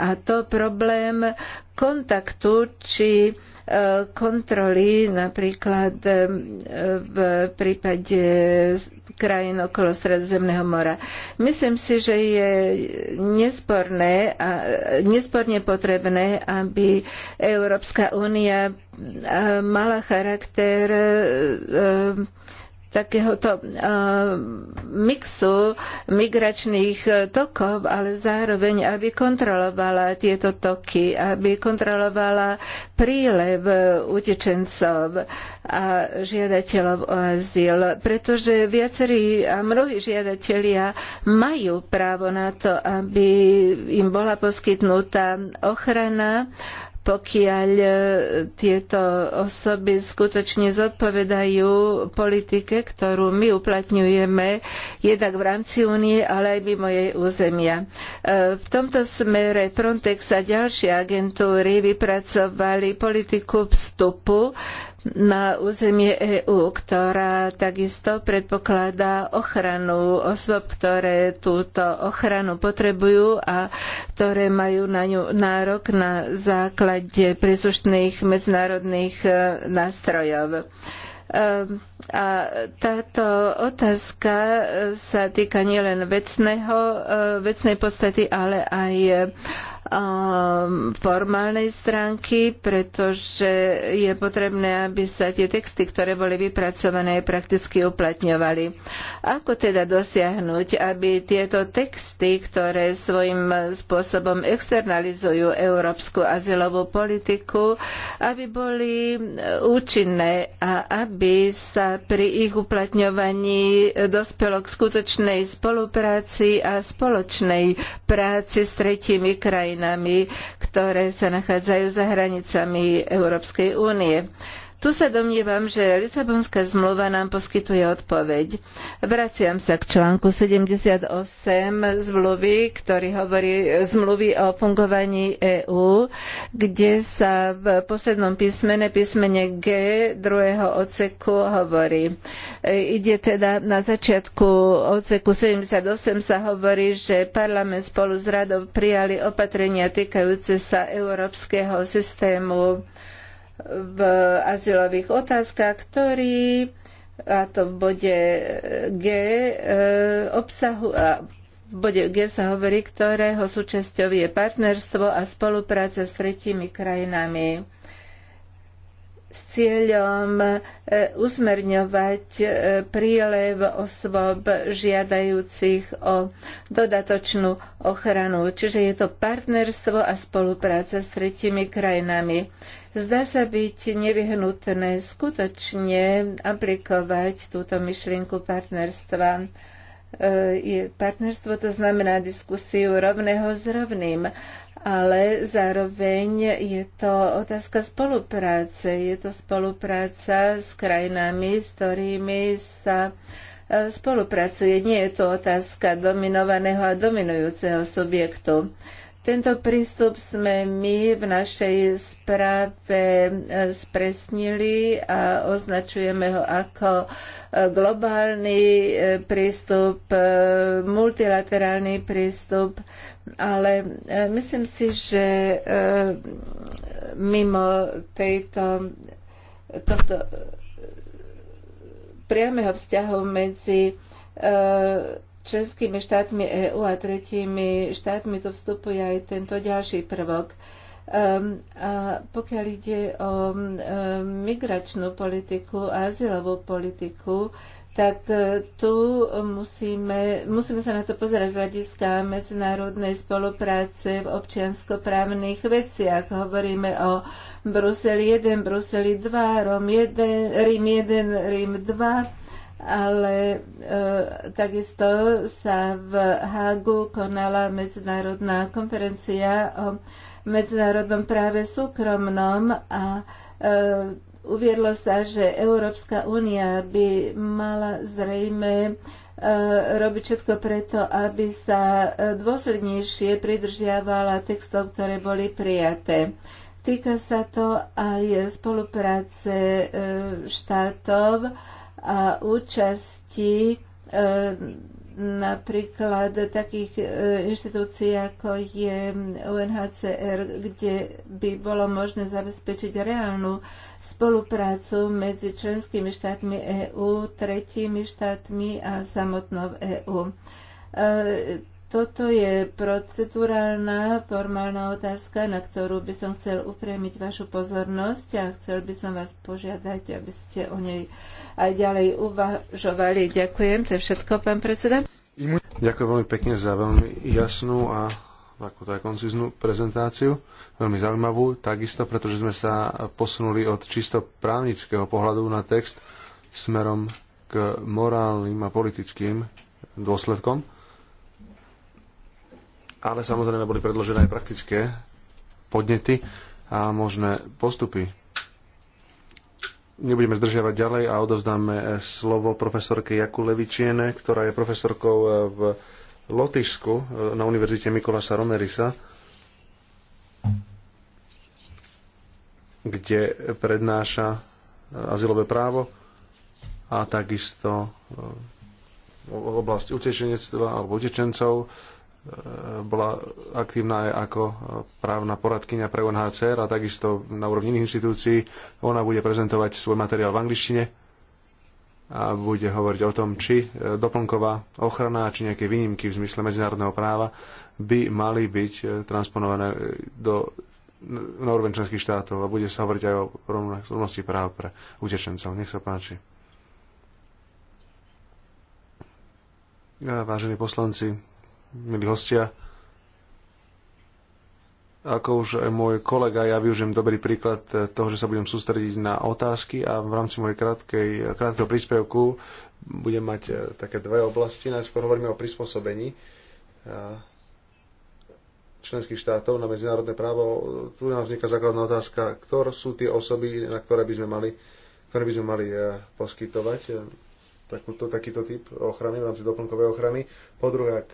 [SPEAKER 1] A to problém kontaktu či kontroly, napríklad e, v prípade krajín okolo Stredozemného mora. Myslím si, že je nesporné a nesporne potrebné, aby Európska únia e, mala charakter e, takéhoto eh, mixu migračných tokov, ale zároveň, aby kontrolovala tieto toky, aby kontrolovala prílev utečencov a žiadateľov o azyl, pretože viacerí a mnohí žiadatelia majú právo na to, aby im bola poskytnutá ochrana pokiaľ e, tieto osoby skutočne zodpovedajú politike, ktorú my uplatňujeme jednak v rámci únie, ale aj mimo jej územia. E, v tomto smere Frontex a ďalšie agentúry vypracovali politiku vstupu na územie EÚ, ktorá takisto predpokladá ochranu osôb, ktoré túto ochranu potrebujú a ktoré majú na ňu nárok na základe príslušných medzinárodných e, nástrojov. Um, a táto otázka sa týka nielen vecného, e, vecnej podstaty, ale aj e, formálnej stránky, pretože je potrebné, aby sa tie texty, ktoré boli vypracované, prakticky uplatňovali. Ako teda dosiahnuť, aby tieto texty, ktoré svojim spôsobom externalizujú európsku azylovú politiku, aby boli účinné a aby sa pri ich uplatňovaní dospelo k skutočnej spolupráci a spoločnej práci s tretími krajinami, ktoré sa nachádzajú za hranicami Európskej únie. Tu sa domnievam, že Lisabonská zmluva nám poskytuje odpoveď. Vraciam sa k článku 78 zmluvy, ktorý hovorí zmluvy o fungovaní EÚ, kde sa v poslednom písmene, písmene G druhého odseku hovorí. Ide teda na začiatku odseku 78 sa hovorí, že parlament spolu s radou prijali opatrenia týkajúce sa európskeho systému v azylových otázkach, ktorý a to v bode G e, obsahu, a v bode G sa hovorí, ktorého súčasťou je partnerstvo a spolupráca s tretími krajinami s cieľom e, usmerňovať e, prílev osôb žiadajúcich o dodatočnú ochranu. Čiže je to partnerstvo a spolupráca s tretimi krajinami. Zdá sa byť nevyhnutné skutočne aplikovať túto myšlienku partnerstva e, partnerstvo, to znamená diskusiu rovného s rovným ale zároveň je to otázka spolupráce. Je to spolupráca s krajinami, s ktorými sa e, spolupracuje. Nie je to otázka dominovaného a dominujúceho subjektu. Tento prístup sme my v našej správe e, spresnili a označujeme ho ako e, globálny prístup, multilaterálny prístup ale e, myslím si, že e, mimo tejto, tohto priameho vzťahu medzi e, členskými štátmi EÚ a tretími štátmi to vstupuje aj tento ďalší prvok. Ehm, a pokiaľ ide o migračnú politiku a azylovú politiku, tak e, tu musíme, musíme sa na to pozerať z hľadiska medzinárodnej spolupráce v občianskoprávnych veciach. Hovoríme o Bruseli 1, Bruseli 2, Rom 1, Rím 1, Rím 2 ale e, takisto sa v HAGU konala medzinárodná konferencia o medzinárodnom práve súkromnom a e, uviedlo sa, že Európska únia by mala zrejme e, robiť všetko preto, aby sa e, dôslednejšie pridržiavala textov, ktoré boli prijaté. Týka sa to aj spolupráce e, štátov a účasti napríklad takých e, inštitúcií, ako je UNHCR, kde by bolo možné zabezpečiť reálnu spoluprácu medzi členskými štátmi EÚ, tretími štátmi a samotnou EÚ. Toto je procedurálna, formálna otázka, na ktorú by som chcel upriamiť vašu pozornosť a chcel by som vás požiadať, aby ste o nej aj ďalej uvažovali. Ďakujem, to je všetko, pán predseda.
[SPEAKER 4] Ďakujem veľmi pekne za veľmi jasnú a takú tak konciznú prezentáciu, veľmi zaujímavú, takisto, pretože sme sa posunuli od čisto právnického pohľadu na text smerom k morálnym a politickým dôsledkom ale samozrejme boli predložené aj praktické podnety a možné postupy. Nebudeme zdržiavať ďalej a odovzdáme slovo profesorke Jaku Levičiene, ktorá je profesorkou v Lotyšsku e, na Univerzite Mikolasa Romerisa, kde prednáša e, azylové právo a takisto e, oblasť utečenectva alebo utečencov bola aktívna aj ako právna poradkynia pre UNHCR a takisto na úrovni iných inštitúcií. Ona bude prezentovať svoj materiál v angličtine a bude hovoriť o tom, či e, doplnková ochrana, či nejaké výnimky v zmysle medzinárodného práva by mali byť e, transponované e, do, na úroveň členských štátov a bude sa hovoriť aj o rovnosti práv pre utečencov. Nech sa páči. Vážení poslanci, milí hostia. Ako už aj môj kolega, ja využijem dobrý príklad toho, že sa budem sústrediť na otázky a v rámci mojej krátkej, krátkeho príspevku budem mať eh, také dve oblasti. Najskôr hovoríme o prispôsobení eh, členských štátov na medzinárodné právo. Tu nám vzniká základná otázka, ktoré sú tie osoby, na ktoré by sme mali, ktoré by sme mali eh, poskytovať takúto, takýto typ ochrany v rámci doplnkovej ochrany. Po druhé, ak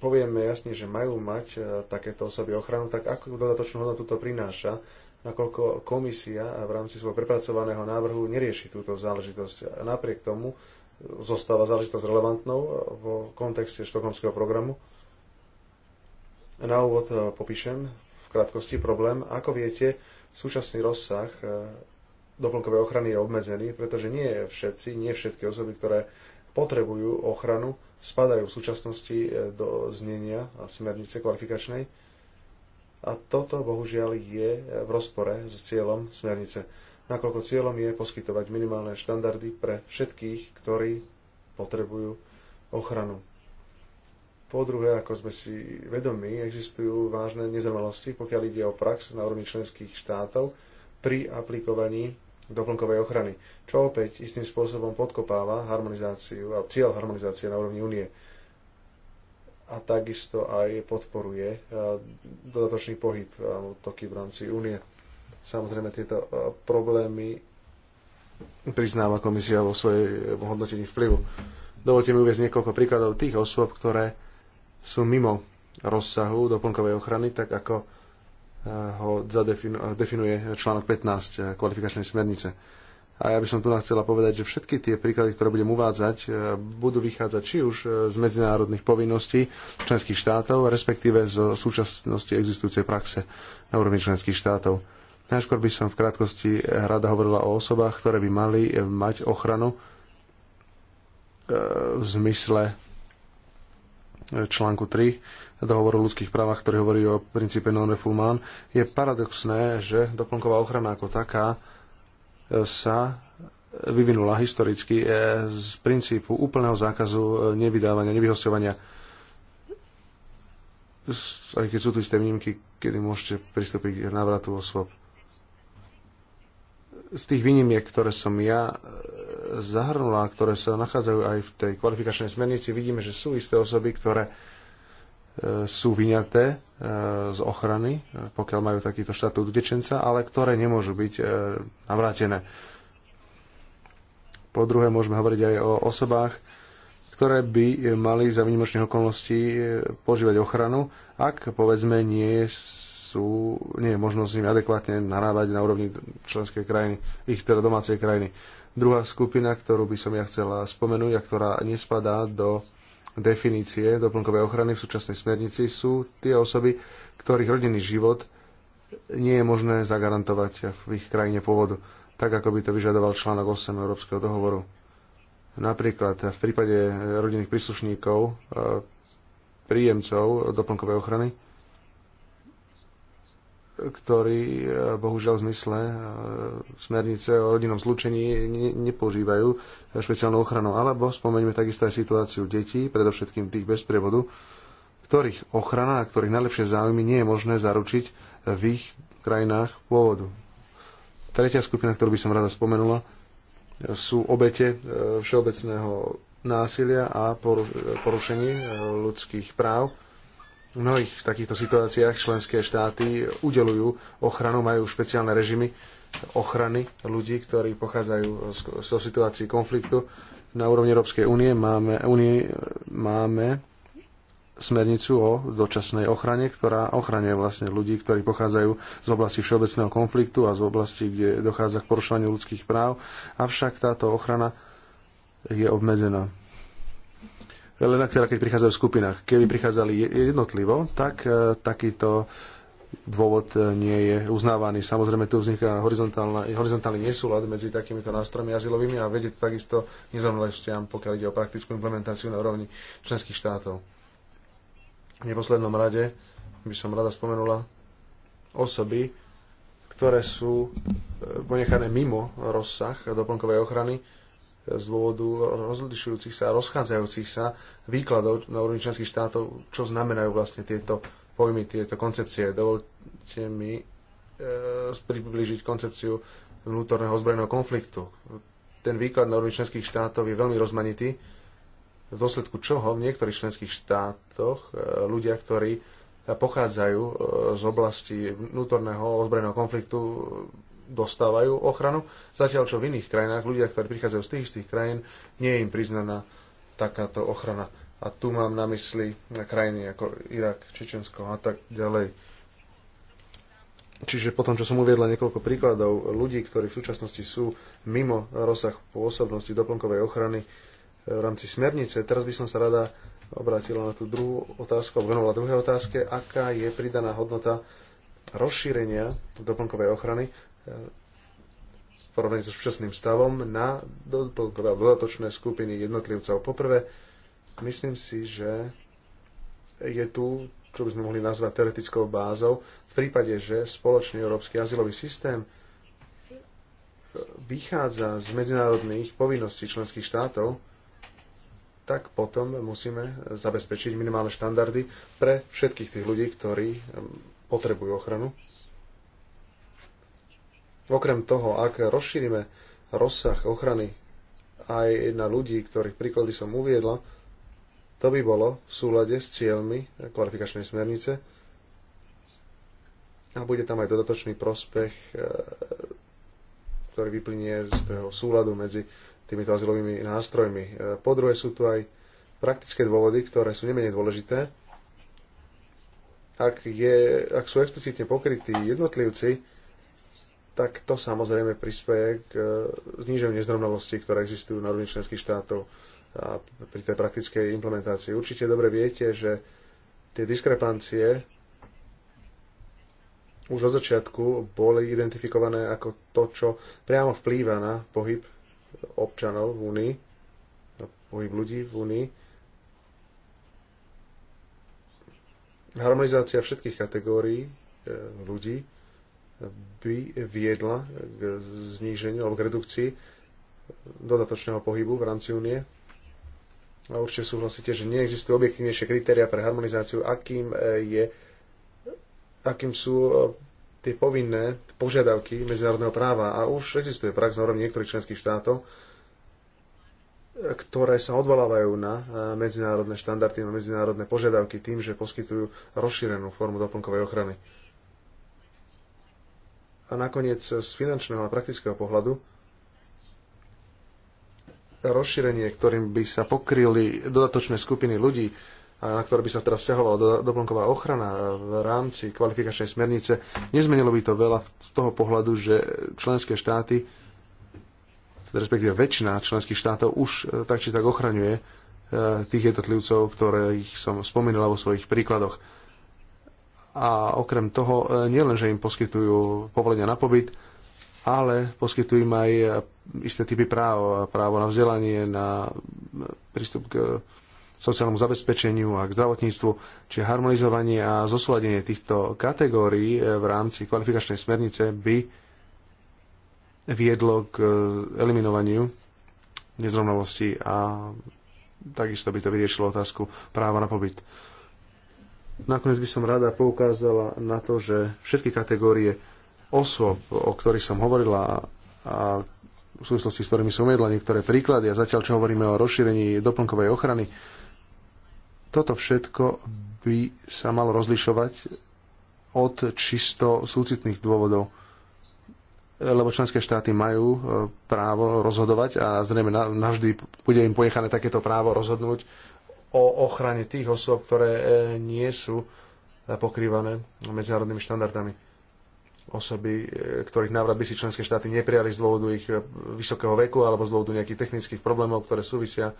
[SPEAKER 4] povieme jasne, že majú mať e, takéto osoby ochranu, tak ako dodatočnú hodnotu to prináša, nakoľko komisia v rámci svojho prepracovaného návrhu nerieši túto záležitosť. A napriek tomu e, zostáva záležitosť relevantnou e, v kontexte štokholmského programu. Na úvod popíšem v krátkosti problém. Ako viete, súčasný rozsah doplnkovej ochrany je obmedzený, pretože nie všetci, nie všetky osoby, ktoré potrebujú ochranu, spadajú v súčasnosti e, do znenia smernice kvalifikačnej. A toto bohužiaľ je e, v rozpore s cieľom smernice, nakoľko cieľom je poskytovať minimálne štandardy pre všetkých, ktorí potrebujú ochranu. Po druhé, ako sme si vedomi, existujú vážne nezrovnalosti, pokiaľ ide o prax na úrovni členských štátov pri aplikovaní doplnkovej ochrany, čo opäť istým spôsobom podkopáva harmonizáciu a cieľ harmonizácie na úrovni únie a takisto aj podporuje e, dodatočný pohyb e, toky v rámci únie. Samozrejme tieto e, problémy priznáva komisia vo svojej hodnotení vplyvu. Dovolte mi uvieť niekoľko príkladov tých osôb, ktoré sú mimo rozsahu doplnkovej ochrany, tak ako ho definuje článok 15 eh, kvalifikačnej smernice. A ja by som tu chcela povedať, že všetky tie príklady, ktoré budem uvádzať, eh, budú vychádzať či už eh, z medzinárodných povinností členských štátov, respektíve z súčasnosti existujúcej praxe na úrovni členských štátov. Najskôr by som v krátkosti rada hovorila o osobách, ktoré by mali mať ochranu v zmysle článku 3 dohovor o ľudských právach, ktorý hovorí o princípe non-refoulement, je paradoxné, že doplnková ochrana ako taká e, sa vyvinula historicky e, z princípu úplného zákazu e, nevydávania, nevyhostovania aj keď sú tu isté výnimky, kedy môžete pristúpiť k návratu osôb. Z tých výnimiek, ktoré som ja zahrnula, ktoré sa nachádzajú aj v tej kvalifikačnej smernici, vidíme, že sú isté osoby, ktoré sú vyňaté e, z ochrany, pokiaľ majú takýto štatút utečenca, ale ktoré nemôžu byť e, navrátené. Po druhé, môžeme hovoriť aj o osobách, ktoré by mali za výnimočných okolností e, požívať ochranu, ak povedzme nie sú, nie je možnosť s nimi adekvátne narábať na úrovni členskej krajiny, ich teda domácej krajiny. Druhá skupina, ktorú by som ja chcela spomenúť a ktorá nespadá do definície doplnkovej ochrany v súčasnej smernici sú tie osoby, ktorých rodinný život nie je možné zagarantovať v ich krajine pôvodu, tak ako by to vyžadoval článok 8 Európskeho dohovoru. Napríklad v prípade rodinných príslušníkov, e, príjemcov doplnkovej ochrany, ktorí e, bohužiaľ v zmysle e, smernice o rodinnom zlúčení nepožívajú e, špeciálnu ochranu. Alebo spomeňme takisto aj situáciu detí, predovšetkým tých bez prievodu, ktorých ochrana a ktorých najlepšie záujmy nie je možné zaručiť v ich krajinách pôvodu. Tretia skupina, ktorú by som rada spomenula, sú obete všeobecného násilia a porušení ľudských práv v mnohých takýchto situáciách členské štáty udelujú ochranu, majú špeciálne režimy ochrany ľudí, ktorí pochádzajú z, zo situácií konfliktu. Na úrovni Európskej únie máme, únie máme smernicu o dočasnej ochrane, ktorá ochraňuje vlastne ľudí, ktorí pochádzajú z oblasti všeobecného konfliktu a z oblasti, kde dochádza k porušovaniu ľudských práv. Avšak táto ochrana je obmedzená len ak teda keď prichádzajú v skupinách. Keby prichádzali jednotlivo, tak e, takýto dôvod e, nie je uznávaný. Samozrejme, tu vzniká horizontálny nesúlad medzi takýmito nástrojmi azylovými a vedie to takisto nezrovnalostiam, pokiaľ ide o praktickú implementáciu na úrovni členských štátov. V neposlednom rade by som rada spomenula osoby, ktoré sú e, ponechané mimo rozsah doplnkovej ochrany, z dôvodu rozlišujúcich sa a rozchádzajúcich sa výkladov na úrovni členských štátov, čo znamenajú vlastne tieto pojmy, tieto koncepcie. Dovolte mi e, približiť koncepciu vnútorného ozbrojeného konfliktu. Ten výklad na úrovni členských štátov je veľmi rozmanitý, v dôsledku čoho v niektorých členských štátoch e, ľudia, ktorí e, pochádzajú e, z oblasti vnútorného ozbrojeného konfliktu, dostávajú ochranu, zatiaľ čo v iných krajinách ľudia, ktorí prichádzajú z tých istých krajín, nie je im priznaná takáto ochrana. A tu mám na mysli na krajiny ako Irak, Čečensko a tak ďalej. Čiže potom, čo som uviedla niekoľko príkladov ľudí, ktorí v súčasnosti sú mimo rozsah pôsobnosti doplnkovej ochrany e, v rámci smernice, teraz by som sa rada obrátila na tú druhú otázku, alebo venovala druhej otázke, aká je pridaná hodnota rozšírenia doplnkovej ochrany v porovnaní so súčasným stavom na dodatočné skupiny jednotlivcov. Poprvé, myslím si, že je tu, čo by sme mohli nazvať teoretickou bázou, v prípade, že spoločný európsky azylový systém vychádza z medzinárodných povinností členských štátov, tak potom musíme zabezpečiť minimálne štandardy pre všetkých tých ľudí, ktorí potrebujú ochranu. Okrem toho, ak rozšírime rozsah ochrany aj na ľudí, ktorých príklady som uviedla, to by bolo v súlade s cieľmi kvalifikačnej smernice a bude tam aj dodatočný prospech, e, ktorý vyplynie z toho súladu medzi týmito azylovými nástrojmi. E, po druhé sú tu aj praktické dôvody, ktoré sú nemenej dôležité. Ak, je, ak sú explicitne pokrytí jednotlivci, tak to samozrejme prispieje k e, zníženiu nezrovnalostí, ktoré existujú na úrovni členských štátov a pri tej praktickej implementácii. Určite dobre viete, že tie diskrepancie už od začiatku boli identifikované ako to, čo priamo vplýva na pohyb občanov v Únii, na pohyb ľudí v Únii. Harmonizácia všetkých kategórií e, ľudí by viedla k zníženiu alebo k redukcii dodatočného pohybu v rámci únie. A určite súhlasíte, že neexistujú objektívnejšie kritéria pre harmonizáciu, akým, e, je, akým sú e, tie povinné požiadavky medzinárodného práva. A už existuje prax na úrovni niektorých členských štátov, ktoré sa odvolávajú na e, medzinárodné štandardy, na medzinárodné požiadavky tým, že poskytujú rozšírenú formu doplnkovej ochrany. A nakoniec z finančného a praktického pohľadu rozšírenie, ktorým by sa pokryli dodatočné skupiny ľudí, na ktoré by sa teda vzťahovala doplnková ochrana v rámci kvalifikačnej smernice, nezmenilo by to veľa z toho pohľadu, že členské štáty, respektíve väčšina členských štátov už e, tak či tak ochraňuje e, tých jednotlivcov, ktorých som spomínala vo svojich príkladoch a okrem toho e, nielen, že im poskytujú povolenia na pobyt, ale poskytujú im aj e, isté typy práv, právo na vzdelanie, na e, prístup k sociálnemu zabezpečeniu a k zdravotníctvu, čiže harmonizovanie a zosúladenie týchto kategórií v rámci kvalifikačnej smernice by viedlo k eliminovaniu nezrovnalosti a takisto by to vyriešilo otázku práva na pobyt. Nakoniec by som rada poukázala na to, že všetky kategórie osôb, o ktorých som hovorila a v súvislosti s ktorými som uvedla niektoré príklady a zatiaľ, čo hovoríme o rozšírení doplnkovej ochrany, toto všetko by sa malo rozlišovať od čisto súcitných dôvodov lebo členské štáty majú e, právo rozhodovať a zrejme navždy bude im ponechané takéto právo rozhodnúť o ochrane tých osôb, ktoré e, nie sú e, pokrývané medzinárodnými štandardami. Osoby, e, ktorých návrat by si členské štáty neprijali z dôvodu ich vysokého veku alebo z dôvodu nejakých technických problémov, ktoré súvisia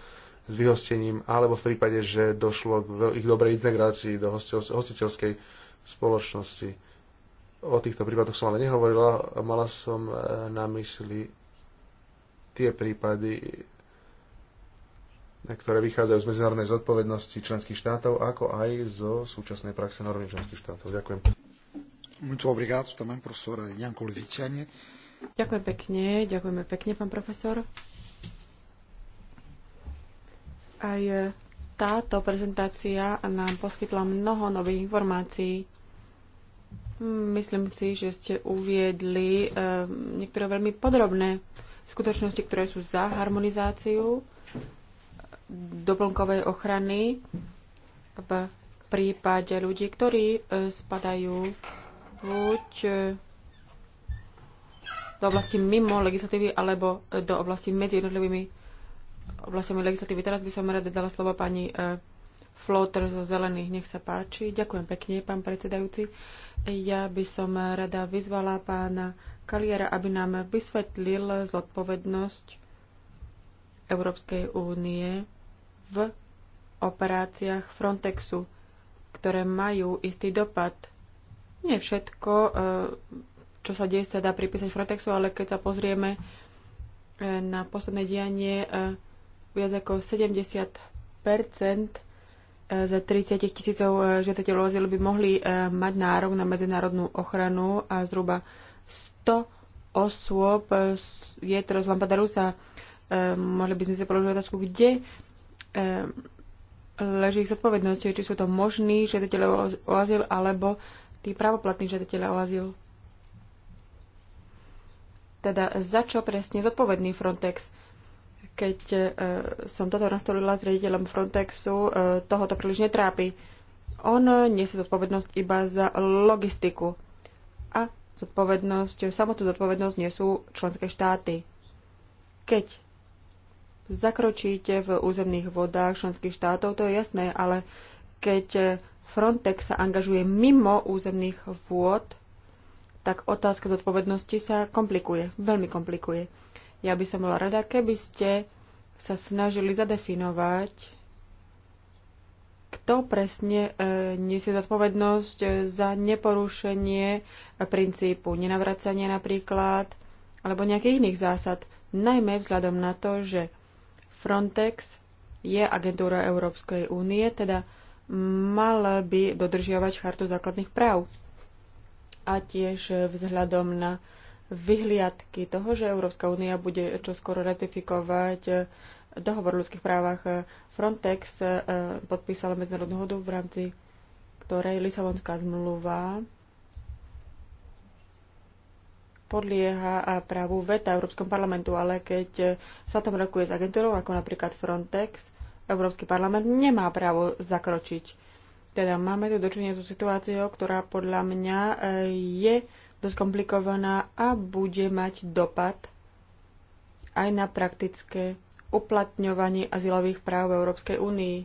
[SPEAKER 4] s vyhostením, alebo v prípade, že došlo k ich dobrej integrácii do hostiteľskej spoločnosti. O týchto prípadoch som ale nehovorila, mala som na mysli tie prípady ktoré vychádzajú z medzinárodnej zodpovednosti členských štátov, ako aj zo súčasnej praxe normy členských štátov. Ďakujem.
[SPEAKER 3] Ďakujem pekne, ďakujeme pekne, pán profesor. Aj e, táto prezentácia nám poskytla mnoho nových informácií. Myslím si, že ste uviedli e, niektoré veľmi podrobné skutočnosti, ktoré sú za harmonizáciu doplnkovej ochrany v prípade ľudí, ktorí e, spadajú buď e, do oblasti mimo legislatívy alebo e, do oblasti medzi jednotlivými oblastiami legislatívy. Teraz by som rada dala slovo pani Flóter zo Zelených. Nech sa páči. Ďakujem pekne, pán predsedajúci. Ja by som rada vyzvala pána Kaliera, aby nám vysvetlil zodpovednosť Európskej únie v operáciách Frontexu, ktoré majú istý dopad. Nie všetko, e, čo sa deje, sa dá pripísať Frontexu, ale keď sa pozrieme e, na posledné dianie, e, viac ako 70 za 30 tisícov žiadateľov azylu by mohli mať nárok na medzinárodnú ochranu a zhruba 100 osôb je teraz z Lampadarusa, Mohli by sme si položiť otázku, kde Ehm, leží zodpovednosť, či sú to možní žiadatelia o, azyl alebo tí právoplatní žiadatelia o azyl. Teda za čo presne zodpovedný Frontex? Keď e, som toto nastolila s riaditeľom Frontexu, e, toho to príliš netrápi. On nesie zodpovednosť iba za logistiku. A zodpovednosť, samotnú zodpovednosť nesú členské štáty. Keď zakročíte v územných vodách členských štátov, to je jasné, ale keď Frontex sa angažuje mimo územných vôd, tak otázka zodpovednosti sa komplikuje, veľmi komplikuje. Ja by som bola rada, keby ste sa snažili zadefinovať, kto presne e, nesie zodpovednosť e, za neporušenie e, princípu nenavracania napríklad, alebo nejakých iných zásad, najmä vzhľadom na to, že Frontex je agentúra Európskej únie, teda mal by dodržiavať chartu základných práv. A tiež vzhľadom na vyhliadky toho, že Európska únia bude čoskoro ratifikovať eh, dohovor o ľudských právach eh, Frontex eh, podpísala medzinárodnú hodu, v rámci ktorej Lisabonská zmluva podlieha právu VETA Európskom parlamentu, ale keď sa tam rokuje s agentúrou, ako napríklad Frontex, Európsky parlament nemá právo zakročiť. Teda máme tu dočinenie tú situáciou, ktorá podľa mňa e, je dosť komplikovaná a bude mať dopad aj na praktické uplatňovanie azylových práv v Európskej únii.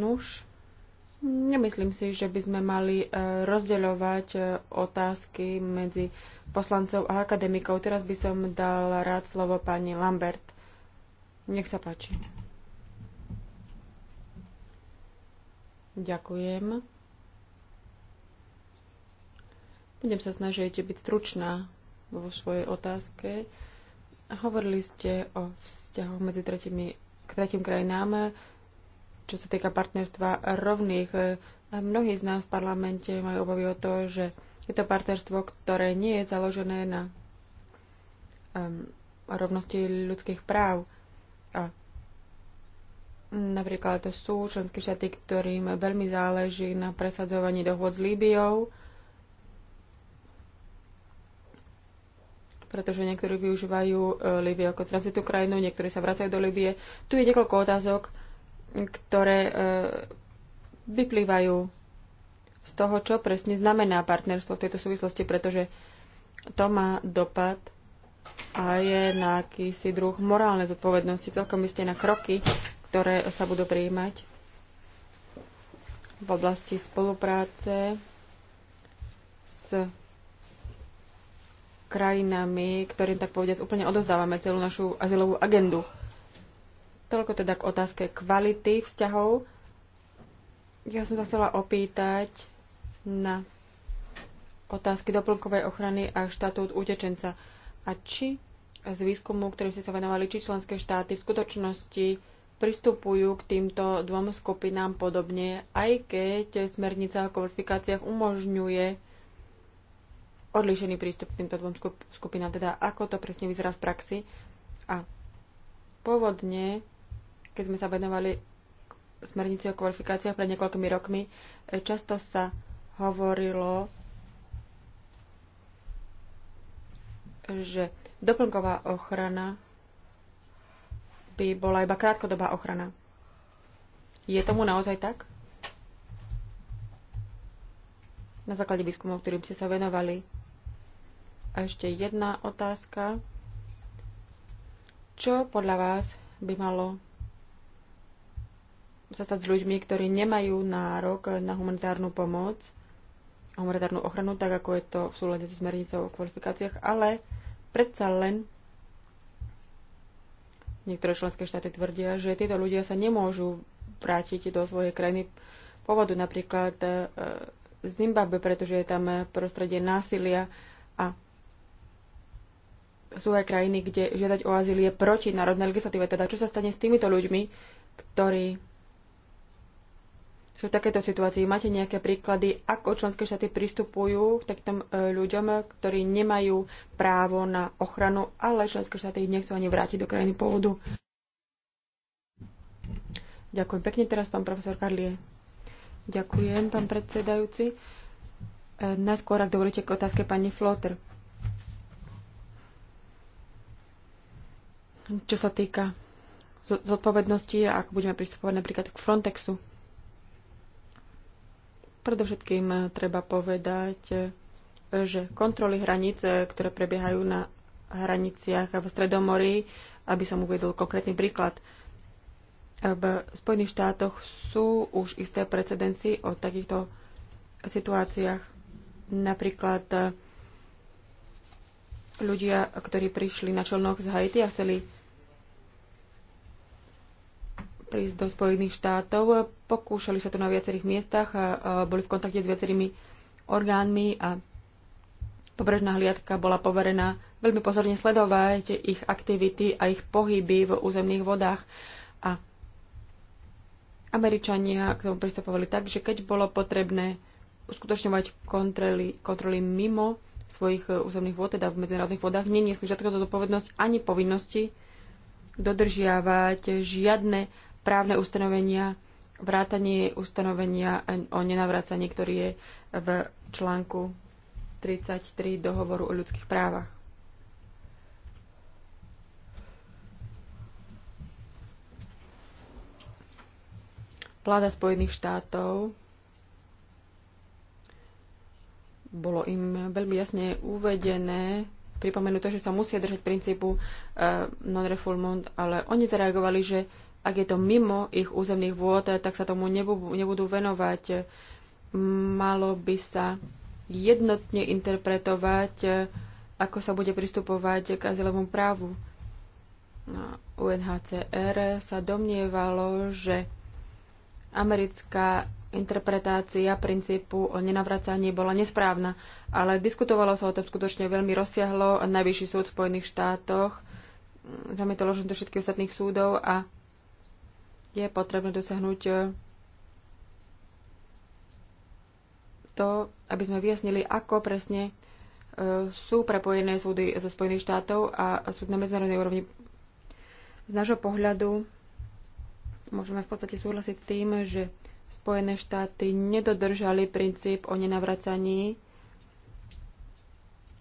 [SPEAKER 3] Nuž, Nemyslím si, že by sme mali e, rozdeľovať e, otázky medzi poslancov a akademikov. Teraz by som dal rád slovo pani Lambert. Nech sa páči. Ďakujem. Budem sa snažiť byť stručná vo svojej otázke. Hovorili ste o vzťahoch medzi tretimi, k tretím krajinám čo sa týka partnerstva rovných. E, mnohí z nás v parlamente majú obavy o to, že je to partnerstvo, ktoré nie je založené na um, rovnosti ľudských práv. A napríklad to sú členské štáty, ktorým veľmi záleží na presadzovaní dohôd s Líbiou, pretože niektorí využívajú e, Líbiu ako tranzitnú krajinu, niektorí sa vracajú do Líbie. Tu je niekoľko otázok, ktoré e, vyplývajú z toho, čo presne znamená partnerstvo v tejto súvislosti, pretože to má dopad a je na akýsi druh morálnej zodpovednosti, celkom isté na kroky, ktoré sa budú prijímať v oblasti spolupráce s krajinami, ktorým tak povediať úplne odozdávame celú našu azylovú agendu. Toľko teda k otázke kvality vzťahov. Ja som sa chcela opýtať na otázky doplnkovej ochrany a štatút utečenca. A či z výskumu, ktorým ste sa venovali, či členské štáty v skutočnosti pristupujú k týmto dvom skupinám podobne, aj keď smernica o kvalifikáciách umožňuje odlišený prístup k týmto dvom skupinám, teda ako to presne vyzerá v praxi. A pôvodne keď sme sa venovali smernici o kvalifikáciách pred niekoľkými rokmi, e, často sa hovorilo, že doplnková ochrana by bola iba krátkodobá ochrana. Je tomu naozaj tak? Na základe výskumov, ktorým ste sa venovali. A ešte jedna otázka. Čo podľa vás by malo sa stať s ľuďmi, ktorí nemajú nárok na humanitárnu pomoc, humanitárnu ochranu, tak ako je to v súlade so smernicou o kvalifikáciách, ale predsa len niektoré členské štáty tvrdia, že tieto ľudia sa nemôžu vrátiť do svojej krajiny povodu, napríklad e, Zimbabwe, pretože je tam prostredie násilia a sú aj krajiny, kde žiadať o azyl je proti národnej legislatíve. Teda čo sa stane s týmito ľuďmi, ktorí sú v takéto situácii. Máte nejaké príklady, ako členské štáty pristupujú k takým e, ľuďom, ktorí nemajú právo na ochranu, ale členské štáty ich nechcú ani vrátiť do krajiny pôvodu? Ďakujem pekne teraz, pán profesor Karlie. Ďakujem, pán predsedajúci. E, najskôr, ak dovolíte, k otázke pani Flotter. Čo sa týka zodpovednosti, ako budeme pristupovať napríklad k Frontexu. Predovšetkým eh, treba povedať, eh, že kontroly hraníc, eh, ktoré prebiehajú na hraniciach v Stredomorí, aby som uvedol konkrétny príklad, v Spojených štátoch sú už isté precedenci o takýchto situáciách. Napríklad ľudia, ktorí prišli na člnoch z Haiti a chceli prísť do Spojených štátov. Pokúšali sa to na viacerých miestach, a boli v kontakte s viacerými orgánmi a pobrežná hliadka bola poverená veľmi pozorne sledovať ich aktivity a ich pohyby v územných vodách. A Američania k tomu pristupovali tak, že keď bolo potrebné uskutočňovať kontroly, kontroly mimo svojich územných vôd, teda v medzinárodných vodách, neniesli žiadnu zodpovednosť ani povinnosti dodržiavať žiadne právne ustanovenia, vrátanie ustanovenia o nenavracaní, ktorý je v článku 33 dohovoru o ľudských právach. Vláda Spojených štátov bolo im veľmi jasne uvedené, pripomenuté, že sa musia držať princípu uh, non-refoulement, ale oni zareagovali, že ak je to mimo ich územných vôd, tak sa tomu nebudú, nebudú venovať. Malo by sa jednotne interpretovať, ako sa bude pristupovať k azylovom právu. No, UNHCR sa domnievalo, že americká interpretácia princípu o nenavracaní bola nesprávna, ale diskutovalo sa o tom skutočne veľmi rozsiahlo. a Najvyšší súd v Spojených štátoch mm, zamietol to všetkých ostatných súdov a je potrebné dosiahnuť eh, to, aby sme vyjasnili, ako presne eh, sú prepojené súdy zo Spojených štátov a súd na medzinárodnej úrovni. Z nášho pohľadu môžeme v podstate súhlasiť s tým, že Spojené štáty nedodržali princíp o nenavracaní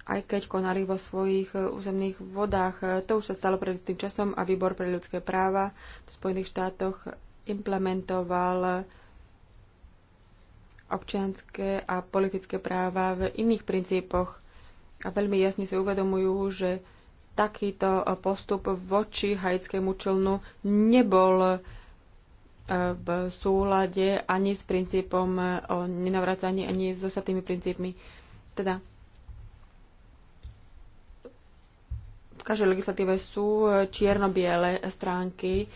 [SPEAKER 3] aj keď konali vo svojich eh, územných vodách. Eh, to už sa stalo pred tým časom a Výbor pre ľudské práva v Spojených štátoch implementoval občianské a politické práva v iných princípoch a veľmi jasne si uvedomujú, že takýto eh, postup voči haitskému člnu nebol v súlade ani s princípom o nenavracaní, ani s ostatnými princípmi. Teda každej legislatíve sú e, čierno-biele stránky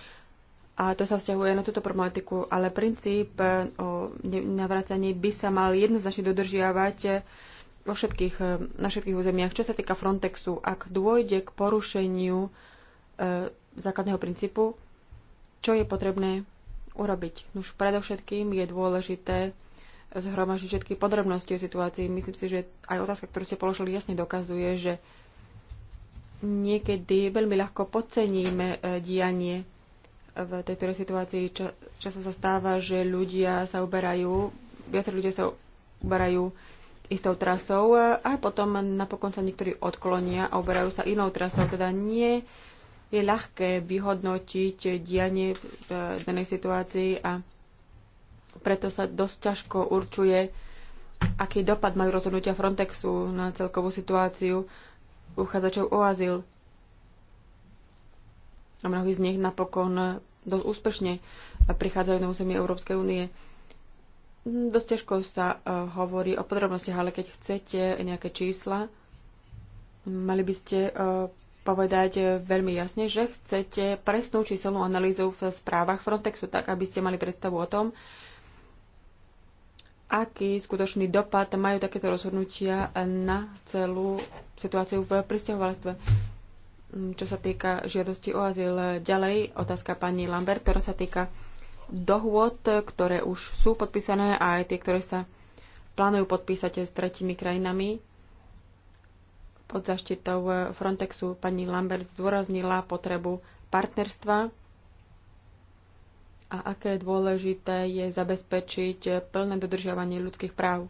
[SPEAKER 3] a to sa vzťahuje na túto problematiku, ale princíp e, o navracaní by sa mal jednoznačne dodržiavať e, vo všetkých, na všetkých územiach. Čo sa týka Frontexu, ak dôjde k porušeniu e, základného princípu, čo je potrebné urobiť? Už predovšetkým je dôležité zhromaždiť všetky podrobnosti o situácii. Myslím si, že aj otázka, ktorú ste položili, jasne dokazuje, že niekedy veľmi ľahko podceníme e, dianie v tejto situácii. Často sa stáva, že ľudia sa uberajú, viacerí ľudia sa uberajú istou trasou a potom napokon sa niektorí odklonia a uberajú sa inou trasou. Teda nie je ľahké vyhodnotiť dianie v e, danej situácii a preto sa dosť ťažko určuje, aký dopad majú rozhodnutia Frontexu na celkovú situáciu uchádzačov o azyl. A mnohí z nich napokon dosť úspešne prichádzajú na územie Európskej únie. Dosť ťažko sa e, hovorí o podrobnostiach, ale keď chcete nejaké čísla, mali by ste e, povedať e, veľmi jasne, že chcete presnú číselnú analýzu v správach Frontexu, tak aby ste mali predstavu o tom, aký skutočný dopad majú takéto rozhodnutia na celú situáciu v pristahovalstve. Čo sa týka žiadosti o azyl, ďalej otázka pani Lambert, ktorá sa týka dohôd, ktoré už sú podpísané a aj tie, ktoré sa plánujú podpísať s tretimi krajinami pod zaštitou Frontexu. Pani Lambert zdôraznila potrebu partnerstva a aké dôležité je zabezpečiť plné dodržiavanie ľudských práv.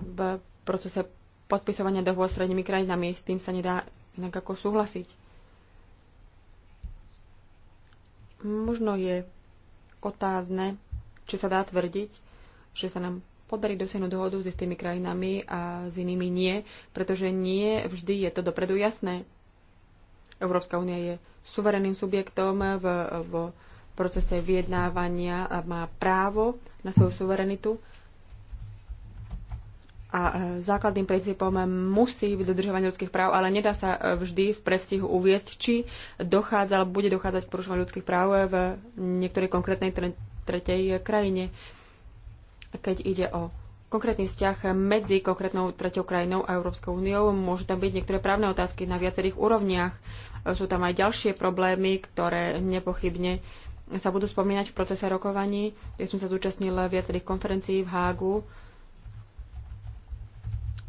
[SPEAKER 3] V procese podpisovania dohôd s rednými krajinami s tým sa nedá inak ako súhlasiť. Možno je otázne, či sa dá tvrdiť, že sa nám podarí dosiahnuť dohodu s istými krajinami a s inými nie, pretože nie vždy je to dopredu jasné. Európska únia je suverenným subjektom v, v procese vyjednávania a má právo na svoju suverenitu. A e, základným princípom musí byť dodržovanie ľudských práv, ale nedá sa e, vždy v predstihu uviesť, či dochádza alebo bude dochádzať k porušovaniu ľudských práv v niektorej konkrétnej tretej krajine. Keď ide o konkrétny vzťah medzi konkrétnou tretou krajinou a Európskou úniou. Môžu tam byť niektoré právne otázky na viacerých úrovniach. Sú tam aj ďalšie problémy, ktoré nepochybne sa budú spomínať v procese rokovaní. Ja som sa zúčastnila viacerých konferencií v Hágu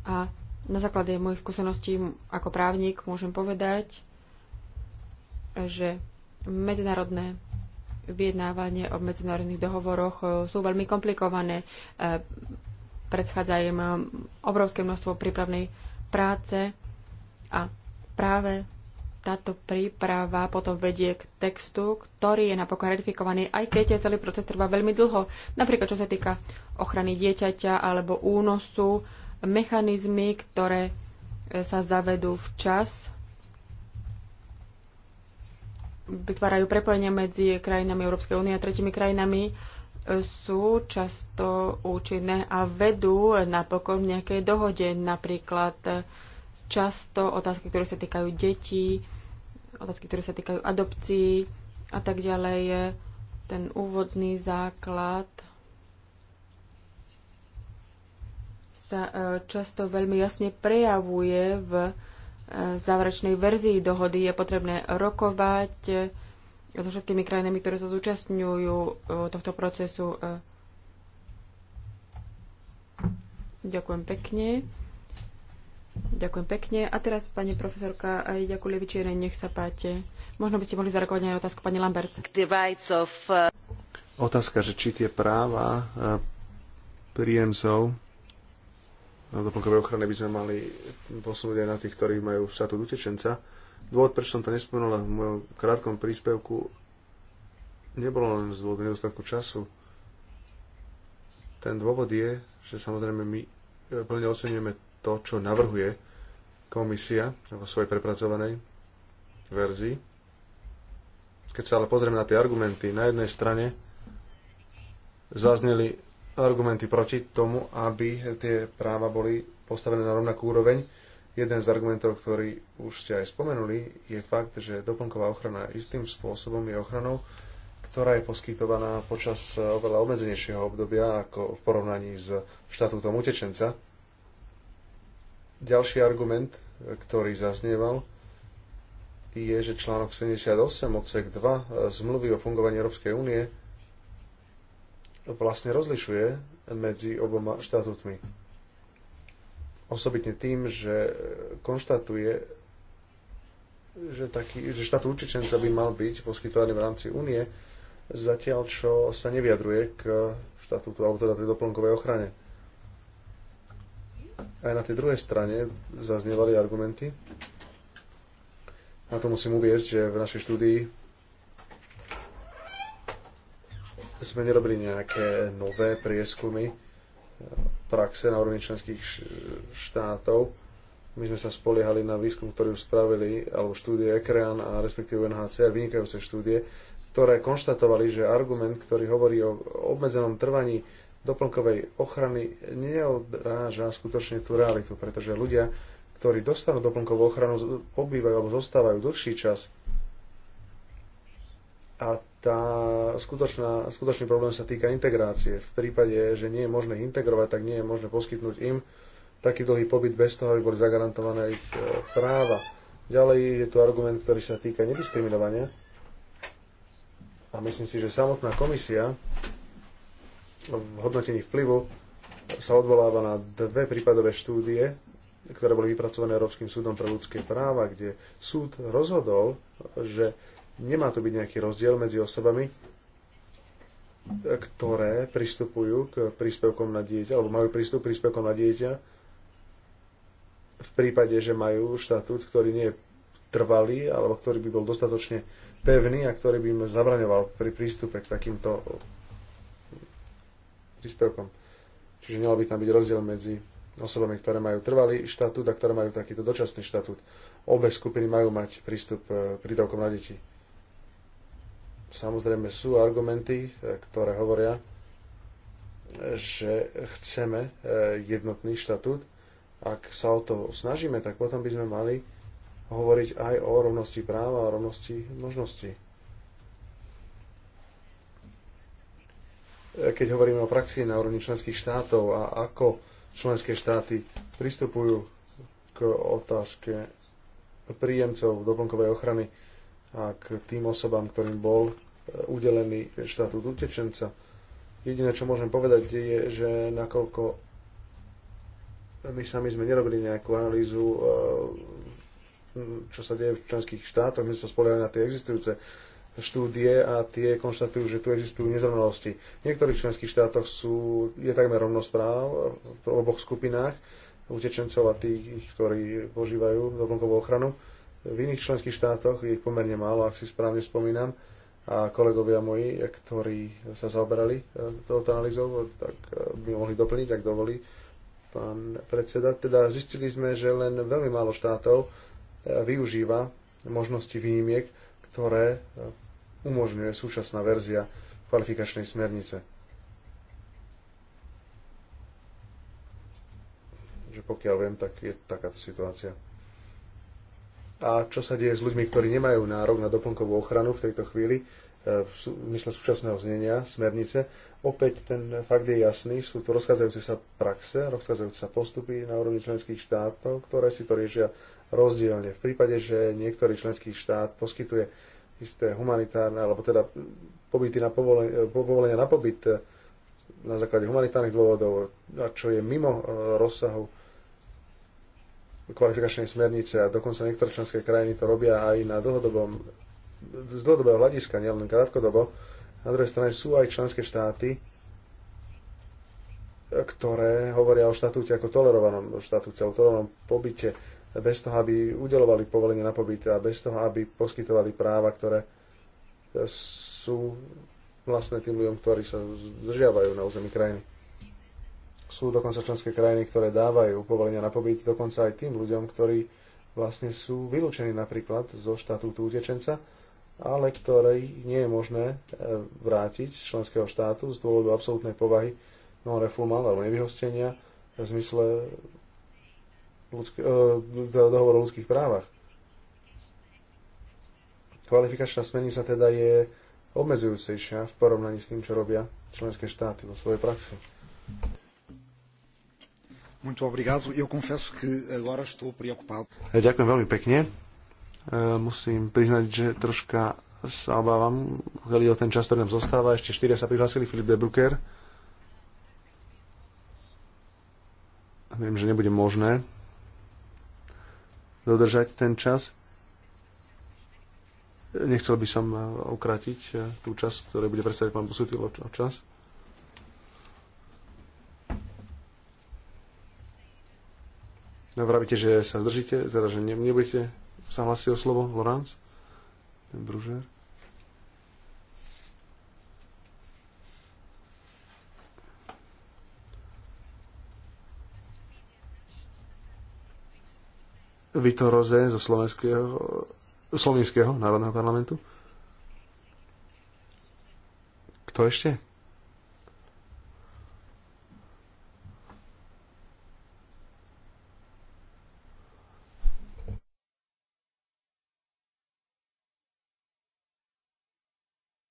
[SPEAKER 3] a na základe mojich skúseností ako právnik môžem povedať, že medzinárodné vyjednávanie o medzinárodných dohovoroch e, sú veľmi komplikované. E, predchádza im e, obrovské množstvo prípravnej práce a práve táto príprava potom vedie k textu, ktorý je napokon ratifikovaný, aj keď celý proces trvá veľmi dlho. Napríklad čo sa týka ochrany dieťaťa alebo únosu, mechanizmy, ktoré e, sa zavedú včas, vytvárajú prepojenia medzi krajinami Európskej únie a tretimi krajinami, e, sú často účinné a vedú napokon v nejakej dohode, napríklad e, často otázky, ktoré sa týkajú detí, otázky, ktoré sa týkajú adopcií a tak ďalej. Je ten úvodný základ sa e, často veľmi jasne prejavuje v e, záverečnej verzii dohody. Je potrebné rokovať e, so všetkými krajinami, ktoré sa zúčastňujú tohto procesu. Ďakujem pekne. Ďakujem pekne. A teraz, pani profesorka Jakulevičiere, nech sa páte. Možno by ste mohli zareagovať aj otázku pani Lamberts. Uh,
[SPEAKER 4] Otázka, že či tie práva uh, príjemcov doplnkovej ochrany by sme mali posunúť aj na tých, ktorí majú štátu utečenca. Dôvod, prečo som to nespomenul v mojom krátkom príspevku, nebolo len z dôvodu nedostatku času. Ten dôvod je, že samozrejme my plne ocenujeme to, čo navrhuje komisia vo svojej prepracovanej verzii. Keď sa ale pozrieme na tie argumenty, na jednej strane zazneli argumenty proti tomu, aby tie práva boli postavené na rovnakú úroveň. Jeden z argumentov, ktorý už ste aj spomenuli, je fakt, že doplnková ochrana istým spôsobom je ochranou, ktorá je poskytovaná počas oveľa obmedzenejšieho obdobia ako v porovnaní s štatútom utečenca ďalší argument, e, ktorý zaznieval, je, že článok 78 odsek 2 e, zmluvy o fungovaní Európskej únie vlastne rozlišuje medzi oboma štatútmi. Osobitne tým, že e, konštatuje, že, taký, že štatút utečenca by mal byť poskytovaný v rámci únie, zatiaľ čo sa neviadruje k štatútu, alebo teda tej doplnkovej ochrane aj na tej druhej strane zaznievali argumenty. Na to musím uviezť, že v našej štúdii sme nerobili nejaké nové prieskumy eh, praxe na úrovni členských štátov. My sme sa spoliehali na výskum, ktorý už spravili, alebo štúdie Ekrean a respektíve NHCR, vynikajúce štúdie, ktoré konštatovali, že argument, ktorý hovorí o obmedzenom trvaní doplnkovej ochrany neodráža skutočne tú realitu, pretože ľudia, ktorí dostanú doplnkovú ochranu, pobývajú alebo zostávajú dlhší čas a tá skutočná, skutočný problém sa týka integrácie. V prípade, že nie je možné integrovať, tak nie je možné poskytnúť im taký dlhý pobyt bez toho, aby boli zagarantované ich e, práva. Ďalej je tu argument, ktorý sa týka nediskriminovania. A myslím si, že samotná komisia v hodnotení vplyvu sa odvoláva na dve prípadové štúdie, ktoré boli vypracované Európskym súdom pre ľudské práva, kde súd rozhodol, že nemá tu byť nejaký rozdiel medzi osobami, ktoré pristupujú k príspevkom na dieťa, alebo majú prístup k príspevkom na dieťa v prípade, že majú štatút, ktorý nie je trvalý, alebo ktorý by bol dostatočne pevný a ktorý by im zabraňoval pri prístupe k takýmto príspevkom. Čiže nemal by tam byť rozdiel medzi osobami, ktoré majú trvalý štatút a ktoré majú takýto dočasný štatút. Obe skupiny majú mať prístup e, prídavkom na deti. Samozrejme sú argumenty, e, ktoré hovoria, e, že chceme jednotný štatút. Ak sa o to snažíme, tak potom by sme mali hovoriť aj o rovnosti práva a rovnosti možností. E, keď hovoríme o praxi na úrovni členských štátov a ako členské štáty pristupujú k otázke príjemcov doplnkovej ochrany a k tým osobám, ktorým bol e, udelený štatút utečenca. Jediné, čo môžem povedať, je, že nakoľko my sami sme nerobili nejakú analýzu, e, čo sa deje v členských štátoch, my sme sa spoliali na tie existujúce štúdie a tie konštatujú, že tu existujú nezrovnalosti. V niektorých členských štátoch sú, je takmer rovnosť práv v oboch skupinách utečencov a tých, ktorí požívajú doplnkovú ochranu. V iných členských štátoch je ich pomerne málo, ak si správne spomínam. A kolegovia moji, ktorí sa zaoberali e, touto analýzou, tak e, by mohli doplniť, ak dovolí pán predseda. Teda zistili sme, že len veľmi málo štátov e, využíva možnosti výnimiek ktoré e, umožňuje súčasná verzia kvalifikačnej smernice. Že pokiaľ viem, tak je takáto situácia. A čo sa deje s ľuďmi, ktorí nemajú nárok na doplnkovú ochranu v tejto chvíli, e, v mysle súčasného znenia smernice. Opäť ten fakt je jasný, sú to rozchádzajúce sa praxe, rozchádzajúce sa postupy na úrovni členských štátov, ktoré si to riešia rozdielne. V prípade, že niektorý členský štát poskytuje isté humanitárne, alebo teda pobyty na povolenie, povolenie na pobyt eh, na základe humanitárnych dôvodov, a čo je mimo eh, rozsahu kvalifikačnej smernice a dokonca niektoré členské krajiny to robia aj na dlhodobom, z dlhodobého hľadiska, nielen krátkodobo. Na druhej strane sú aj členské štáty, eh, ktoré hovoria o štatúte ako tolerovanom štatúte, o tolerovanom pobyte bez toho, aby udelovali povolenie na pobyt a bez toho, aby poskytovali práva, ktoré e, sú vlastné tým ľuďom, ktorí sa zdržiavajú na území krajiny. Sú dokonca členské krajiny, ktoré dávajú povolenia na pobyt dokonca aj tým ľuďom, ktorí vlastne sú vylúčení napríklad zo štatútu utečenca, ale ktorej nie je možné e, vrátiť z členského štátu z dôvodu absolútnej povahy non-refoulement alebo nevyhostenia v zmysle ľudsk- e, teda dohovor o ľudských právach. Kvalifikačná smernica teda je obmedzujúcejšia v porovnaní s tým, čo robia členské štáty vo svojej praxi. Muito obrigado. Eu confesso que agora estou preocupado. E ďakujem veľmi pekne. E, musím priznať, že troška sa obávam, pokiaľ o ten čas, ktorý nám zostáva. Ešte štyria sa prihlásili. Filip de Brucker. Viem, že nebude možné dodržať ten čas. Nechcel by som eh, ukratiť eh, tú časť, ktorú bude predstaviť pán posvetil o čas. No, vravíte, že sa zdržíte, teda, že nebudete sa hlasiť o slovo, Lorenz? ten Bružer. Vito Roze zo slovenského, slovinského národného parlamentu. Kto ešte?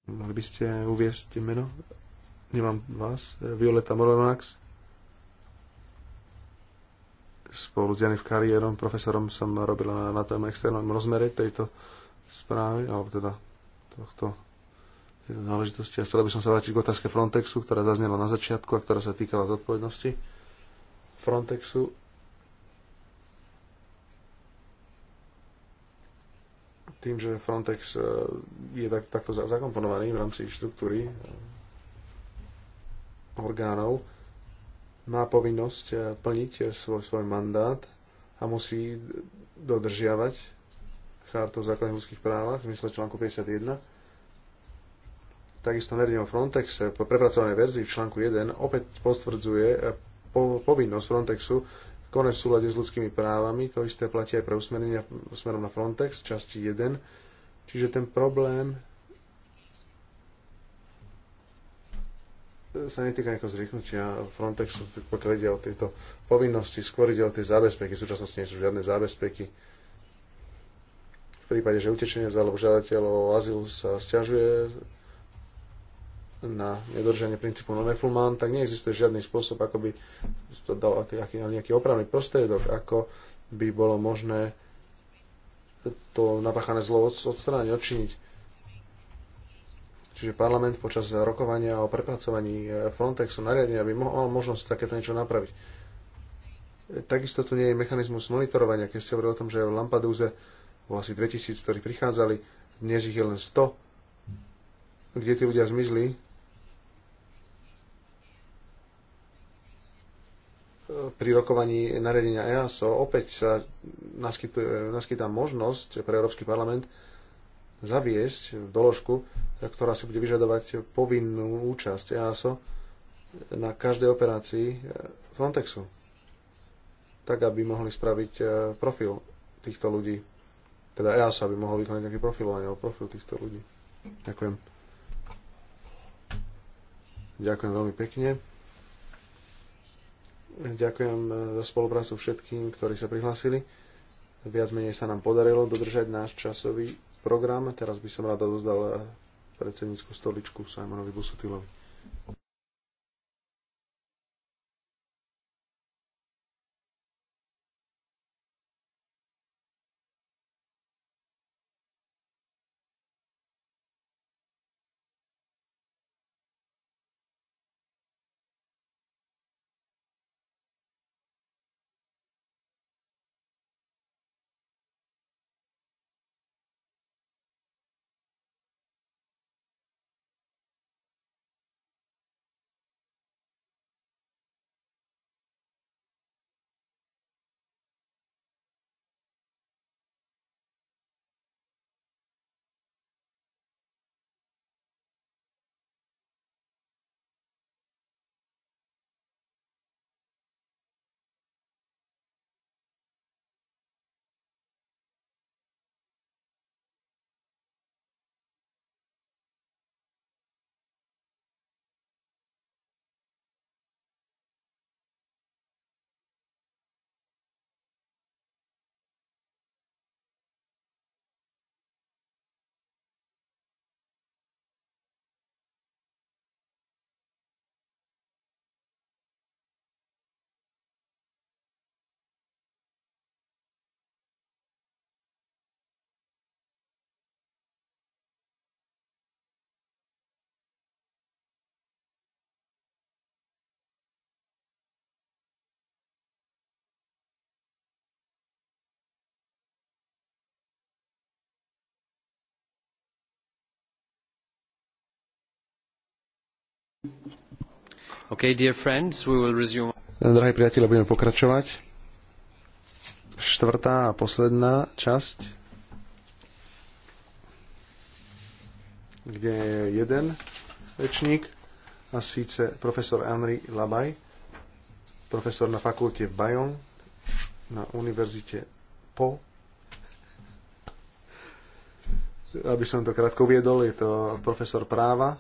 [SPEAKER 4] Mohli by ste uviesť meno? Nemám vás. Violeta Moronax. Spolu s Janem Kariérom, profesorom, som robil na, na tom externom rozmere tejto správy, alebo teda tohto náležitosti. A chcel by som sa vrátiť k otázke Frontexu, ktorá zaznela na začiatku a ktorá sa týkala zodpovednosti Frontexu. Tým, že Frontex e, je tak, takto zakomponovaný v rámci štruktúry e, orgánov, má povinnosť eh, plniť eh, svoj, svoj mandát a musí dodržiavať chartu v základných ľudských právach v zmysle článku 51. Takisto nariadenie o Frontexe po prepracovanej verzii v článku 1 opäť potvrdzuje eh, po, povinnosť Frontexu konať v súlade s ľudskými právami. To isté platí aj pre usmerenia smerom na Frontex, časti 1. Čiže ten problém sa netýka nejakého zrychnutia Frontexu, pokiaľ ide o tieto povinnosti, skôr ide o tie zábezpeky. V súčasnosti nie sú žiadne zábezpeky. V prípade, že utečenie alebo žiadateľ o azyl sa stiažuje na nedržanie princípu non refoulement, tak neexistuje žiadny spôsob, ako by to dal aký, aký, nejaký opravný prostriedok, ako by bolo možné to napáchané zlo odstrániť, odčiniť Čiže parlament počas rokovania o prepracovaní e, Frontexu nariadenia by mal možnosť takéto niečo napraviť. Takisto tu nie je mechanizmus monitorovania, keď ste hovorili o tom, že v Lampadúze bolo asi 2000, ktorí prichádzali, dnes ich je len 100. Kde tí ľudia zmizli? Pri rokovaní nariadenia EASO opäť sa naskytá možnosť pre Európsky parlament zaviesť doložku, ktorá si bude vyžadovať povinnú účasť EASO na každej operácii eh, Frontexu. Tak, aby mohli spraviť eh, profil týchto ľudí. Teda EASO, aby mohol vykonať nejaké profilovanie alebo profil týchto ľudí. Ďakujem. Ďakujem veľmi pekne. Ďakujem eh, za spoluprácu všetkým, ktorí sa prihlásili. Viac menej sa nám podarilo dodržať náš časový program. Teraz by som rada odozdal eh, predsednícku stoličku Simonovi Busutilovi.
[SPEAKER 2] Okay, dear friends, we will resume.
[SPEAKER 4] Drahí priatelia, budeme pokračovať. Štvrtá a posledná časť, kde je jeden rečník, a síce profesor Henri Labaj, profesor na fakulte v Bayon, na univerzite Po. Aby som to krátko uviedol, je to profesor práva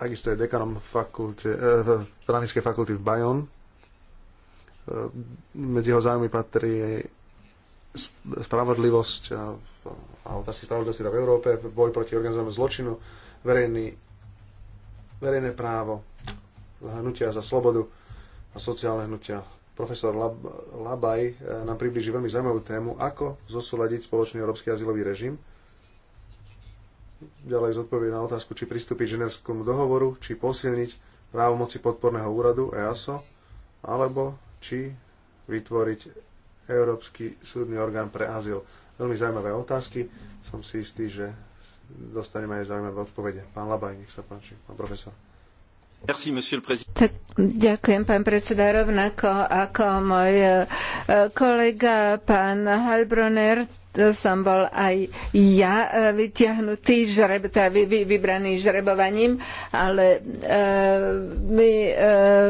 [SPEAKER 4] takisto je dekanom fakulte, eh, právnickej fakulty v Bayon. Eh, medzi jeho zájmy patrí spravodlivosť a, a otázky spravodlivosti v Európe, boj proti organizovanému zločinu, verejný, verejné právo, hnutia za slobodu a sociálne hnutia. Profesor Lab, Labaj eh, nám približí veľmi zaujímavú tému, ako zosúľadiť spoločný európsky azylový režim ďalej zodpovie na otázku, či pristúpiť ženevskému dohovoru, či posilniť právomoci podporného úradu EASO, alebo či vytvoriť Európsky súdny orgán pre azyl. Veľmi zaujímavé otázky. Som si istý, že dostaneme aj zaujímavé odpovede. Pán Labaj, nech sa páči, pán profesor. Merci,
[SPEAKER 1] tak, ďakujem, pán predseda. Rovnako ako môj eh, kolega, pán Halbroner, som bol aj ja e, vyťahnutý, žreb, teda vy, vy, vybraný žrebovaním, ale e, my e,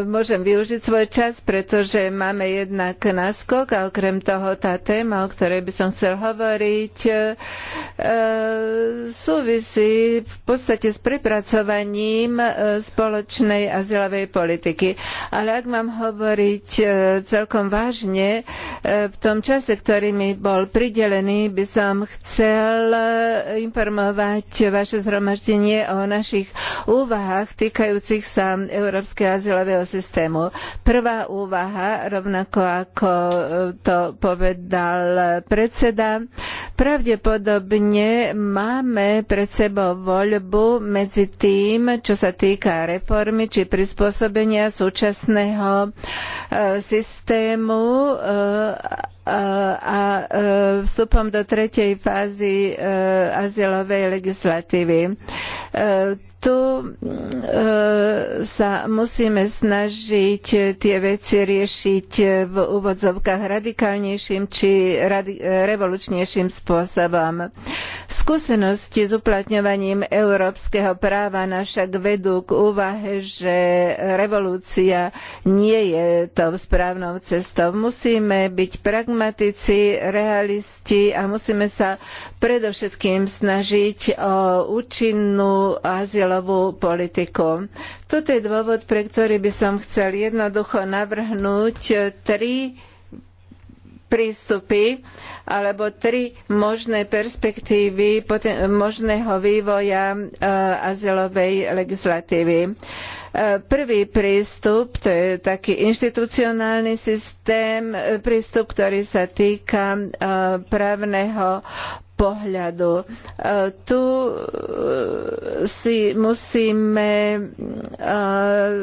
[SPEAKER 1] môžem využiť svoj čas, pretože máme jednak naskok a okrem toho tá téma, o ktorej by som chcel hovoriť, e, súvisí v podstate s prepracovaním e, spoločnej azylovej politiky. Ale ak mám hovoriť e, celkom vážne, v tom čase, ktorý mi bol pridelený, strany by som chcel e, informovať vaše zhromaždenie o našich úvahách týkajúcich sa Európskeho azylového systému. Prvá úvaha, rovnako ako e, to povedal predseda, pravdepodobne máme pred sebou voľbu medzi tým, čo sa týka reformy či prispôsobenia súčasného e, systému a e, vstupom do tretej fázy e, azylovej legislatívy. E, tu sa musíme snažiť tie veci riešiť v úvodzovkách radikálnejším či revolučnejším spôsobom. Skúsenosti s uplatňovaním európskeho práva však vedú k úvahe, že revolúcia nie je tou správnou cestou. Musíme byť pragmatickí pragmatici, realisti a musíme sa predovšetkým snažiť o účinnú azylovú politiku. Toto je dôvod, pre ktorý by som chcel jednoducho navrhnúť tri prístupy alebo tri možné perspektívy možného vývoja eh, azylovej legislatívy. Eh, prvý prístup, to je taký inštitucionálny systém, eh, prístup, ktorý sa týka právneho pohľadu. E, tu e, si musíme e,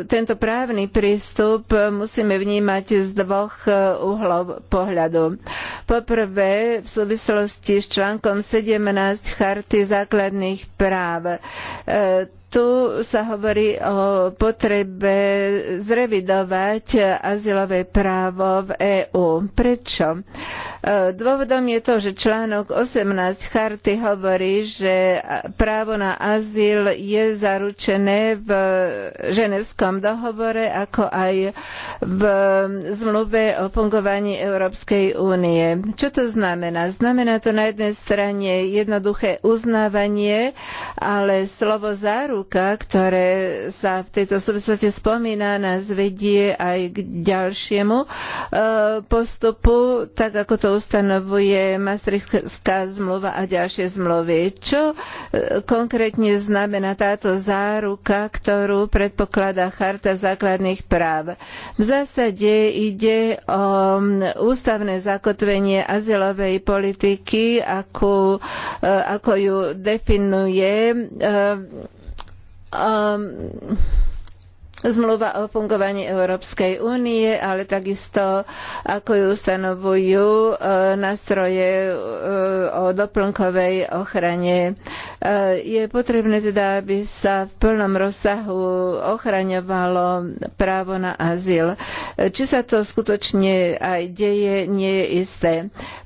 [SPEAKER 1] tento právny prístup musíme vnímať z dvoch uhlov pohľadu. Poprvé, v súvislosti s článkom 17 Charty základných práv tu sa hovorí o potrebe zrevidovať azylové právo v EÚ. Prečo? E, dôvodom je to, že článok 18 charty hovorí, že právo na azyl je zaručené v ženevskom dohovore, ako aj v zmluve o fungovaní Európskej únie. Čo to znamená? Znamená to na jednej strane jednoduché uznávanie, ale slovo záručenie záruka, ktoré sa v tejto súvislosti spomína, nás vedie aj k ďalšiemu e, postupu, tak ako to ustanovuje Maastrichtská zmluva a ďalšie zmluvy. Čo e, konkrétne znamená táto záruka, ktorú predpokladá Charta základných práv? V zásade ide o ústavné zakotvenie azylovej politiky, ako, e, ako ju definuje um, zmluva o fungovaní Európskej únie, ale takisto ako ju stanovujú e, nástroje e, o doplnkovej ochrane. E, je potrebné teda, aby sa v plnom rozsahu ochraňovalo právo na azyl. Či sa to skutočne aj deje, nie je isté.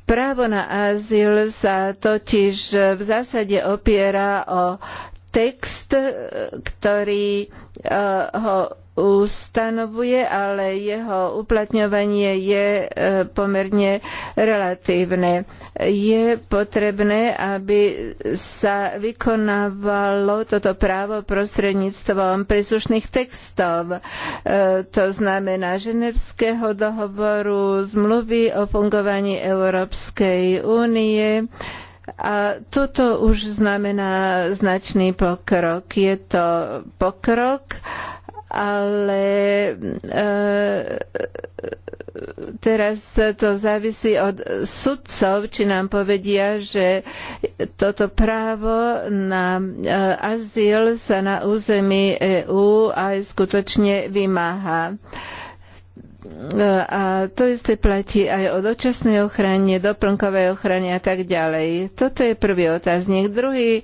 [SPEAKER 1] Právo na azyl sa totiž v zásade opiera o text, eh, ktorý eh, ho ustanovuje, ale jeho uplatňovanie je eh, pomerne relatívne. Je potrebné, aby sa vykonávalo toto právo prostredníctvom príslušných textov. To znamená Ženevského dohovoru, zmluvy o fungovaní Európskej únie, a toto už znamená značný pokrok. Je to pokrok, ale e, teraz to závisí od sudcov, či nám povedia, že toto právo na e, azyl sa na území EÚ aj skutočne vymáha. E, E, a to isté platí aj o dočasnej ochrane, doplnkovej ochrane a tak ďalej. Toto je prvý otáznik. Druhý e,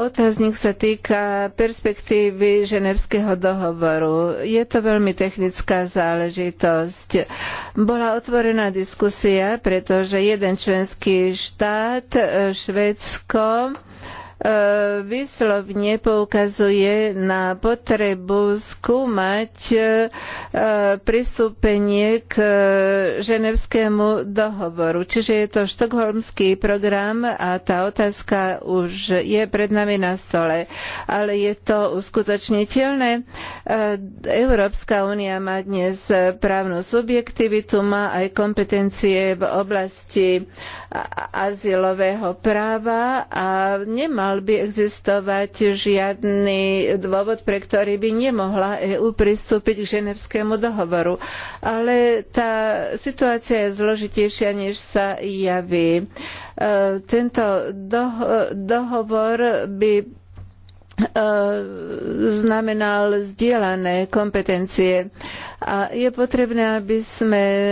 [SPEAKER 1] otáznik sa týka perspektívy ženevského dohovoru. Je to veľmi technická záležitosť. Bola otvorená diskusia, pretože jeden členský štát, e, Švédsko, E, vyslovne poukazuje na potrebu skúmať e, e, pristúpenie k ženevskému dohovoru. Čiže je to štokholmský program a tá otázka už je pred nami na stole. Ale je to uskutočniteľné. Európska únia má dnes právnu subjektivitu, má aj kompetencie v oblasti azylového práva a nemá nemal by existovať žiadny dôvod, pre ktorý by nemohla EÚ pristúpiť k ženevskému dohovoru. Ale tá situácia je zložitejšia, než sa javí. E, tento dohovor by e, znamenal zdieľané kompetencie. A je potrebné, aby sme e,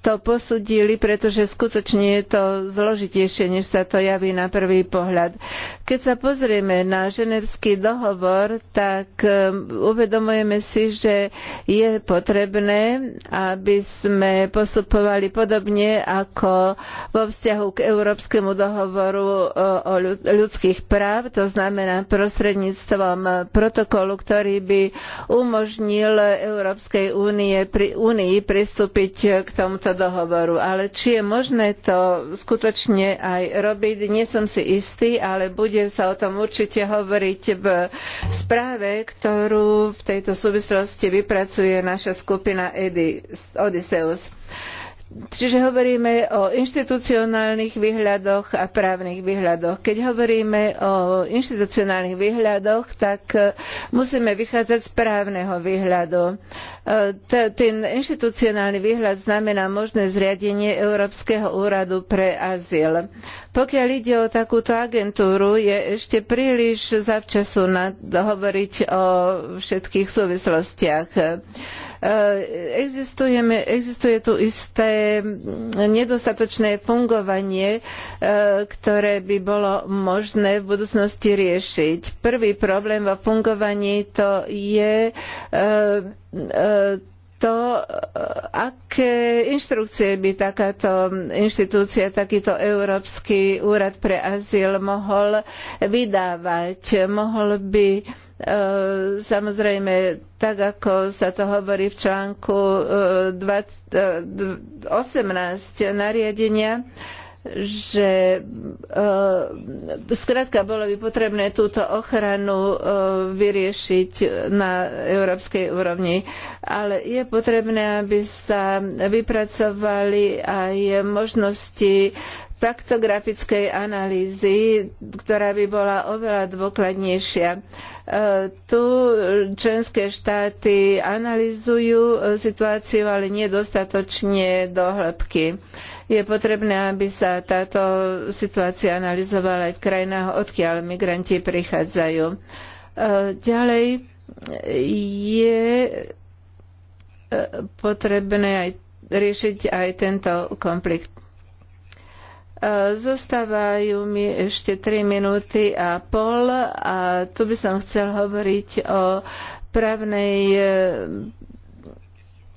[SPEAKER 1] to posudili, pretože skutočne je to zložitejšie, než sa to javí na prvý pohľad. Keď sa pozrieme na ženevský dohovor, tak e, uvedomujeme si, že je potrebné, aby sme postupovali podobne ako vo vzťahu k Európskemu dohovoru e, o ľudských práv, to znamená prostredníctvom protokolu, ktorý by umožnil umožnil Európskej únie, pri, únii pristúpiť k tomuto dohovoru. Ale či je možné to skutočne aj robiť, nie som si istý, ale bude sa o tom určite hovoriť v správe, ktorú v tejto súvislosti vypracuje naša skupina Odysseus. Čiže hovoríme o inštitucionálnych výhľadoch a právnych výhľadoch. Keď hovoríme o inštitucionálnych výhľadoch, tak e, musíme vychádzať z právneho výhľadu. E, ten inštitucionálny výhľad znamená možné zriadenie Európskeho úradu pre azyl. Pokiaľ ide o takúto agentúru, je ešte príliš zavčasu hovoriť o všetkých súvislostiach. Eh, existujeme, existuje tu isté nedostatočné fungovanie, eh, ktoré by bolo možné v budúcnosti riešiť. Prvý problém vo fungovaní to je eh, to, aké inštrukcie by takáto inštitúcia, takýto Európsky úrad pre azyl mohol vydávať. Mohol by Ehm, samozrejme, tak ako sa to hovorí v článku 18 ehm, ehm, nariadenia, že zkrátka skrátka bolo by potrebné túto ochranu vyriešiť na európskej úrovni. Ale je potrebné, aby sa vypracovali aj možnosti faktografickej analýzy, ktorá by bola oveľa dôkladnejšia. E, tu členské štáty analýzujú e, situáciu, ale nedostatočne do hĺbky. Je potrebné, aby sa táto situácia analyzovala aj v krajinách, odkiaľ migranti prichádzajú. E, ďalej je potrebné aj riešiť aj tento konflikt Zostávajú mi ešte 3 minúty a pol a tu by som chcel hovoriť o právnej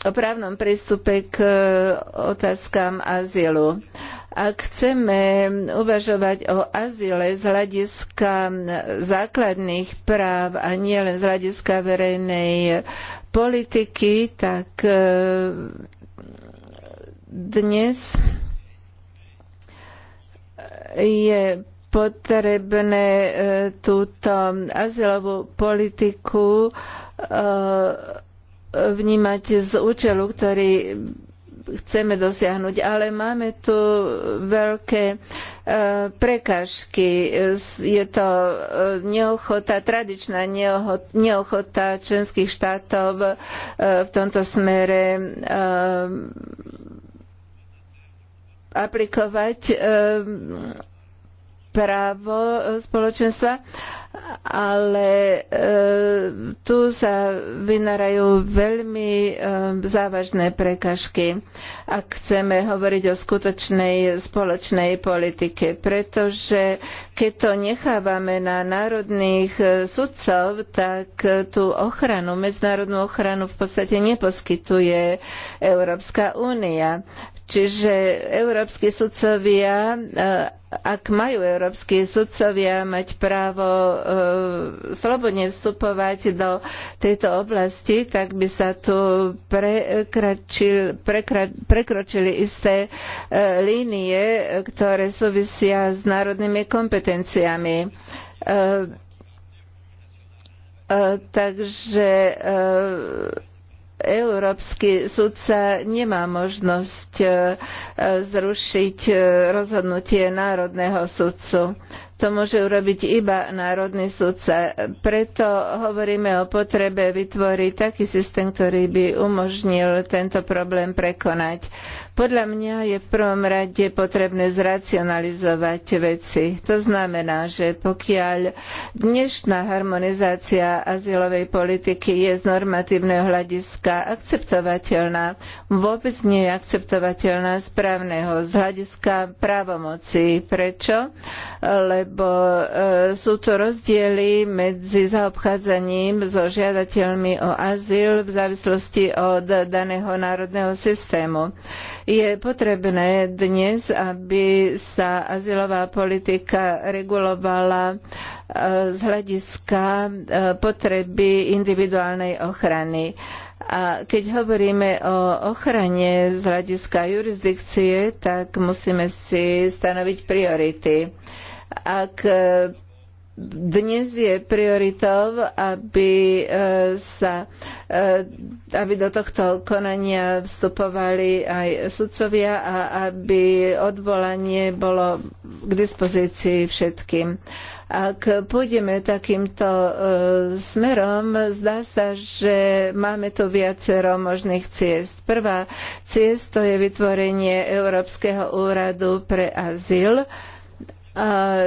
[SPEAKER 1] o právnom prístupe k otázkam azylu. Ak chceme uvažovať o azyle z hľadiska základných práv a nielen z hľadiska verejnej politiky, tak eh, dnes je potrebné e, túto azylovú politiku e, vnímať z účelu, ktorý chceme dosiahnuť. Ale máme tu veľké e, prekážky. Je to neochota, tradičná neochota členských štátov v tomto smere aplikovať ehm, právo spoločenstva, ale ehm, tu sa vynárajú veľmi ehm, závažné prekažky, ak chceme hovoriť o skutočnej spoločnej politike, pretože keď to nechávame na národných e, sudcov, tak e, tú ochranu, medzinárodnú ochranu v podstate neposkytuje Európska únia. Čiže európsky sudcovia eh, ak majú európsky sudcovia mať právo eh, slobodne vstupovať do tejto oblasti, tak by sa tu prekračil, prekra, prekročili isté eh, línie, ktoré súvisia s národnými kompetenciami. takže Európsky sudca nemá možnosť e, zrušiť e, rozhodnutie národného sudcu. To môže urobiť iba národný sudca. Preto hovoríme o potrebe vytvoriť taký systém, ktorý by umožnil tento problém prekonať. Podľa mňa je v prvom rade potrebné zracionalizovať veci. To znamená, že pokiaľ dnešná harmonizácia azylovej politiky je z normatívneho hľadiska akceptovateľná, vôbec nie je akceptovateľná z právneho, z hľadiska právomoci. Prečo? Lebo e, sú to rozdiely medzi zaobchádzaním so žiadateľmi o azyl v závislosti od daného národného systému. Je potrebné dnes, aby sa azylová politika regulovala e, z hľadiska e, potreby individuálnej ochrany. A keď hovoríme o ochrane z hľadiska jurisdikcie, tak musíme si stanoviť priority. Ak e, dnes je prioritou, aby, e, sa, e, aby do tohto konania vstupovali aj sudcovia a aby odvolanie bolo k dispozícii všetkým. Ak pôjdeme takýmto e, smerom, zdá sa, že máme tu viacero možných ciest. Prvá ciest to je vytvorenie Európskeho úradu pre azyl,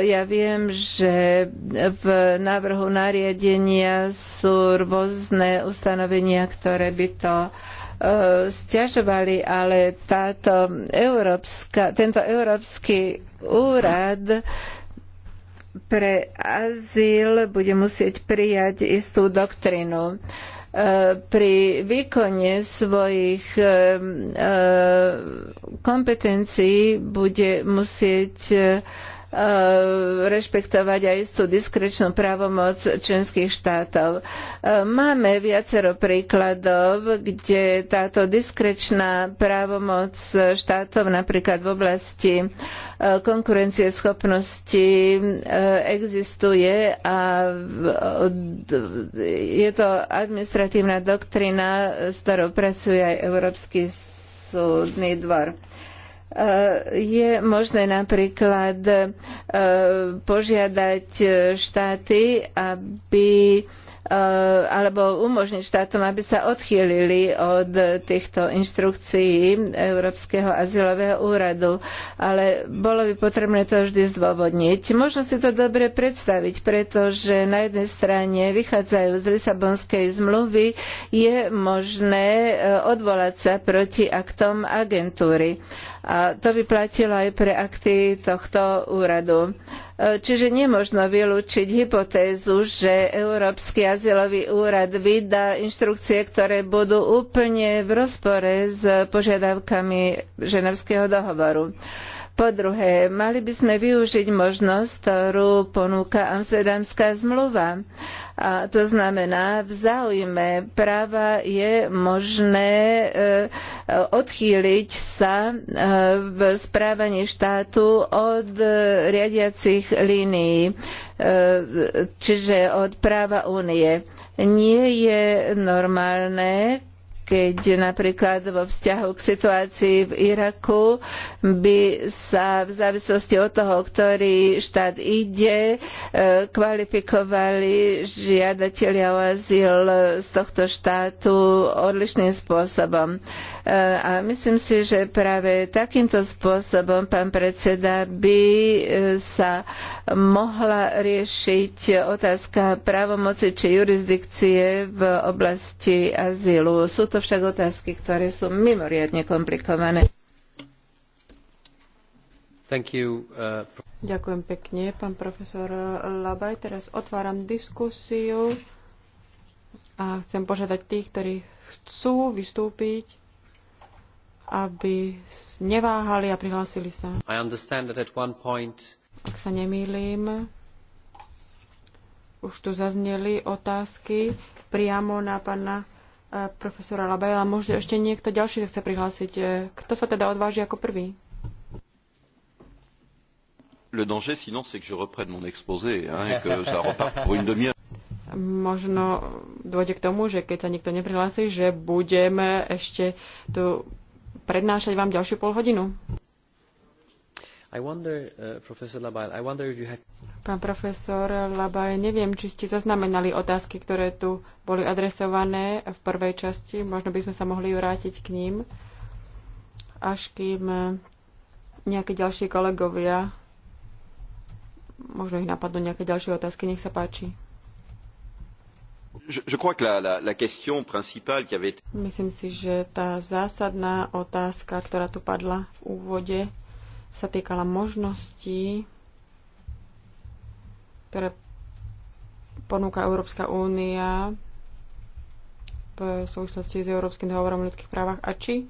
[SPEAKER 1] ja viem, že v návrhu nariadenia sú rôzne ustanovenia, ktoré by to e, stiažovali, ale táto európska, tento európsky úrad pre azyl bude musieť prijať istú doktrinu e, pri výkone svojich e, kompetencií bude musieť E, rešpektovať aj istú diskrečnú právomoc členských štátov. E, máme viacero príkladov, kde táto diskrečná právomoc štátov napríklad v oblasti e, konkurencieschopnosti existuje a je to administratívna doktrina, s ktorou pracuje aj Európsky súdny dvor je možné napríklad eh, požiadať eh, štáty, aby Eh, alebo umožniť štátom, aby sa odchýlili od týchto inštrukcií Európskeho azylového úradu. Ale bolo by potrebné to vždy zdôvodniť. Možno si to dobre predstaviť, pretože na jednej strane vychádzajú z Lisabonskej zmluvy, je možné eh, odvolať sa proti aktom agentúry. A to by platilo aj pre akty tohto úradu. Čiže nemožno vylúčiť hypotézu, že Európsky azylový úrad vydá inštrukcie, ktoré budú úplne v rozpore s požiadavkami Ženevského dohovoru. Po druhé, mali by sme využiť možnosť, ktorú ponúka Amsterdamská zmluva. A to znamená, v záujme práva je možné e, odchýliť sa e, v správaní štátu od riadiacich línií, e, čiže od práva únie. Nie je normálne, keď napríklad vo vzťahu k situácii v Iraku by sa v závislosti od toho, ktorý štát ide, e, kvalifikovali žiadatelia o azyl z tohto štátu odlišným spôsobom. E, a myslím si, že práve takýmto spôsobom, pán predseda, by e, sa mohla riešiť otázka právomoci či jurisdikcie v oblasti azylu. Sú to to však otázky, ktoré sú mimoriadne komplikované.
[SPEAKER 3] You, uh... Ďakujem pekne, pán profesor Labaj. Teraz otváram diskusiu a chcem požiadať tých, ktorí chcú vystúpiť, aby neváhali a prihlásili sa. Point... Ak sa nemýlim, už tu zazneli otázky priamo na pána profesora Labajla. Možno ešte niekto ďalší sa chce prihlásiť. E, kto sa teda odváži ako prvý?
[SPEAKER 2] Le danger, sinon, c'est que je reprenne mon exposé hein, et que ça reparte pour une demi-heure.
[SPEAKER 3] Možno dôjde k tomu, že keď sa nikto neprihlási, že budeme ešte tu prednášať vám ďalšiu polhodinu.
[SPEAKER 4] I wonder, uh, Professor Labajl, I wonder if you had...
[SPEAKER 3] Pán profesor Labaj, neviem, či ste zaznamenali otázky, ktoré tu boli adresované v prvej časti. Možno by sme sa mohli vrátiť k ním, až kým nejaké ďalší kolegovia, možno ich napadnú nejaké ďalšie otázky. Nech sa páči. Myslím si, že tá zásadná otázka, ktorá tu padla v úvode, sa týkala možností ktoré ponúka Európska únia v súvislosti s Európskym dohovorom o ľudských právach a či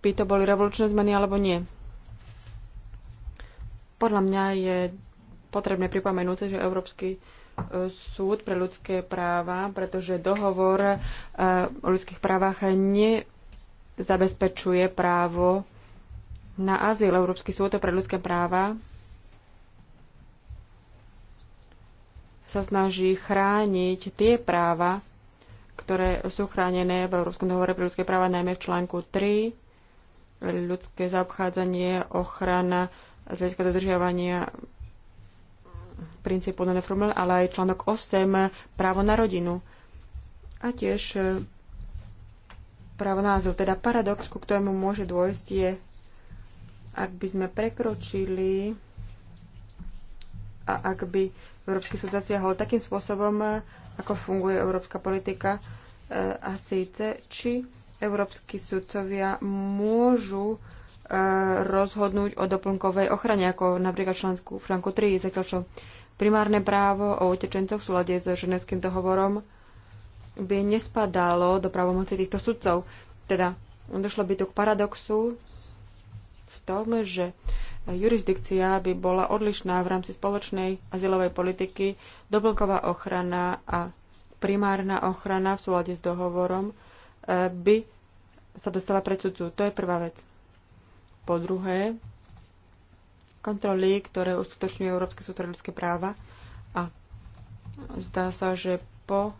[SPEAKER 3] by to boli revolučné zmeny alebo nie. Podľa mňa je potrebné pripomenúť, že Európsky e, súd pre ľudské práva, pretože dohovor e, o ľudských právach nezabezpečuje právo na azyl. Európsky súd pre ľudské práva sa snaží chrániť tie práva, ktoré sú chránené v Európskom dohovore pre ľudské práva, najmä v článku 3, ľudské zaobchádzanie, ochrana z hľadiska dodržiavania princípu non-formel, ale aj článok 8, právo na rodinu. A tiež e, právo na azyl. Teda paradox, ku ktorému môže dôjsť, je, ak by sme prekročili a ak by Európsky súd zasiahol takým spôsobom, e, ako funguje európska politika e, a síce, či európsky súdcovia môžu e, rozhodnúť o doplnkovej ochrane, ako napríklad článsku Franku 3, zatiaľ čo primárne právo o utečencoch v súlade s ženevským dohovorom by nespadalo do právomoci týchto sudcov. Teda došlo by tu k paradoxu v tom, že jurisdikcia by bola odlišná v rámci spoločnej azylovej politiky, doplnková ochrana a primárna ochrana v súlade s dohovorom e, by sa dostala pred sudcu. To je prvá vec. Po druhé, kontroly, ktoré uskutočňuje Európske súd pre ľudské práva a zdá sa, že po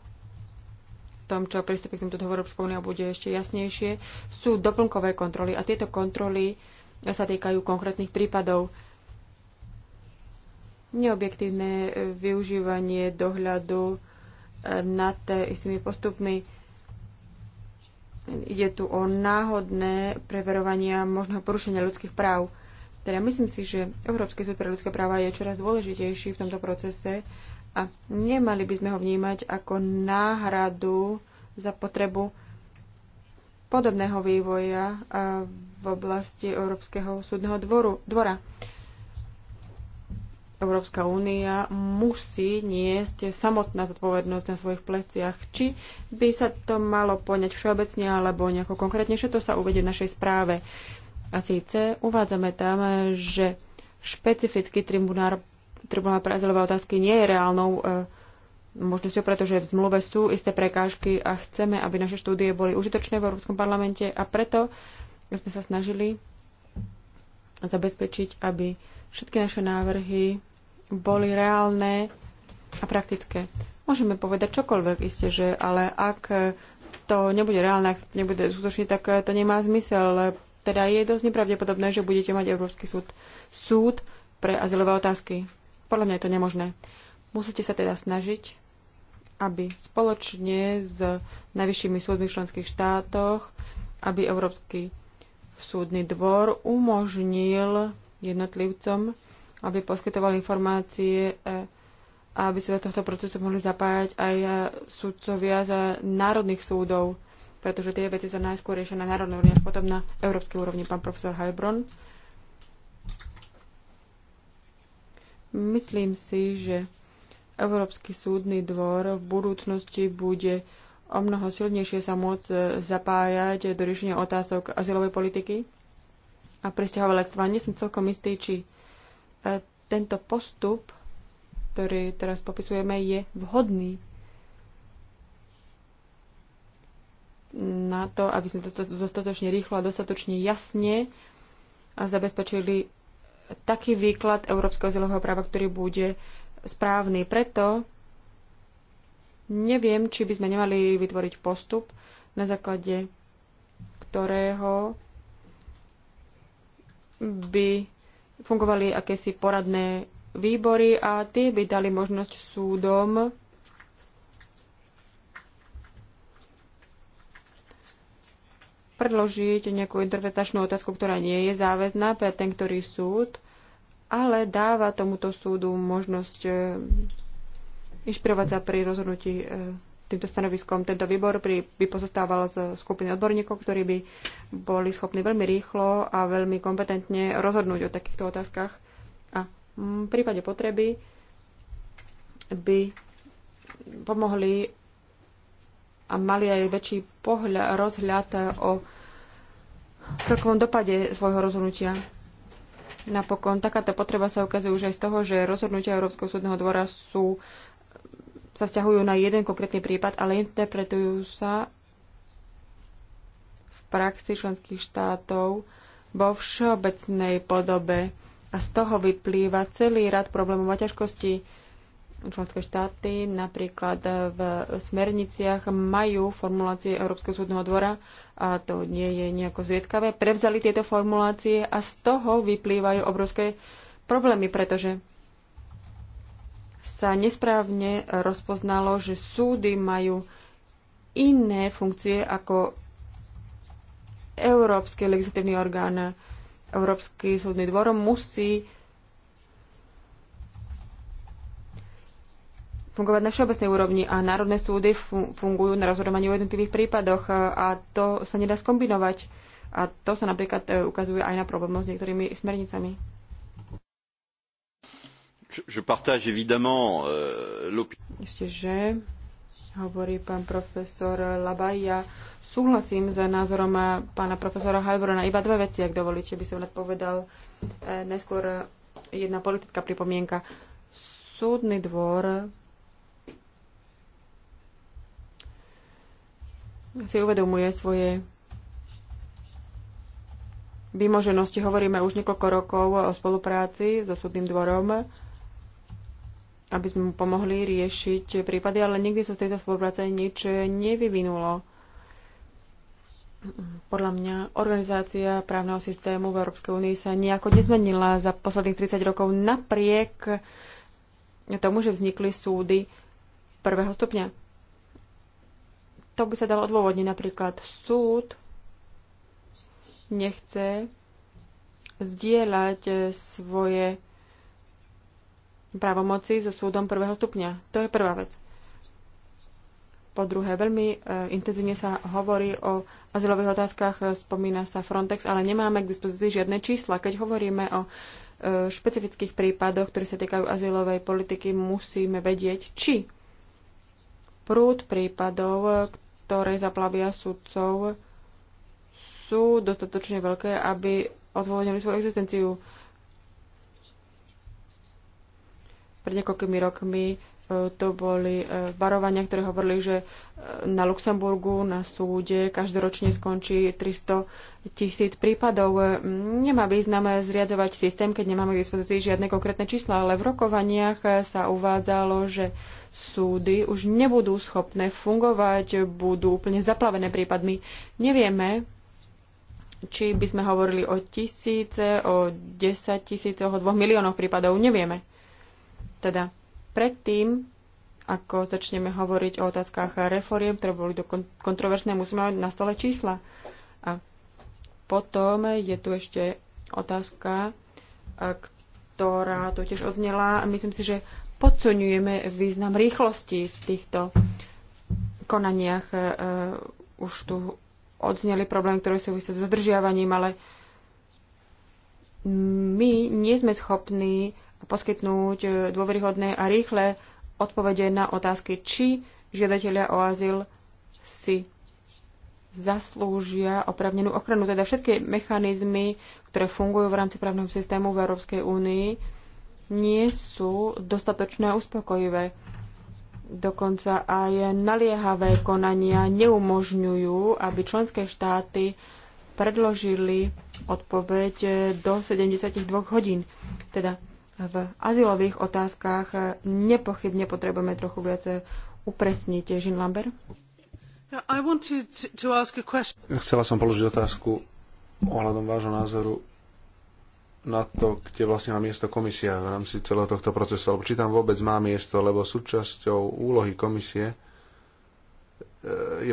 [SPEAKER 3] tom, čo pristúpi k týmto dohovoru Európskej únie, bude ešte jasnejšie, sú doplnkové kontroly a tieto kontroly sa týkajú konkrétnych prípadov. Neobjektívne e, využívanie dohľadu e, nad e, istými postupmi. Ide tu o náhodné preverovania možného porušenia ľudských práv. Teda myslím si, že Európsky súd pre ľudské práva je čoraz dôležitejší v tomto procese a nemali by sme ho vnímať ako náhradu za potrebu podobného vývoja v oblasti Európskeho súdneho dvoru, dvora. Európska únia musí niesť samotná zodpovednosť na svojich pleciach. Či by sa to malo poňať všeobecne alebo nejako konkrétnejšie, to sa uvedie v našej správe. A síce uvádzame tam, že špecifický tribunál, tribunál pre azylové otázky nie je reálnou e, možnosťou, pretože v zmluve sú isté prekážky a chceme, aby naše štúdie boli užitočné v Európskom parlamente a preto sme sa snažili zabezpečiť, aby všetky naše návrhy boli reálne a praktické. Môžeme povedať čokoľvek, isté, že, ale ak to nebude reálne, ak to nebude skutočne, tak to nemá zmysel. Teda je dosť nepravdepodobné, že budete mať Európsky súd, súd pre azylové otázky. Podľa mňa je to nemožné. Musíte sa teda snažiť aby spoločne s najvyššími súdmi v členských štátoch, aby Európsky súdny dvor umožnil jednotlivcom, aby poskytovali informácie a aby sa do tohto procesu mohli zapájať aj súdcovia z národných súdov, pretože tie veci sa najskôr riešia na národnej úrovni, až potom na európskej úrovni, pán profesor Heilbron. Myslím si, že Európsky súdny dvor v budúcnosti bude o mnoho silnejšie sa môcť e, zapájať do riešenia otázok azylovej politiky a presťahovalectva. Nie som celkom istý, či e, tento postup, ktorý teraz popisujeme, je vhodný na to, aby sme to dostatočne rýchlo a dostatočne jasne zabezpečili taký výklad európskeho azylového práva, ktorý bude správny. Preto neviem, či by sme nemali vytvoriť postup, na základe ktorého by fungovali akési poradné výbory a tie by dali možnosť súdom predložiť nejakú interpretačnú otázku, ktorá nie je záväzná pre ten, ktorý súd ale dáva tomuto súdu možnosť eh, inšpirovať sa pri rozhodnutí eh, týmto stanoviskom. Tento výbor by, pozostával z skupiny odborníkov, ktorí by boli schopní veľmi rýchlo a veľmi kompetentne rozhodnúť o takýchto otázkach a v prípade potreby by pomohli a mali aj väčší pohľad, rozhľad o celkovom dopade svojho rozhodnutia. Napokon takáto potreba sa ukazuje už aj z toho, že rozhodnutia Európskeho súdneho dvora sú, sa stiahujú na jeden konkrétny prípad, ale interpretujú sa v praxi členských štátov vo všeobecnej podobe. A z toho vyplýva celý rad problémov a ťažkostí členské štáty napríklad v smerniciach majú formulácie Európskeho súdneho dvora a to nie je nejako zriedkavé. Prevzali tieto formulácie a z toho vyplývajú obrovské problémy, pretože sa nesprávne rozpoznalo, že súdy majú iné funkcie ako Európsky legislatívny orgán. Európsky súdny dvor musí fungovať na všeobecnej úrovni a národné súdy fungujú na rozhodovaní o jednotlivých prípadoch e, a to sa nedá skombinovať. A to sa napríklad e, ukazuje aj na problémov s niektorými smernicami.
[SPEAKER 2] Je partage évidemment e,
[SPEAKER 3] l'opinion. hovorí pán profesor Labaj, ja súhlasím s názorom pána profesora Halbrona. Iba dve veci, ak dovolíte, by som rád povedal. neskôr jedna politická pripomienka. Súdny dvor si uvedomuje svoje vymoženosti. Hovoríme už niekoľko rokov o spolupráci so súdnym dvorom, aby sme mu pomohli riešiť prípady, ale nikdy sa z tejto spolupráce nič nevyvinulo. Podľa mňa organizácia právneho systému v Európskej únii sa nejako nezmenila za posledných 30 rokov napriek tomu, že vznikli súdy prvého stupňa to by sa dalo odôvodniť. Napríklad súd nechce zdieľať e, svoje právomoci so súdom prvého stupňa. To je prvá vec. Po druhé, veľmi e, intenzívne sa hovorí o azylových otázkach, e, spomína sa Frontex, ale nemáme k dispozícii žiadne čísla. Keď hovoríme o špecifických prípadoch, ktoré sa týkajú azylovej politiky, musíme vedieť, či prúd prípadov, ktoré zaplavia sudcov, sú dostatočne veľké, aby odôvodnili svoju existenciu. Pred niekoľkými rokmi e, to boli e, varovania, ktoré hovorili, že e, na Luxemburgu na súde každoročne skončí 300 tisíc prípadov. Nemá význam zriadzovať systém, keď nemáme k dispozícii žiadne konkrétne čísla, ale v rokovaniach sa uvádzalo, že súdy už nebudú schopné fungovať, budú úplne zaplavené prípadmi. Nevieme, či by sme hovorili o tisíce, o desať tisíce, o dvoch miliónoch prípadov, nevieme. Teda predtým, ako začneme hovoriť o otázkach reforiem, ktoré boli kontroverzné, musíme mať na stole čísla. A potom je tu ešte otázka, ktorá totiž odznela. Myslím si, že podceňujeme význam rýchlosti v týchto konaniach. E, e, už tu odzneli problém, ktoré súvisia s zadržiavaním, ale my nie sme schopní poskytnúť e, dôveryhodné a rýchle odpovede na otázky, či žiadatelia o azyl si zaslúžia opravnenú ochranu. Teda všetky mechanizmy, ktoré fungujú v rámci právneho systému v Európskej únii, nie sú dostatočné a uspokojivé. Dokonca aj naliehavé konania neumožňujú, aby členské štáty predložili odpoveď do 72 hodín. Teda v azylových otázkach nepochybne potrebujeme trochu viac upresniť. Jean Lamber?
[SPEAKER 4] Chcela som položiť otázku ohľadom vášho názoru na to, kde vlastne má miesto komisia v rámci celého tohto procesu, alebo či tam vôbec má miesto, lebo súčasťou úlohy komisie e,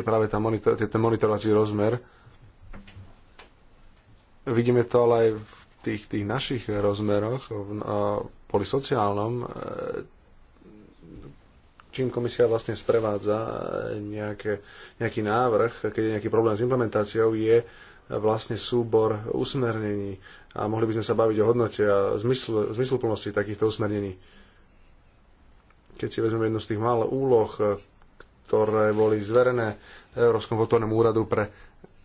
[SPEAKER 4] je práve tá monitor, ten monitorovací rozmer. Vidíme to ale aj v tých, tých našich rozmeroch, v poli sociálnom, e, čím komisia vlastne sprevádza e, nejaké, nejaký návrh, keď je nejaký problém s implementáciou, je vlastne súbor usmernení a mohli by sme sa baviť o hodnote a zmysl, zmysluplnosti takýchto usmernení. Keď si vezmeme jednu z tých malých úloh, e, ktoré boli zverené Európskom votornému úradu pre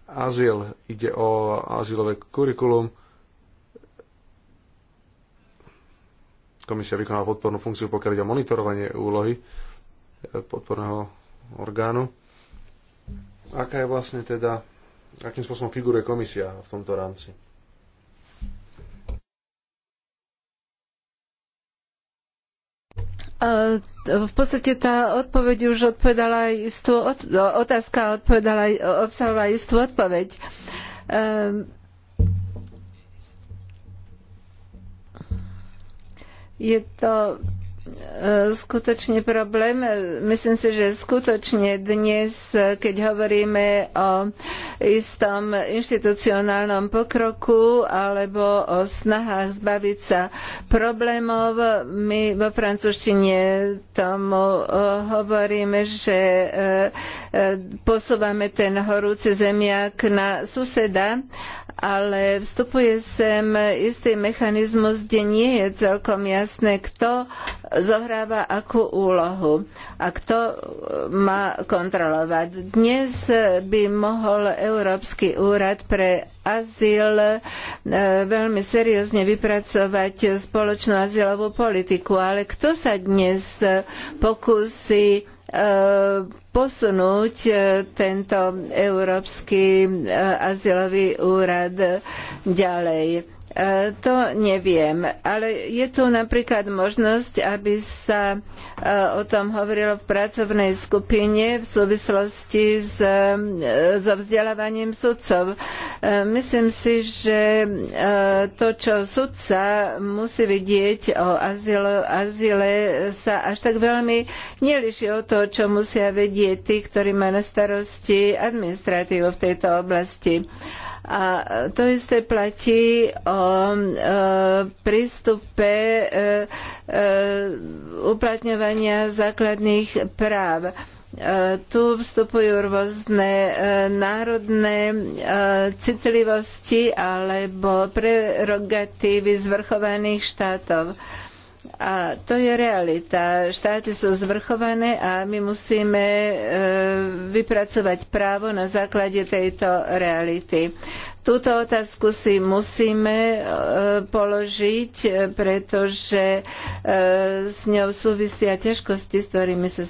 [SPEAKER 4] azyl, ide o azylové kurikulum, komisia vykonala podpornú funkciu, pokiaľ ide o monitorovanie úlohy e, podporného orgánu. Aká je vlastne teda akým spôsobom figuruje komisia v tomto rámci.
[SPEAKER 1] V podstate tá odpoveď už odpovedala istú, no, otázka odpovedala, obsahovala istú odpoveď. Ehm, je to E, skutočne problém. Myslím si, že skutočne dnes, keď hovoríme o istom inštitucionálnom pokroku alebo o snahách zbaviť sa problémov, my vo francúzštine tomu e, hovoríme, že e, posúvame ten horúci zemiak na suseda, ale vstupuje sem istý mechanizmus, kde nie je celkom jasné, kto zohráva akú úlohu a kto e, má kontrolovať. Dnes e, by mohol Európsky úrad pre azyl e, veľmi seriózne vypracovať spoločnú azylovú politiku, ale kto sa dnes pokúsi posunúť tento Európsky azylový úrad ďalej E, to neviem, ale je tu napríklad možnosť, aby sa e, o tom hovorilo v pracovnej skupine v súvislosti s, e, so vzdelávaním sudcov. Myslím si, že to, čo sudca musí vidieť o azyle, azyle sa až tak veľmi neliší od toho, čo musia vedieť tí, ktorí má na starosti administratívu v tejto oblasti. A e, to isté platí o e, prístupe e, uplatňovania základných práv. Tu vstupujú rôzne národné citlivosti alebo prerogatívy zvrchovaných štátov. A to je realita. Štáty sú zvrchované a my musíme e, vypracovať právo na základe tejto reality. Túto otázku si musíme e, položiť, e, pretože s ňou súvisia ťažkosti, s ktorými sa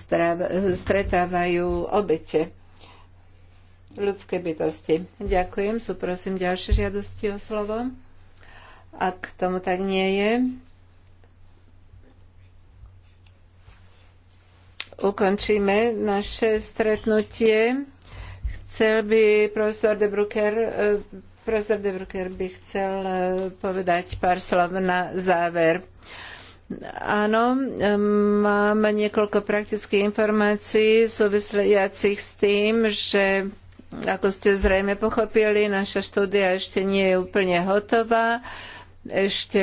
[SPEAKER 1] stretávajú obete ľudské bytosti. Ďakujem. Sú prosím ďalšie žiadosti o slovo. Ak tomu tak nie je, ukončíme naše stretnutie. Chcel by profesor De Brucker, e, profesor De Brucker by chcel e, povedať pár slov na záver. Áno, mám niekoľko praktických informácií súvisiacich s tým, že ako ste zrejme pochopili, naša štúdia ešte nie je úplne hotová ešte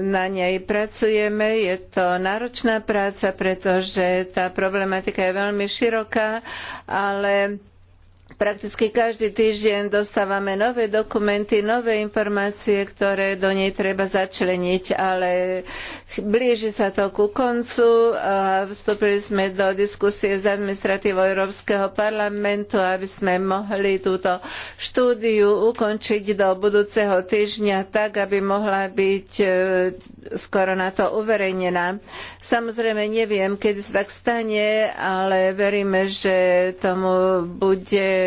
[SPEAKER 1] na nej pracujeme. Je to náročná práca, pretože tá problematika je veľmi široká, ale Prakticky každý týždeň dostávame nové dokumenty, nové informácie, ktoré do nej treba začleniť, ale blíži sa to ku koncu. A vstúpili sme do diskusie s administratívou Európskeho parlamentu, aby sme mohli túto štúdiu ukončiť do budúceho týždňa tak, aby mohla byť e, skoro na to uverejnená. Samozrejme neviem, kedy sa tak stane, ale veríme, že tomu bude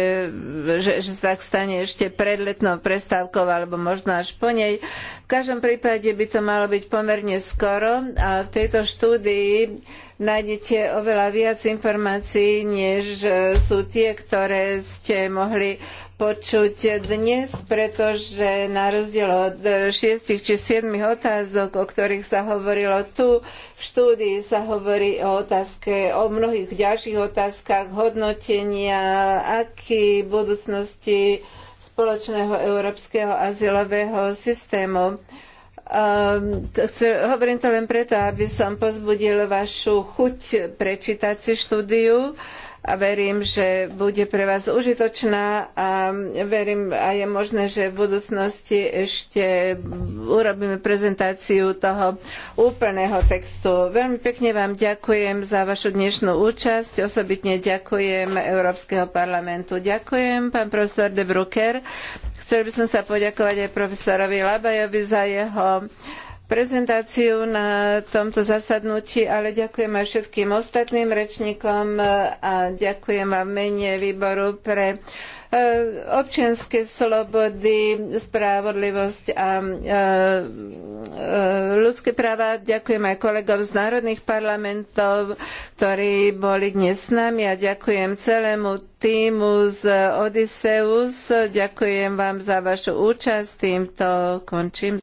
[SPEAKER 1] že, že sa tak stane ešte pred letnou prestávkou alebo možno až po nej. V každom prípade by to malo byť pomerne skoro a v tejto štúdii nájdete oveľa viac informácií, než e, sú tie, ktoré ste mohli počuť dnes, pretože na rozdiel od e, šiestich či siedmich otázok, o ktorých sa hovorilo tu, v štúdii sa hovorí o otázke, o mnohých ďalších otázkach hodnotenia, aký budúcnosti spoločného európskeho azylového systému. Ehm, hovorím to len preto, aby som pozbudil vašu chuť prečítať si štúdiu a verím, že bude pre vás užitočná a verím a je možné, že v budúcnosti ešte urobíme prezentáciu toho úplného textu. Veľmi pekne vám ďakujem za vašu dnešnú účasť, osobitne ďakujem Európskeho parlamentu. Ďakujem, pán profesor De Brucker. Chcel by som sa poďakovať aj profesorovi Labajovi za jeho prezentáciu na tomto zasadnutí, ale ďakujem aj všetkým ostatným rečníkom a ďakujem vám mene výboru pre Eh, občianske slobody, spravodlivosť a eh, eh, ľudské práva. Ďakujem aj kolegov z národných parlamentov, ktorí boli dnes s nami a ďakujem celému týmu z Odysseus. Ďakujem vám za vašu účasť. Týmto končím.